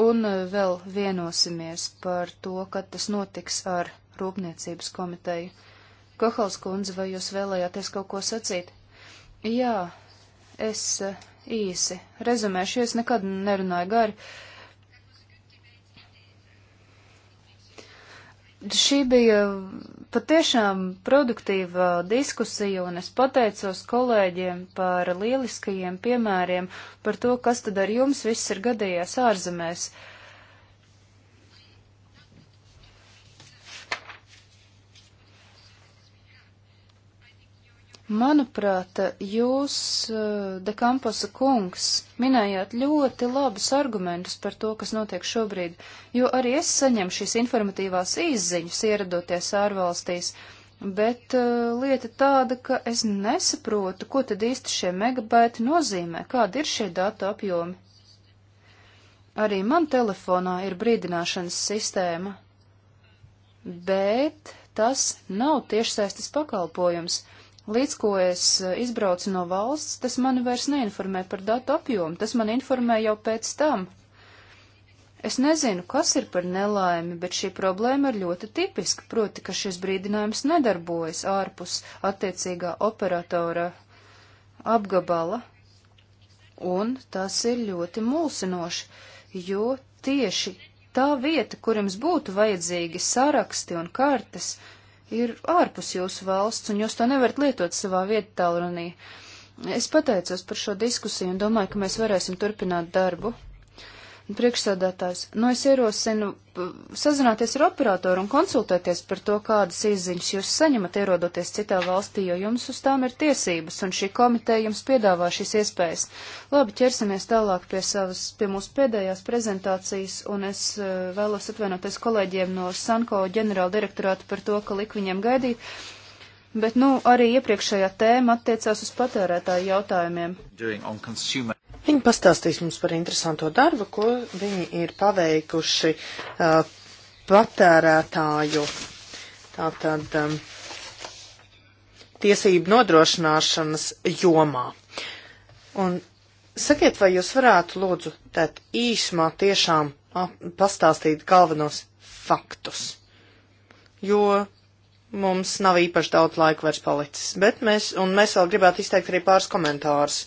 un eh, vēl vienosimies par to, kad tas notiks ar Rūpniecības komiteju. Kohals kundze, vai jūs vēlējāties kaut ko sacīt? Jā, es eh, īsi rezumēšu, es nekad nerunāju gari. Šī bija patiešām produktīva diskusija, un es pateicos kolēģiem par lieliskajiem piemēriem par to, kas tad ar jums viss ir gadījies ārzemēs. Uh, Manuprāt, jūs, eh, Dekamposa kungs, minējāt ļoti labus argumentus par to, kas notiek šobrīd, jo arī es saņemu šīs informatīvās izziņas, ieradoties ārvalstīs, bet uh, lieta tāda, ka es nesaprotu, ko tad īsti šie megabaiti nozīmē, kādi ir šie datu apjomi. Arī man telefonā ir brīdināšanas sistēma, bet tas nav tiešsaistes pakalpojums. Līdz ko es eh, izbraucu no valsts, tas mani vairs neinformē par datu apjomu, tas man informē jau pēc tam. Es nezinu, kas ir par nelaimi, bet šī problēma ir ļoti tipiska, proti, ka šis brīdinājums nedarbojas ārpus attiecīgā operatora apgabala, un tas ir ļoti mulsinoši, jo tieši tā vieta, kur jums būtu vajadzīgi saraksti un kartes, ir ārpus jūsu valsts, un jūs to nevarat lietot savā vietā tālrunī. Es pateicos par šo diskusiju un domāju, ka mēs varēsim turpināt darbu. Priekšsēdētājs, nu es ierosinu sazināties ar operatoru un konsultēties par to, kādas izziņas jūs saņemat ierodoties citā valstī, jo jums uz tām ir tiesības, un šī komiteja jums piedāvā šīs iespējas. Labi, ķersimies tālāk pie, savas, pie mūsu pēdējās prezentācijas, un es eh, vēlos atvainoties kolēģiem no Sanko ģenerāla direktorāta par to, ka lik viņiem gaidīt. Bet, nu, arī iepriekšējā tēma attiecās uz patērētāju jautājumiem. Viņi pastāstīs mums par interesanto darbu, ko viņi ir paveikuši uh, patērētāju tātad um, tiesību nodrošināšanas jomā. Un sakiet, vai jūs varētu lūdzu tēt īsumā tiešām pastāstīt galvenos faktus, jo mums nav īpaši daudz laika vairs palicis, bet mēs, un mēs vēl gribētu izteikt arī pāris komentārus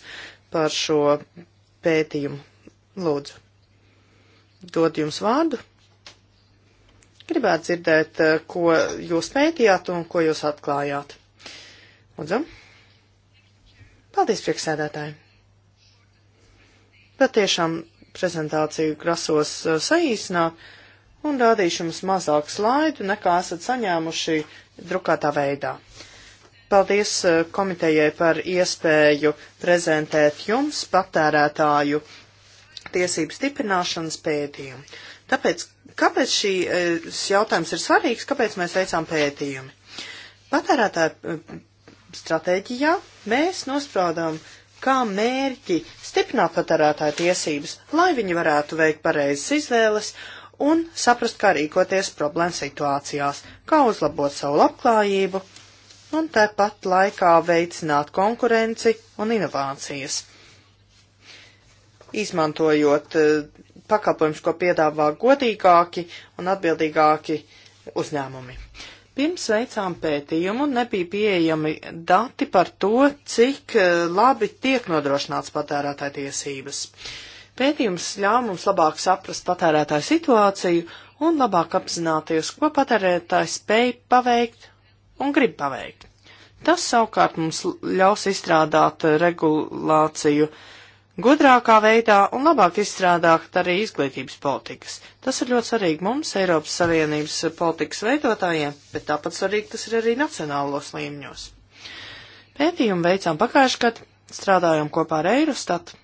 par šo pētījumu. Lūdzu, dod jums vārdu. Gribētu dzirdēt, eh, ko jūs pētījāt un ko jūs atklājāt. Lūdzu. Paldies, priekšsēdētāji. Patiešām prezentāciju grasos eh, saīsināt un rādīšu jums mazāk slaidu, nekā esat saņēmuši drukātā veidā. Uh, Paldies eh, komitejai par iespēju prezentēt jums patērētāju tiesību stiprināšanas pētījumu. Tāpēc, kāpēc šīs eh, jautājums ir svarīgs, kāpēc mēs veicām pētījumi? Patērētāju eh, stratēģijā mēs nospraudām kā mērķi stiprināt patērētāju tiesības, lai viņi varētu veikt pareizas izvēles un saprast, kā rīkoties problēma situācijās, kā uzlabot savu labklājību un tāpat laikā veicināt konkurenci un inovācijas. Izmantojot eh, pakalpojumus, ko piedāvā godīgāki un atbildīgāki uzņēmumi. Pirms veicām pētījumu nebija pieejami dati par to, cik eh, labi tiek nodrošināts patērētāja tiesības. Pētījums ļāva mums labāk saprast patērētāju situāciju un labāk apzināties, ko patērētājs spēj paveikt un grib paveikt. Tas savukārt mums ļaus izstrādāt eh, regulāciju gudrākā veidā un labāk izstrādāt arī izglītības politikas. Tas ir ļoti svarīgi mums, Eiropas Savienības politikas veidotājiem, bet tāpat svarīgi tas ir arī nacionālos līmeņos. Pētījumu veicām pagājušajā gadā, strādājām kopā ar Eirostatu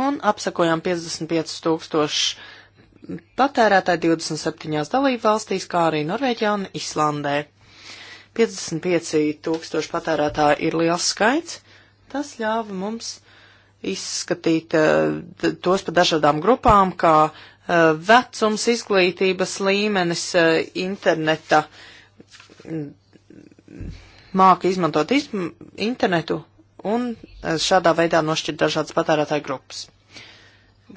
un apsakojām 55 tūkstošu patērētāji 27 dalību valstīs, kā arī Norvēģijā un Islandē. 55 tūkstoši patērētāji ir liels skaits. Tas ļāva mums izskatīt uh, tos pa dažādām grupām, kā uh, vecums, izglītības līmenis, uh, interneta, mm, māka izmantot izm internetu un šādā veidā nošķirt dažādas patērētāju grupas.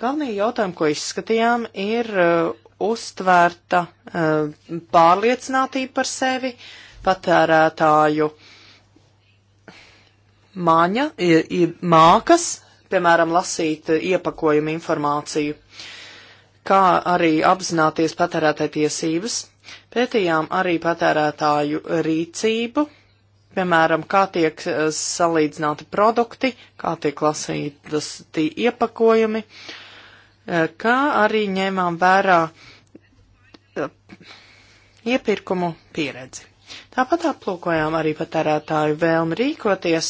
Galvenie jautājumi, ko izskatījām, ir uztvērta pārliecinātība par sevi, uh, patērētāju maņa, mākas, piemēram, lasīt e, iepakojumu informāciju, kā arī apzināties patērētāju tiesības. Pētījām arī patērētāju rīcību, piemēram, kā tiek e, salīdzināti produkti, kā tiek lasītas tie iepakojumi, e, kā arī ņēmām vērā iepirkumu pieredzi. Tāpat aplūkojām arī patērētāju vēlmi rīkoties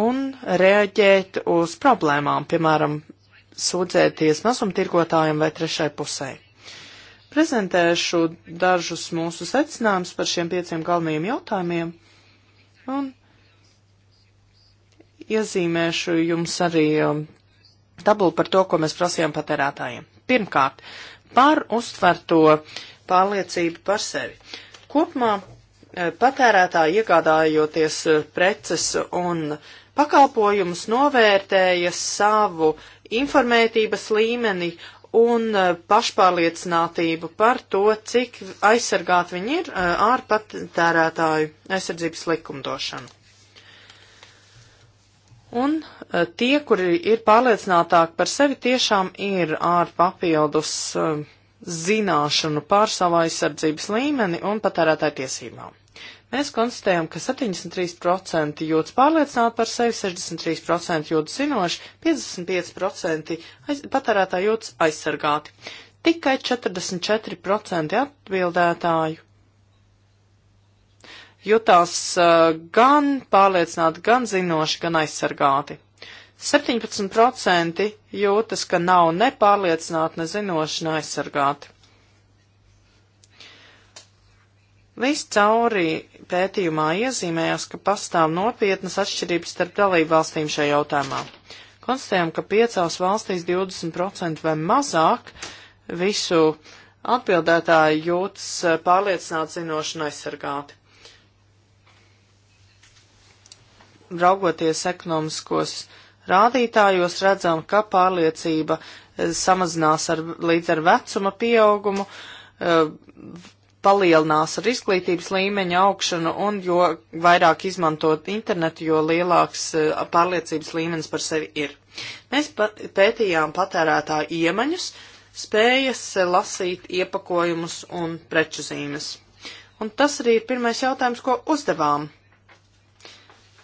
un reaģēt uz problēmām, piemēram, sūdzēties mazumtirgotājiem vai trešai pusē. Prezentēšu dažus mūsu secinājumus par šiem pieciem galvenajiem jautājumiem un iezīmēšu jums arī um, tabulu par to, ko mēs prasījām patērētājiem. Pirmkārt, par uztverto pārliecību par sevi. Kopumā e, patērētāji iegādājoties e, preces un pakalpojumus novērtēja savu informētības līmeni un e, pašpārliecinātību par to, cik aizsargāti viņi ir ar patērētāju aizsardzības likumdošanu. Un tie, kuri ir pārliecinātāki par sevi, tiešām ir ar papildus uh, zināšanu pār savu aizsardzības līmeni un patērētāju tiesībām. Mēs konstatējam, ka 73% jūtas pārliecināti par sevi, 63% jūtas zinoši, 55% aiz, patērētāji jūtas aizsargāti. Tikai 44% atbildētāju jutās uh, gan pārliecināti, gan zinoši, gan aizsargāti. 17% jūtas, ka nav ne pārliecināti, ne zinoši, ne aizsargāti. Līdz cauri pētījumā iezīmējās, ka pastāv nopietnas atšķirības starp dalību valstīm šajā jautājumā. Konstatējām, ka piecās valstīs 20% vai mazāk visu atbildētāju jūtas eh, pārliecināti, zinoši un aizsargāti. Raugoties ekonomiskos uh, rādītājos redzam, ka pārliecība e, samazinās ar, līdz ar vecuma pieaugumu, e, palielinās ar izglītības līmeņa augšanu, un jo vairāk izmantot internetu, jo lielāks e, pārliecības līmenis par sevi ir. Mēs pētījām patērētāju iemaņus, spējas lasīt iepakojumus un preču zīmes. Un tas arī ir pirmais jautājums, ko uzdevām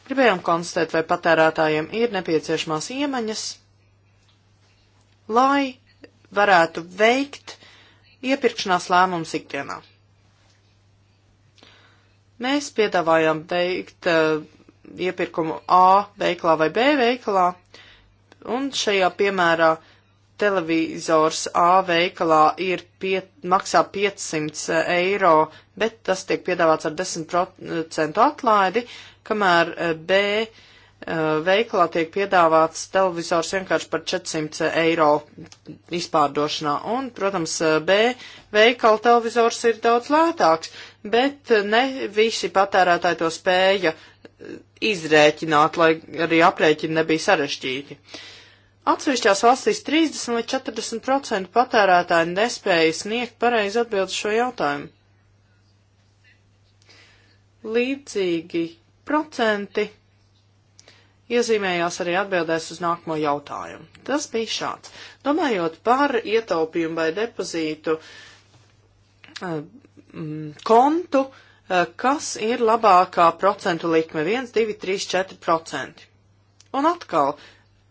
Gribējām konstatēt, vai patērētājiem ir nepieciešamās iemaņas, lai varētu veikt iepirkšanās lēmumus ikdienā. Mēs piedāvājām veikt uh, iepirkumu A veiklā vai B veiklā, un šajā piemērā televizors A veikalā ir pie, maksā 500 eiro, bet tas tiek piedāvāts ar 10% atlaidi, kamēr eh, B eh, veiklā tiek piedāvāts televizors vienkārši par 400 eiro izpārdošanā. Un, protams, eh, B veikala televizors ir daudz lētāks, bet ne visi patērētāji to spēja izrēķināt, lai arī aprēķini nebija sarežģīti. Atsevišķās valstīs 30 līdz 40% patērētāji nespēja sniegt pareizi atbildi šo jautājumu. Līdzīgi procenti iezīmējās arī atbildēs uz nākamo jautājumu. Tas bija šāds. Domājot par ietaupījumu vai depozītu eh, mm, kontu, eh, kas ir labākā procentu likme 1, 2, 3, 4 procenti. Un atkal,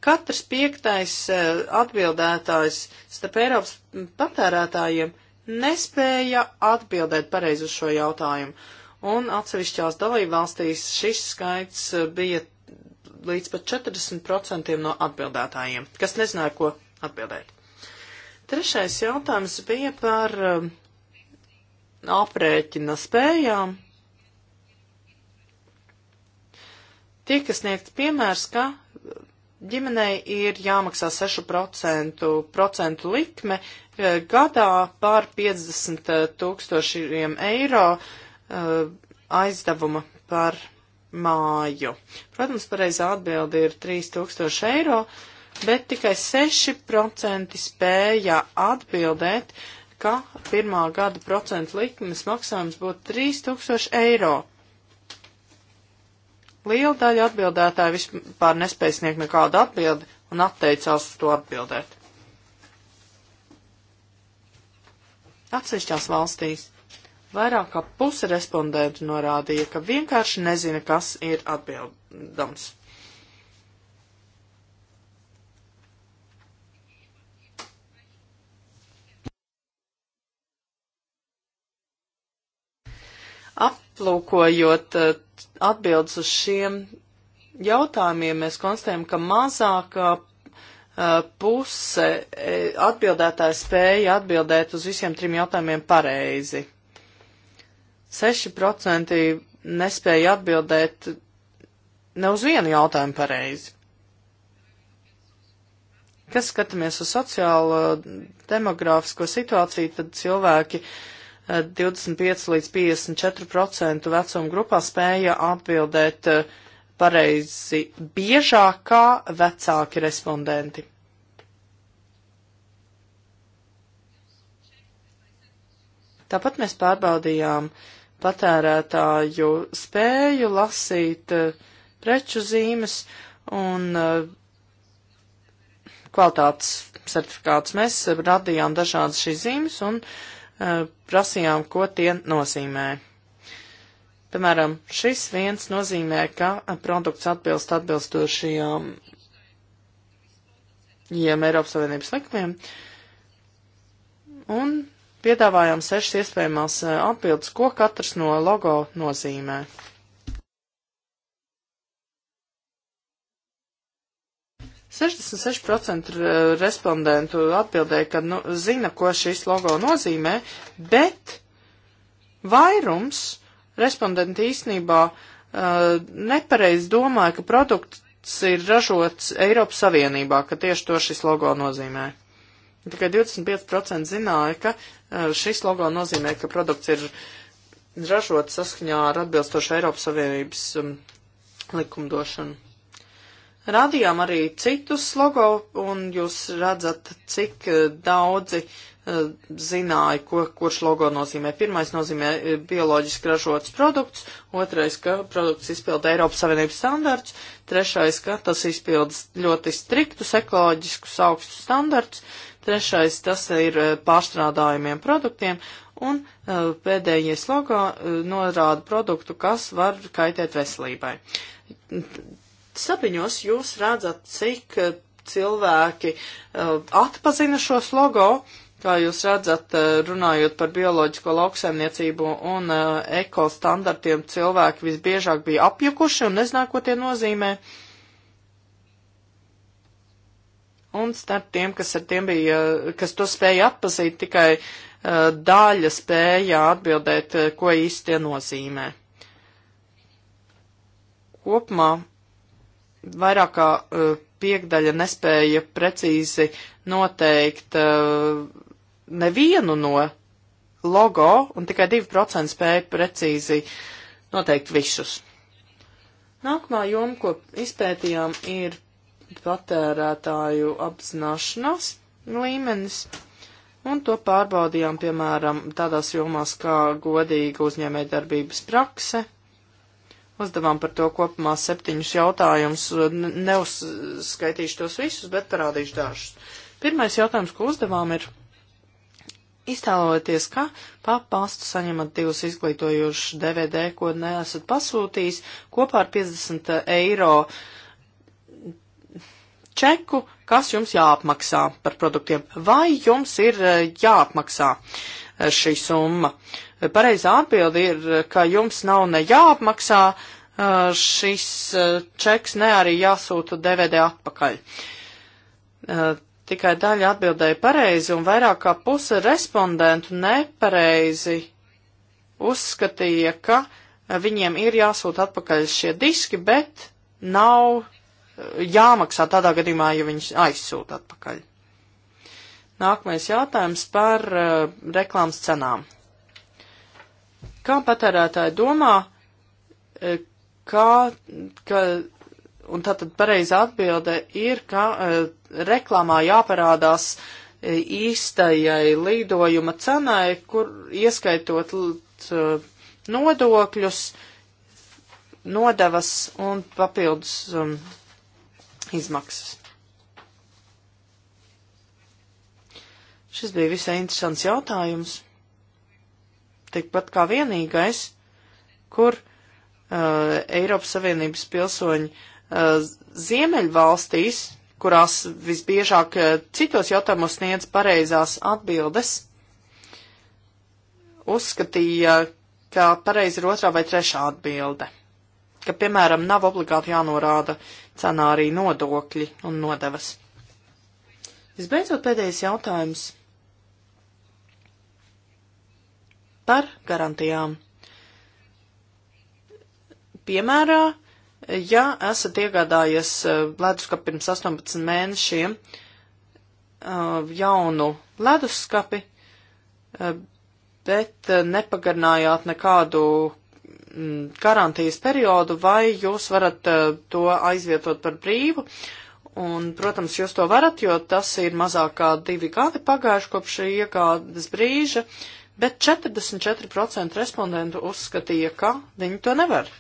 katrs piektais eh, atbildētājs starp Eiropas patērētājiem nespēja atbildēt pareizi uz šo jautājumu un atsevišķās dalībvalstīs šis skaits eh, bija līdz pat 40% no atbildētājiem, kas nezināja, ko atbildēt. Trešais jautājums bija par eh, aprēķina spējām. Tika sniegts piemērs, ka ģimenei ir jāmaksā 6% procentu likme eh, gadā pār 50 tūkstošiem eiro Uh, aizdevuma par māju. Protams, pareizā atbildi ir 3000 eiro, bet tikai 6% spēja atbildēt, ka pirmā gada procentu likmes maksājums būtu 3000 eiro. Liela daļa atbildētāju vispār nespēja sniegt nekādu atbildi un atteicās to atbildēt. Atsevišķās valstīs Vairāk kā puse respondentu norādīja, ka vienkārši nezina, kas ir atbildams. Aplūkojot eh, atbildes uz šiem jautājumiem, mēs konstatējam, ka mazākā eh, puse eh, atbildētāja spēja atbildēt uz visiem trim jautājumiem pareizi. 6% nespēja atbildēt ne uz vienu jautājumu pareizi. Kas skatāmies uz sociālo demogrāfisko situāciju, tad cilvēki 25 eh, līdz 54% vecuma grupā spēja atbildēt eh, pareizi biežāk kā vecāki respondenti. Tāpat mēs pārbaudījām uh, patērētāju spēju lasīt eh, preču zīmes un eh, kvalitātes certifikātus. Mēs radījām dažādas šīs zīmes un eh, prasījām, ko tie nozīmē. Piemēram, šis viens nozīmē, ka produkts atbilst atbilstošajām jiem Eiropas Savienības likumiem, un piedāvājām sešas iespējamās eh, atbildes, ko katrs no logo nozīmē. Sešdesmit seši procenti eh, respondentu atbildēja, ka nu, zina, ko šis logo nozīmē, bet vairums respondenti īsnībā uh, nepareiz domāja, ka produkts ir ražots Eiropas Savienībā, ka tieši to šis logo nozīmē. Tikai 25% zināja, ka eh, šis logo nozīmē, ka produkts ir ražots saskaņā ar atbilstošu Eiropas Savienības um, likumdošanu. Radījām arī citus logo, un jūs redzat, cik eh, daudzi uh, zināja, ko, kurš logo nozīmē. Pirmais nozīmē bioloģiski ražots produkts, otrais, ka produkts izpilda Eiropas Savienības standarts, trešais, ka tas izpilda ļoti striktus ekoloģiskus augstus standarts, trešais tas ir eh, pārstrādājumiem produktiem, un eh, pēdējie slogā eh, norāda produktu, kas var kaitēt veselībai. Sapiņos jūs redzat, cik cilvēki atpazina šo slogo, kā jūs redzat, runājot par bioloģisko lauksaimniecību un ekostandartiem, cilvēki visbiežāk bija apjukuši un nezināja, ko tie nozīmē. Uh, Un starp tiem, kas ar tiem bija, kas to spēja atpazīt, tikai uh, daļa spēja atbildēt, uh, ko īsti tie nozīmē. Kopumā vairāk kā uh, piekdaļa nespēja precīzi noteikt uh, nevienu no logo, un tikai 2% spēja precīzi noteikt visus. Nākamā joma, ko izpētījām, ir patērētāju apzināšanās līmenis, un to pārbaudījām, piemēram, tādās jomās kā godīga uzņēmē darbības prakse. Uzdevām par to kopumā septiņus jautājumus, neuzskaitīšu tos visus, bet parādīšu dažus. Pirmais jautājums, ko uzdevām, ir Iztēlojoties, ka papastu saņemat divus izglītojošus DVD, ko neesat pasūtījis, kopā ar 50 eiro čeku, kas jums jāapmaksā par produktiem, vai jums ir eh, jāapmaksā eh, šī summa. Pareizā atbildi ir, ka jums nav ne jāapmaksā eh, šis čeks, ne arī jāsūta DVD atpakaļ. Tikai daļa atbildēja pareizi, un vairāk kā puse respondentu nepareizi uzskatīja, ka viņiem ir jāsūta atpakaļ šie diski, bet nav jāmaksā tādā gadījumā, ja viņus aizsūta atpakaļ. Nākamais jautājums par uh, reklāmas cenām. Kā patērētāji domā, uh, kā, ka, un tātad pareiza atbilde ir, ka uh, reklāmā jāparādās uh, īstajai lidojuma cenai, kur ieskaitot uh, nodokļus, nodevas un papildus um, izmaksas. Šis bija visai interesants jautājums. Tikpat kā vienīgais, kur uh, Eiropas Savienības pilsoņi uh, Ziemeļvalstīs, kurās visbiežāk uh, citos jautājumos sniedz pareizās atbildes, uzskatīja, ka pareizi ir otrā vai trešā atbilde. Ka, piemēram, nav obligāti jānorāda cenā arī nodokļi un nodevas. Visbeidzot, pēdējais jautājums par garantijām. Piemērā, ja esat iegādājies eh, leduskapi pirms 18 mēnešiem eh, jaunu leduskapi, eh, bet nepagarinājāt nekādu garantijas mm, periodu, vai jūs varat eh, to aizvietot par brīvu. Un, protams, jūs to varat, jo tas ir mazāk kā divi gadi pagājuši kopš šī iegādes brīža, bet 44% respondentu uzskatīja, ka viņi to nevar.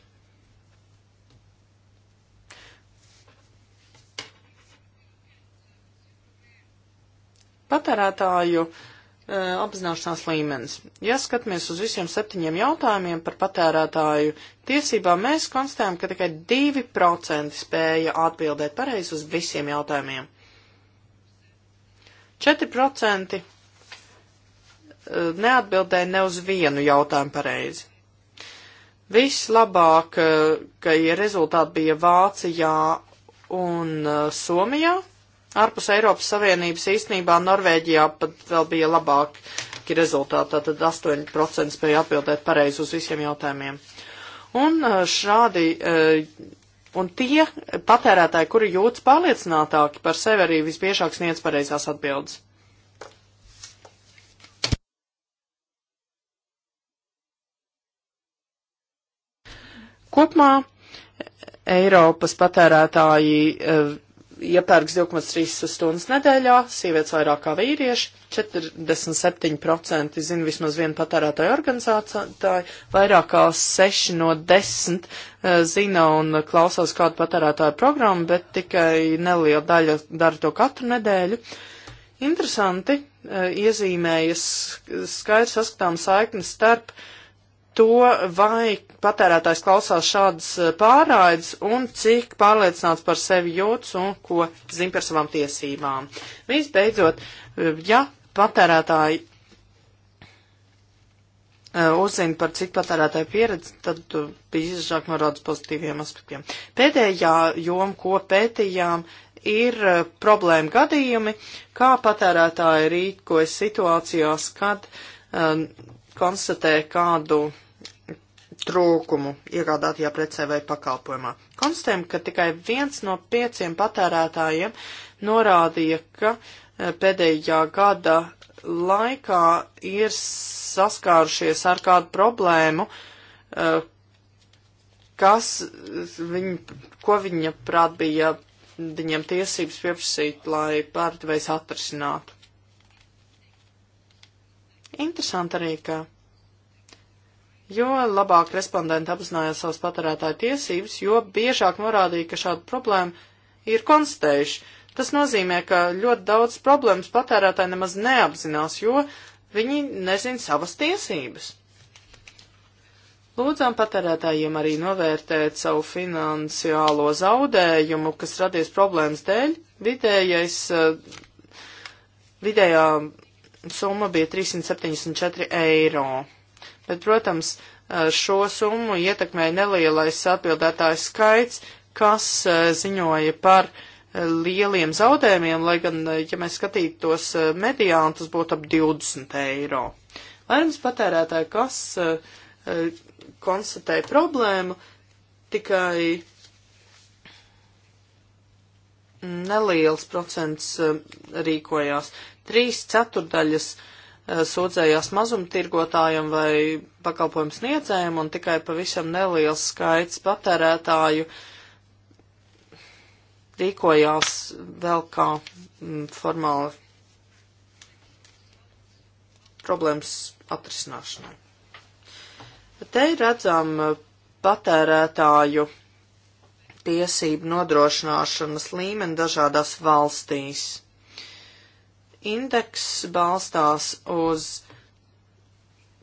Patērētāju uh, E, apzināšanās līmenis. Ja skatāmies uz visiem septiņiem jautājumiem par patērētāju tiesībām, mēs konstatējam, ka tikai 2% spēja atbildēt pareizi uz visiem jautājumiem. 4% e, neatbildēja ne uz vienu jautājumu pareizi. Vislabākie ja rezultāti bija Vācijā un e, Somijā Ārpus Eiropas Savienības īstenībā Norvēģijā pat vēl bija labāki rezultāti, tātad 8% spēja atbildēt pareizi uz visiem jautājumiem. Un eh, šādi, eh, un tie patērētāji, kuri jūtas pārliecinātāki par sevi, arī visbiežāk sniedz pareizās atbildes. Kopumā eh, Eiropas patērētāji iepērks 2,3 stundas nedēļā, sievietes vairāk kā vīrieši, 47% zina vismaz vienu patērētāju organizātāju, vairāk kā 6 no 10 eh, zina un klausās kādu patērētāju programmu, bet tikai neliela daļa dara to katru nedēļu. Interesanti eh, iezīmējas skaidrs saskatām saiknes starp uh, to, vai patērētājs klausās šādas eh, pārraides un cik pārliecināts par sevi jūtas un ko zina par savām tiesībām. Visbeidzot, eh, ja patērētāji eh, uzzina par cik patērētāju pieredzi, tad biežāk norāda pozitīviem aspektiem. Pēdējā joma, ko pētījām, ir problēma gadījumi, kā patērētāji rīkojas situācijās, kad konstatē kādu trūkumu iegādātajā precē vai pakalpojumā. Konstatējam, ka tikai viens no pieciem patērētājiem norādīja, ka e, pēdējā gada laikā ir saskārušies ar kādu problēmu, e, kas viņa, ko viņa prāt bija viņiem tiesības pieprasīt, lai pārdevējs atrisinātu. Interesanti arī, ka jo labāk respondenti apzinājās savas patērētāju tiesības, jo biežāk norādīja, ka šādu problēmu ir konstatējuši. Tas nozīmē, ka ļoti daudz problēmas patērētāji nemaz neapzinās, jo viņi nezin savas tiesības. Lūdzām patērētājiem arī novērtēt savu finansiālo zaudējumu, kas radies problēmas dēļ. Vidējais, eh, vidējā summa bija 374 eiro bet, protams, šo summu ietekmēja nelielais atbildētājs skaits, kas ziņoja par lieliem zaudējumiem, lai gan, ja mēs skatītos mediānu, tas būtu ap 20 eiro. Vairums patērētāji, kas konstatēja problēmu, tikai neliels procents rīkojās. Trīs ceturdaļas uh, Eh, sūdzējās mazumtirgotājiem vai pakalpojumu sniedzējiem, un tikai pavisam neliels skaits patērētāju rīkojās vēl kā m, mm, formāli problēmas atrisināšanai. Te redzam eh, patērētāju tiesību nodrošināšanas līmeni dažādās valstīs indeks balstās uz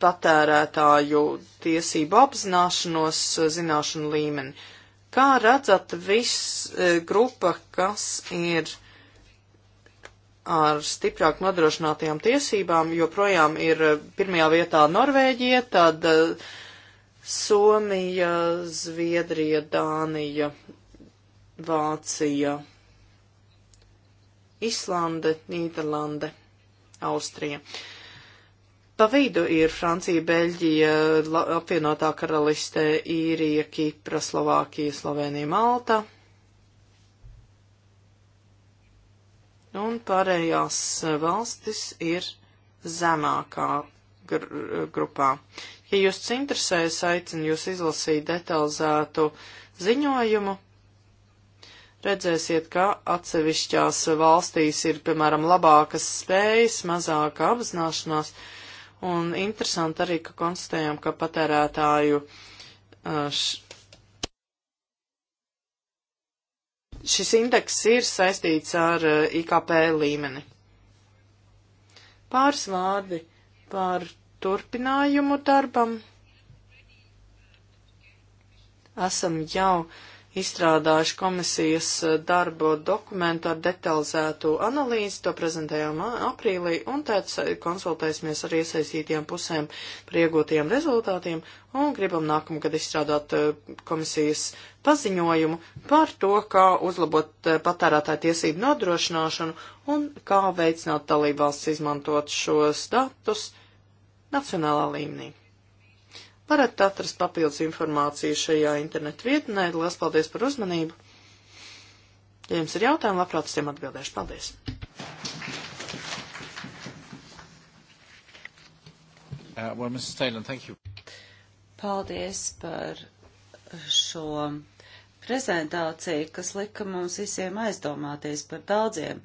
patērētāju tiesību apzināšanos zināšanu līmeni. Kā redzat, viss e, grupa, kas ir ar stiprāk nodrošinātajām tiesībām, joprojām ir e, pirmajā vietā Norvēģija, tad e, Somija, Zviedrija, Dānija, Vācija Islande, Nīderlande, Austrija. Pa vidu ir Francija, Beļģija, apvienotā karaliste, Īrija, Kipra, Slovākija, Slovenija, Malta. Un pārējās valstis ir zemākā gr grupā. Ja jūs interesēs, aicinu jūs izlasīt detalizētu ziņojumu redzēsiet, ka atsevišķās valstīs ir, piemēram, labākas spējas, mazāka apzināšanās, un interesanti arī, ka konstatējam, ka patērētāju uh, š... šis indeks ir saistīts ar uh, IKP līmeni. Pāris vārdi par turpinājumu darbam. Esam jau uh, izstrādājuši komisijas eh, darba dokumentu ar detalizētu analīzi, to prezentējām aprīlī, un tad konsultēsimies ar iesaistītajām pusēm par iegūtajiem rezultātiem, un gribam nākamgad izstrādāt eh, komisijas paziņojumu par to, kā uzlabot eh, patērētāju tiesību nodrošināšanu un kā veicināt dalībvalsts izmantot šos datus nacionālā līmenī varat atrast papildus informāciju šajā internetu vietnē. Lielas paldies par uzmanību. Ja jums ir jautājumi, labprāt uz tiem atbildēšu. Paldies! Uh, well, Mrs. Taylor, thank you. Paldies par šo prezentāciju, kas lika mums visiem aizdomāties par daudziem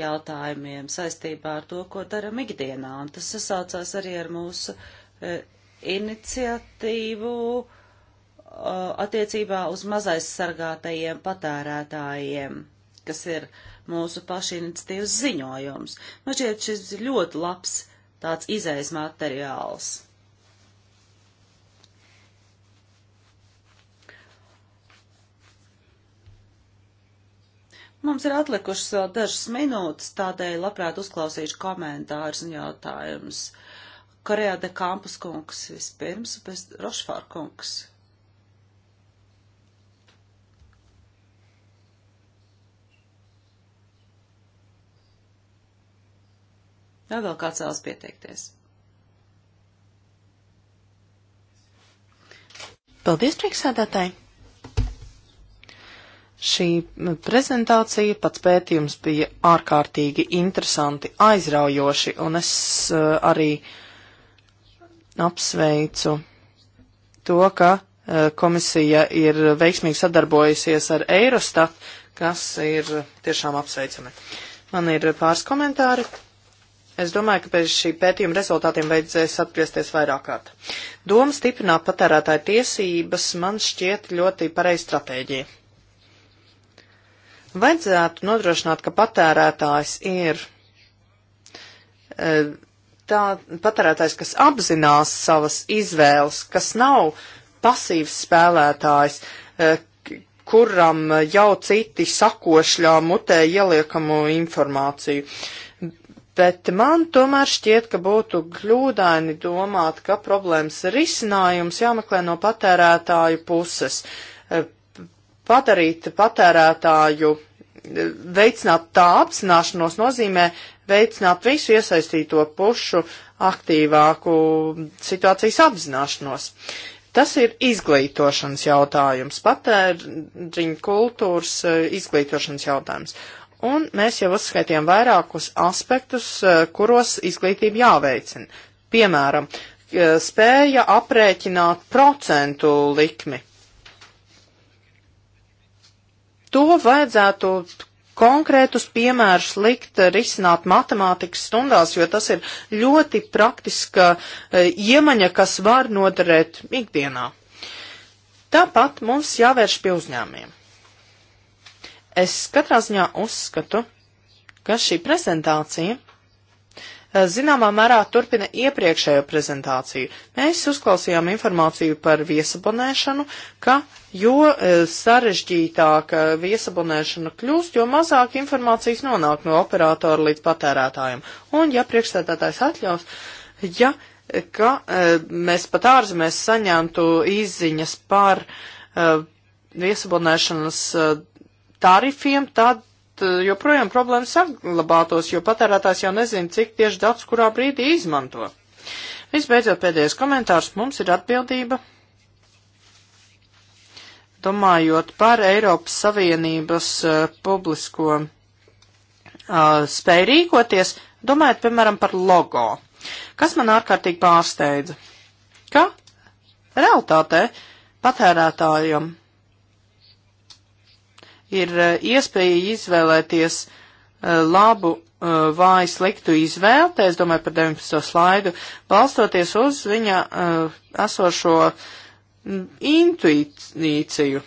jautājumiem saistībā ar to, ko daram ikdienā, un tas sasaucās arī ar mūsu eh, iniciatīvu uh, attiecībā uz mazaizsargātajiem patērētājiem, kas ir mūsu paša iniciatīvas ziņojums. Man šķiet, šis ir ļoti labs tāds izējas materiāls. Mums ir atlikušas vēl dažas minūtes, tādēļ labprāt uzklausīšu komentārus un jautājumus. Uh, Korejā de Kampus kungs vispirms, bez Rošfār kungs. Vai vēl kāds vēlas pieteikties? Paldies, priekšsādātāji! Šī prezentācija, pats pētījums bija ārkārtīgi interesanti, aizraujoši, un es uh, arī uh, apsveicu to, ka e, komisija ir veiksmīgi sadarbojusies ar Eirostat, kas ir tiešām apsveicami. Man ir pāris komentāri. Es domāju, ka pēc šī pētījuma rezultātiem vajadzēs atgriezties vairāk kārt. Doma stiprināt patērētāju tiesības man šķiet ļoti pareiz stratēģija. Vajadzētu nodrošināt, ka patērētājs ir e, tā patērētājs, kas apzinās savas izvēles, kas nav pasīvs spēlētājs, e, kuram jau citi sakošļā mutē ieliekamo informāciju. Bet man tomēr šķiet, ka būtu kļūdaini domāt, ka problēmas risinājums jāmeklē no patērētāju puses. E, padarīt patērētāju uh, veicināt tā apzināšanos nozīmē veicināt visu iesaistīto pušu aktīvāku situācijas apzināšanos. Tas ir izglītošanas jautājums, patēriņa kultūras eh, izglītošanas jautājums. Un mēs jau uzskaitījām vairākus aspektus, eh, kuros izglītība jāveicina. Piemēram, eh, spēja aprēķināt procentu likmi to vajadzētu konkrētus piemērus likt eh, risināt matemātikas stundās, jo tas ir ļoti praktiska eh, iemaņa, kas var noderēt ikdienā. Tāpat mums jāvērš pie uzņēmiem. Es katrā ziņā uzskatu, ka šī prezentācija Eh, zināmā mērā turpina iepriekšējo prezentāciju. Mēs uzklausījām informāciju par viesabonēšanu, ka jo eh, sarežģītāka viesabonēšana kļūst, jo mazāk informācijas nonāk no operatora līdz patērētājiem. Un, ja priekšstādātājs atļaus, ja ka eh, mēs pat ārzemēs saņemtu izziņas par viesabonēšanas tarifiem, tad Eh, joprojām problēma saglabātos, jo patērētājs jau nezina, cik tieši datus kurā brīdī izmanto. Visbeidzot, pēdējais komentārs mums ir atbildība. Domājot par Eiropas Savienības uh, publisko uh, spēju rīkoties, domājot, piemēram, par logo. Kas man ārkārtīgi pārsteidza? Ka realtātē patērētājiem ir eh, iespēja izvēlēties eh, labu eh, vai sliktu izvēlti, es domāju par 19. slaidu, balstoties uz viņa esošo mm, intuīciju.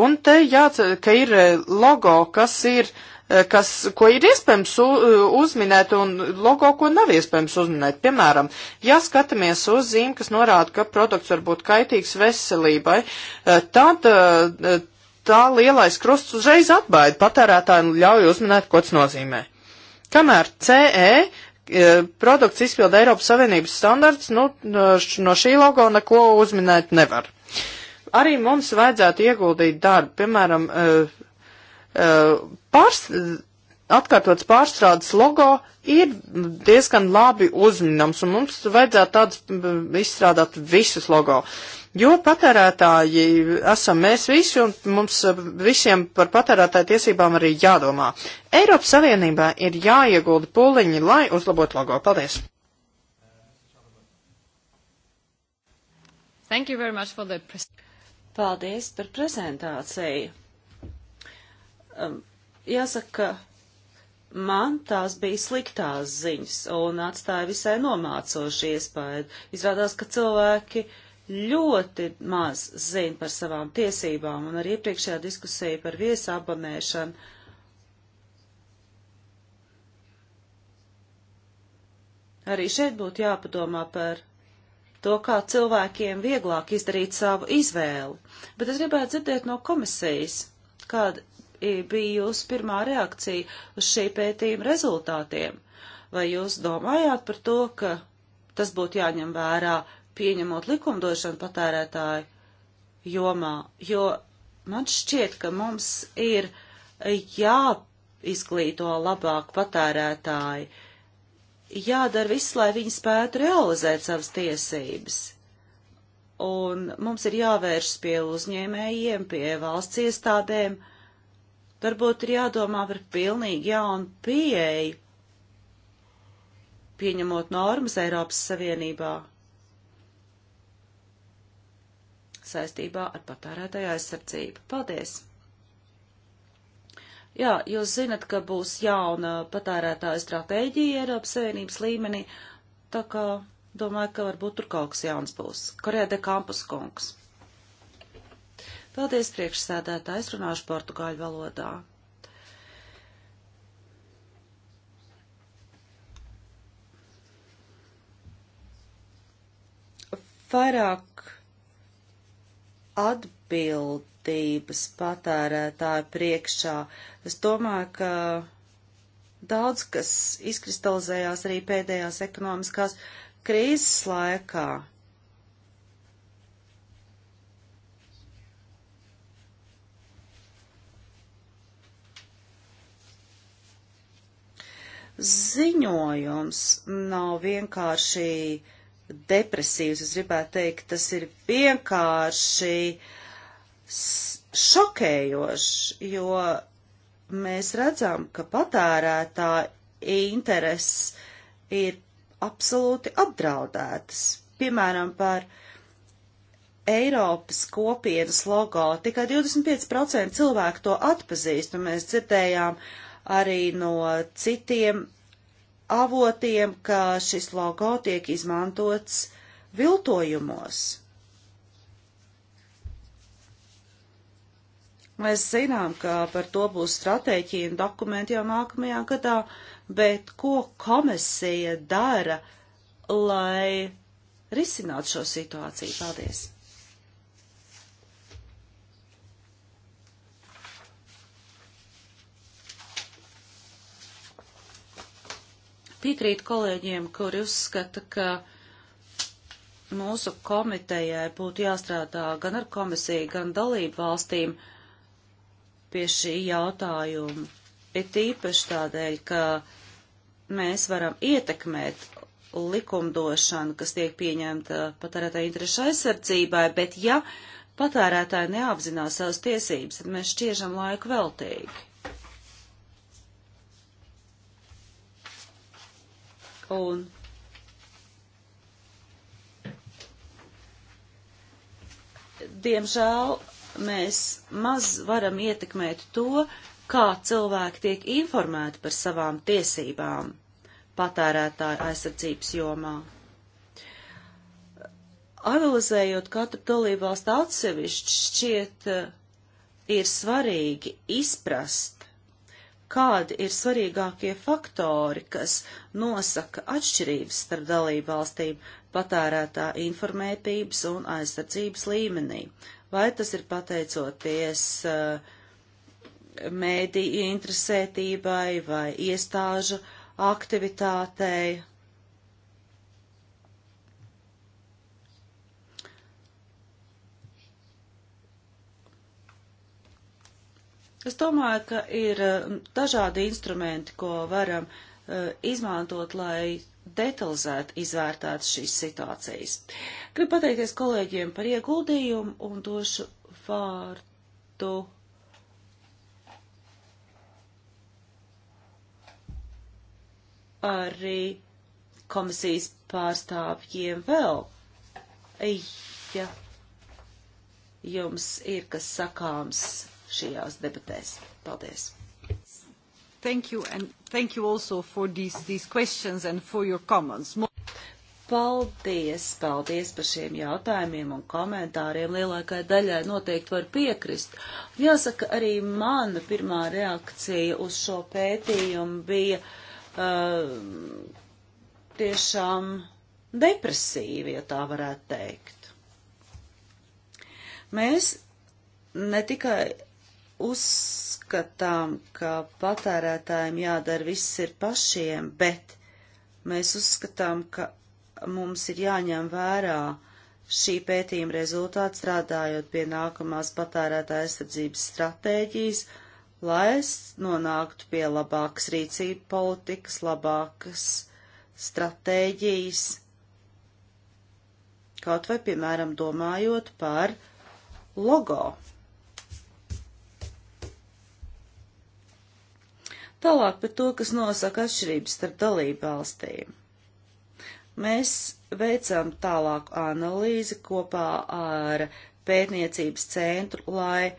Un te jāatcer, ka ir logo, kas ir, kas, ko ir iespējams uzminēt un logo, ko nav iespējams uzminēt. Piemēram, ja skatāmies uz zīmi, kas norāda, ka produkts var būt kaitīgs veselībai, tad tā lielais krusts uzreiz atbaida patērētāju un ļauj uzminēt, ko tas nozīmē. Kamēr CE e, produkts izpilda Eiropas Savienības standarts, nu, no šī logo neko uzminēt nevar. Arī mums vajadzētu ieguldīt darbu, piemēram, e, e, pārs, atkārtots pārstrādes logo ir diezgan labi uzminams, un mums vajadzētu tādus izstrādāt visus logo. Uh, Jo patērētāji esam mēs visi un mums visiem par patērētāju tiesībām arī jādomā. Eiropas Savienībā ir jāiegulda pūliņi, lai uzlabotu logo. Paldies! The... Paldies par prezentāciju. Um, jāsaka, man tās bija sliktās ziņas un atstāja visai nomācoši iespēju. Izrādās, ka cilvēki uh, ļoti maz zina par savām tiesībām, un arī iepriekšējā diskusija par viesu abonēšanu. Arī šeit būtu jāpadomā par to, kā cilvēkiem vieglāk izdarīt savu izvēli. Bet es gribētu dzirdēt no komisijas, kāda bija jūsu pirmā reakcija uz šī pētījuma rezultātiem. Vai jūs domājāt par to, ka tas būtu jāņem vērā pieņemot likumdošanu patērētāju jomā, jo man šķiet, ka mums ir jāizglīto labāk patērētāji, jādara viss, lai viņi spētu realizēt savas tiesības. Un mums ir jāvēršas pie uzņēmējiem, pie valsts iestādēm, varbūt ir jādomā par pilnīgi jaunu pieeju, pieņemot normas Eiropas Savienībā saistībā ar patērētāju aizsardzību. Paldies! Jā, jūs zinat, ka būs jauna patērētāja stratēģija Eiropas Savienības līmenī, tā kā domāju, ka varbūt tur kaut kas jauns būs. Korē de Kampus kungs. Paldies priekšsēdētājs, runāšu portugāļu valodā. vairāk atbildības patērētāju priekšā. Es domāju, ka daudz kas izkristalizējās arī pēdējās ekonomiskās krīzes laikā. ziņojums nav vienkārši depresīvs. Es gribētu teikt, tas ir vienkārši šokējoši, jo mēs redzam, ka patērētā intereses ir absolūti apdraudētas. Piemēram, par Eiropas kopienas logo tikai 25% cilvēku to atpazīst, un mēs dzirdējām arī no citiem avotiem, ka šis logo tiek izmantots viltojumos. Mēs zinām, ka par to būs stratēģija un dokumenti jau nākamajā gadā, bet ko komisija dara, lai risinātu šo situāciju? Paldies! Piekrīt kolēģiem, kuri uzskata, ka mūsu komitejai būtu jāstrādā gan ar komisiju, gan dalību valstīm pie šī jautājuma. Ir tīpaši tādēļ, ka mēs varam ietekmēt likumdošanu, kas tiek pieņemta patērētāja interešu aizsardzībai, bet ja patērētāji neapzinās savas tiesības, tad mēs šķiežam laiku veltīgi. un diemžēl mēs maz varam ietekmēt to, kā cilvēki tiek informēti par savām tiesībām patērētāju aizsardzības jomā. Analizējot katru dalībvalstu atsevišķi, šķiet, eh, ir svarīgi izprast, kādi ir svarīgākie faktori, kas nosaka atšķirības starp dalību valstīm patērētā informētības un aizsardzības līmenī. Vai tas ir pateicoties uh, mēdī interesētībai vai iestāžu aktivitātei Es domāju, ka ir dažādi instrumenti, ko varam uh, izmantot, lai detalizēti izvērtētu šīs situācijas. Gribu pateikties kolēģiem par ieguldījumu un došu vārdu. Arī komisijas pārstāvjiem vēl. Ja jums ir kas sakāms šajās debatēs. Paldies! Thank you and thank you also for these, these questions and for your comments. Paldies, paldies par šiem jautājumiem un komentāriem. Lielākai daļai noteikti var piekrist. Jāsaka, arī mana pirmā reakcija uz šo pētījumu bija uh, tiešām depresīva, ja tā varētu teikt. Mēs ne tikai uzskatām, ka patērētājiem jādara viss ir pašiem, bet mēs uzskatām, ka mums ir jāņem vērā šī pētījuma rezultāti strādājot pie nākamās patērētāja aizsardzības stratēģijas, lai nonāktu pie labākas rīcība politikas, labākas stratēģijas, kaut vai, piemēram, domājot par logo. Tālāk par to, kas nosaka atšķirības starp dalību valstīm. Mēs veicam tālāku analīzi kopā ar pētniecības centru, lai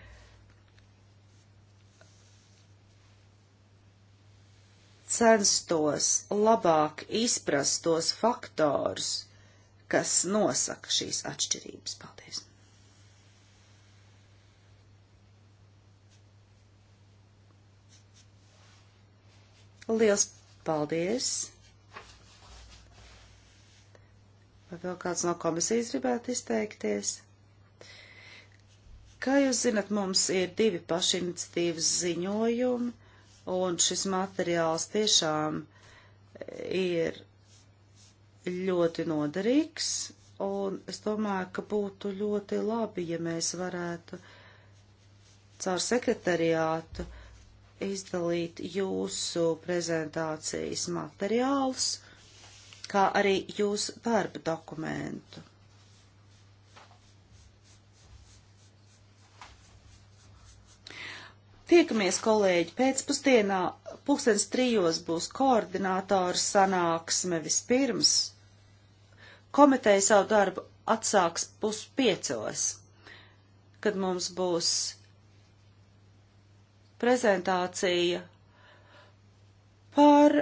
censtos labāk izprast tos faktors, kas nosaka šīs atšķirības. Paldies! Liels paldies! Vai vēl kāds no komisijas gribētu izteikties? Kā jūs zinat, mums ir divi pašiniciatīvas ziņojumi, un šis materiāls tiešām ir ļoti noderīgs, un es domāju, ka būtu ļoti labi, ja mēs varētu caur sekretariātu uh, izdalīt jūsu prezentācijas materiālus, kā arī jūsu darba dokumentu. Tiekamies, kolēģi, pēcpusdienā pulkstens trijos būs koordinātora sanāksme vispirms. Komiteja savu darbu atsāks puspiecos, kad mums būs prezentācija par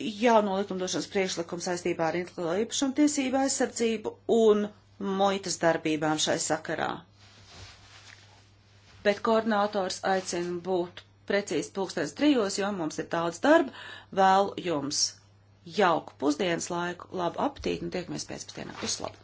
jauno likumdošanas priekšlikumu saistībā ar intelektuālo īpašumu tiesību aizsardzību un muitas darbībām šai sakarā. Bet koordinators aicina būt precīzi pulkstens trijos, jo mums ir daudz darba. Vēl jums jauku pusdienas laiku, labu aptīti un tiekamies pēcpusdienā. Visu labu!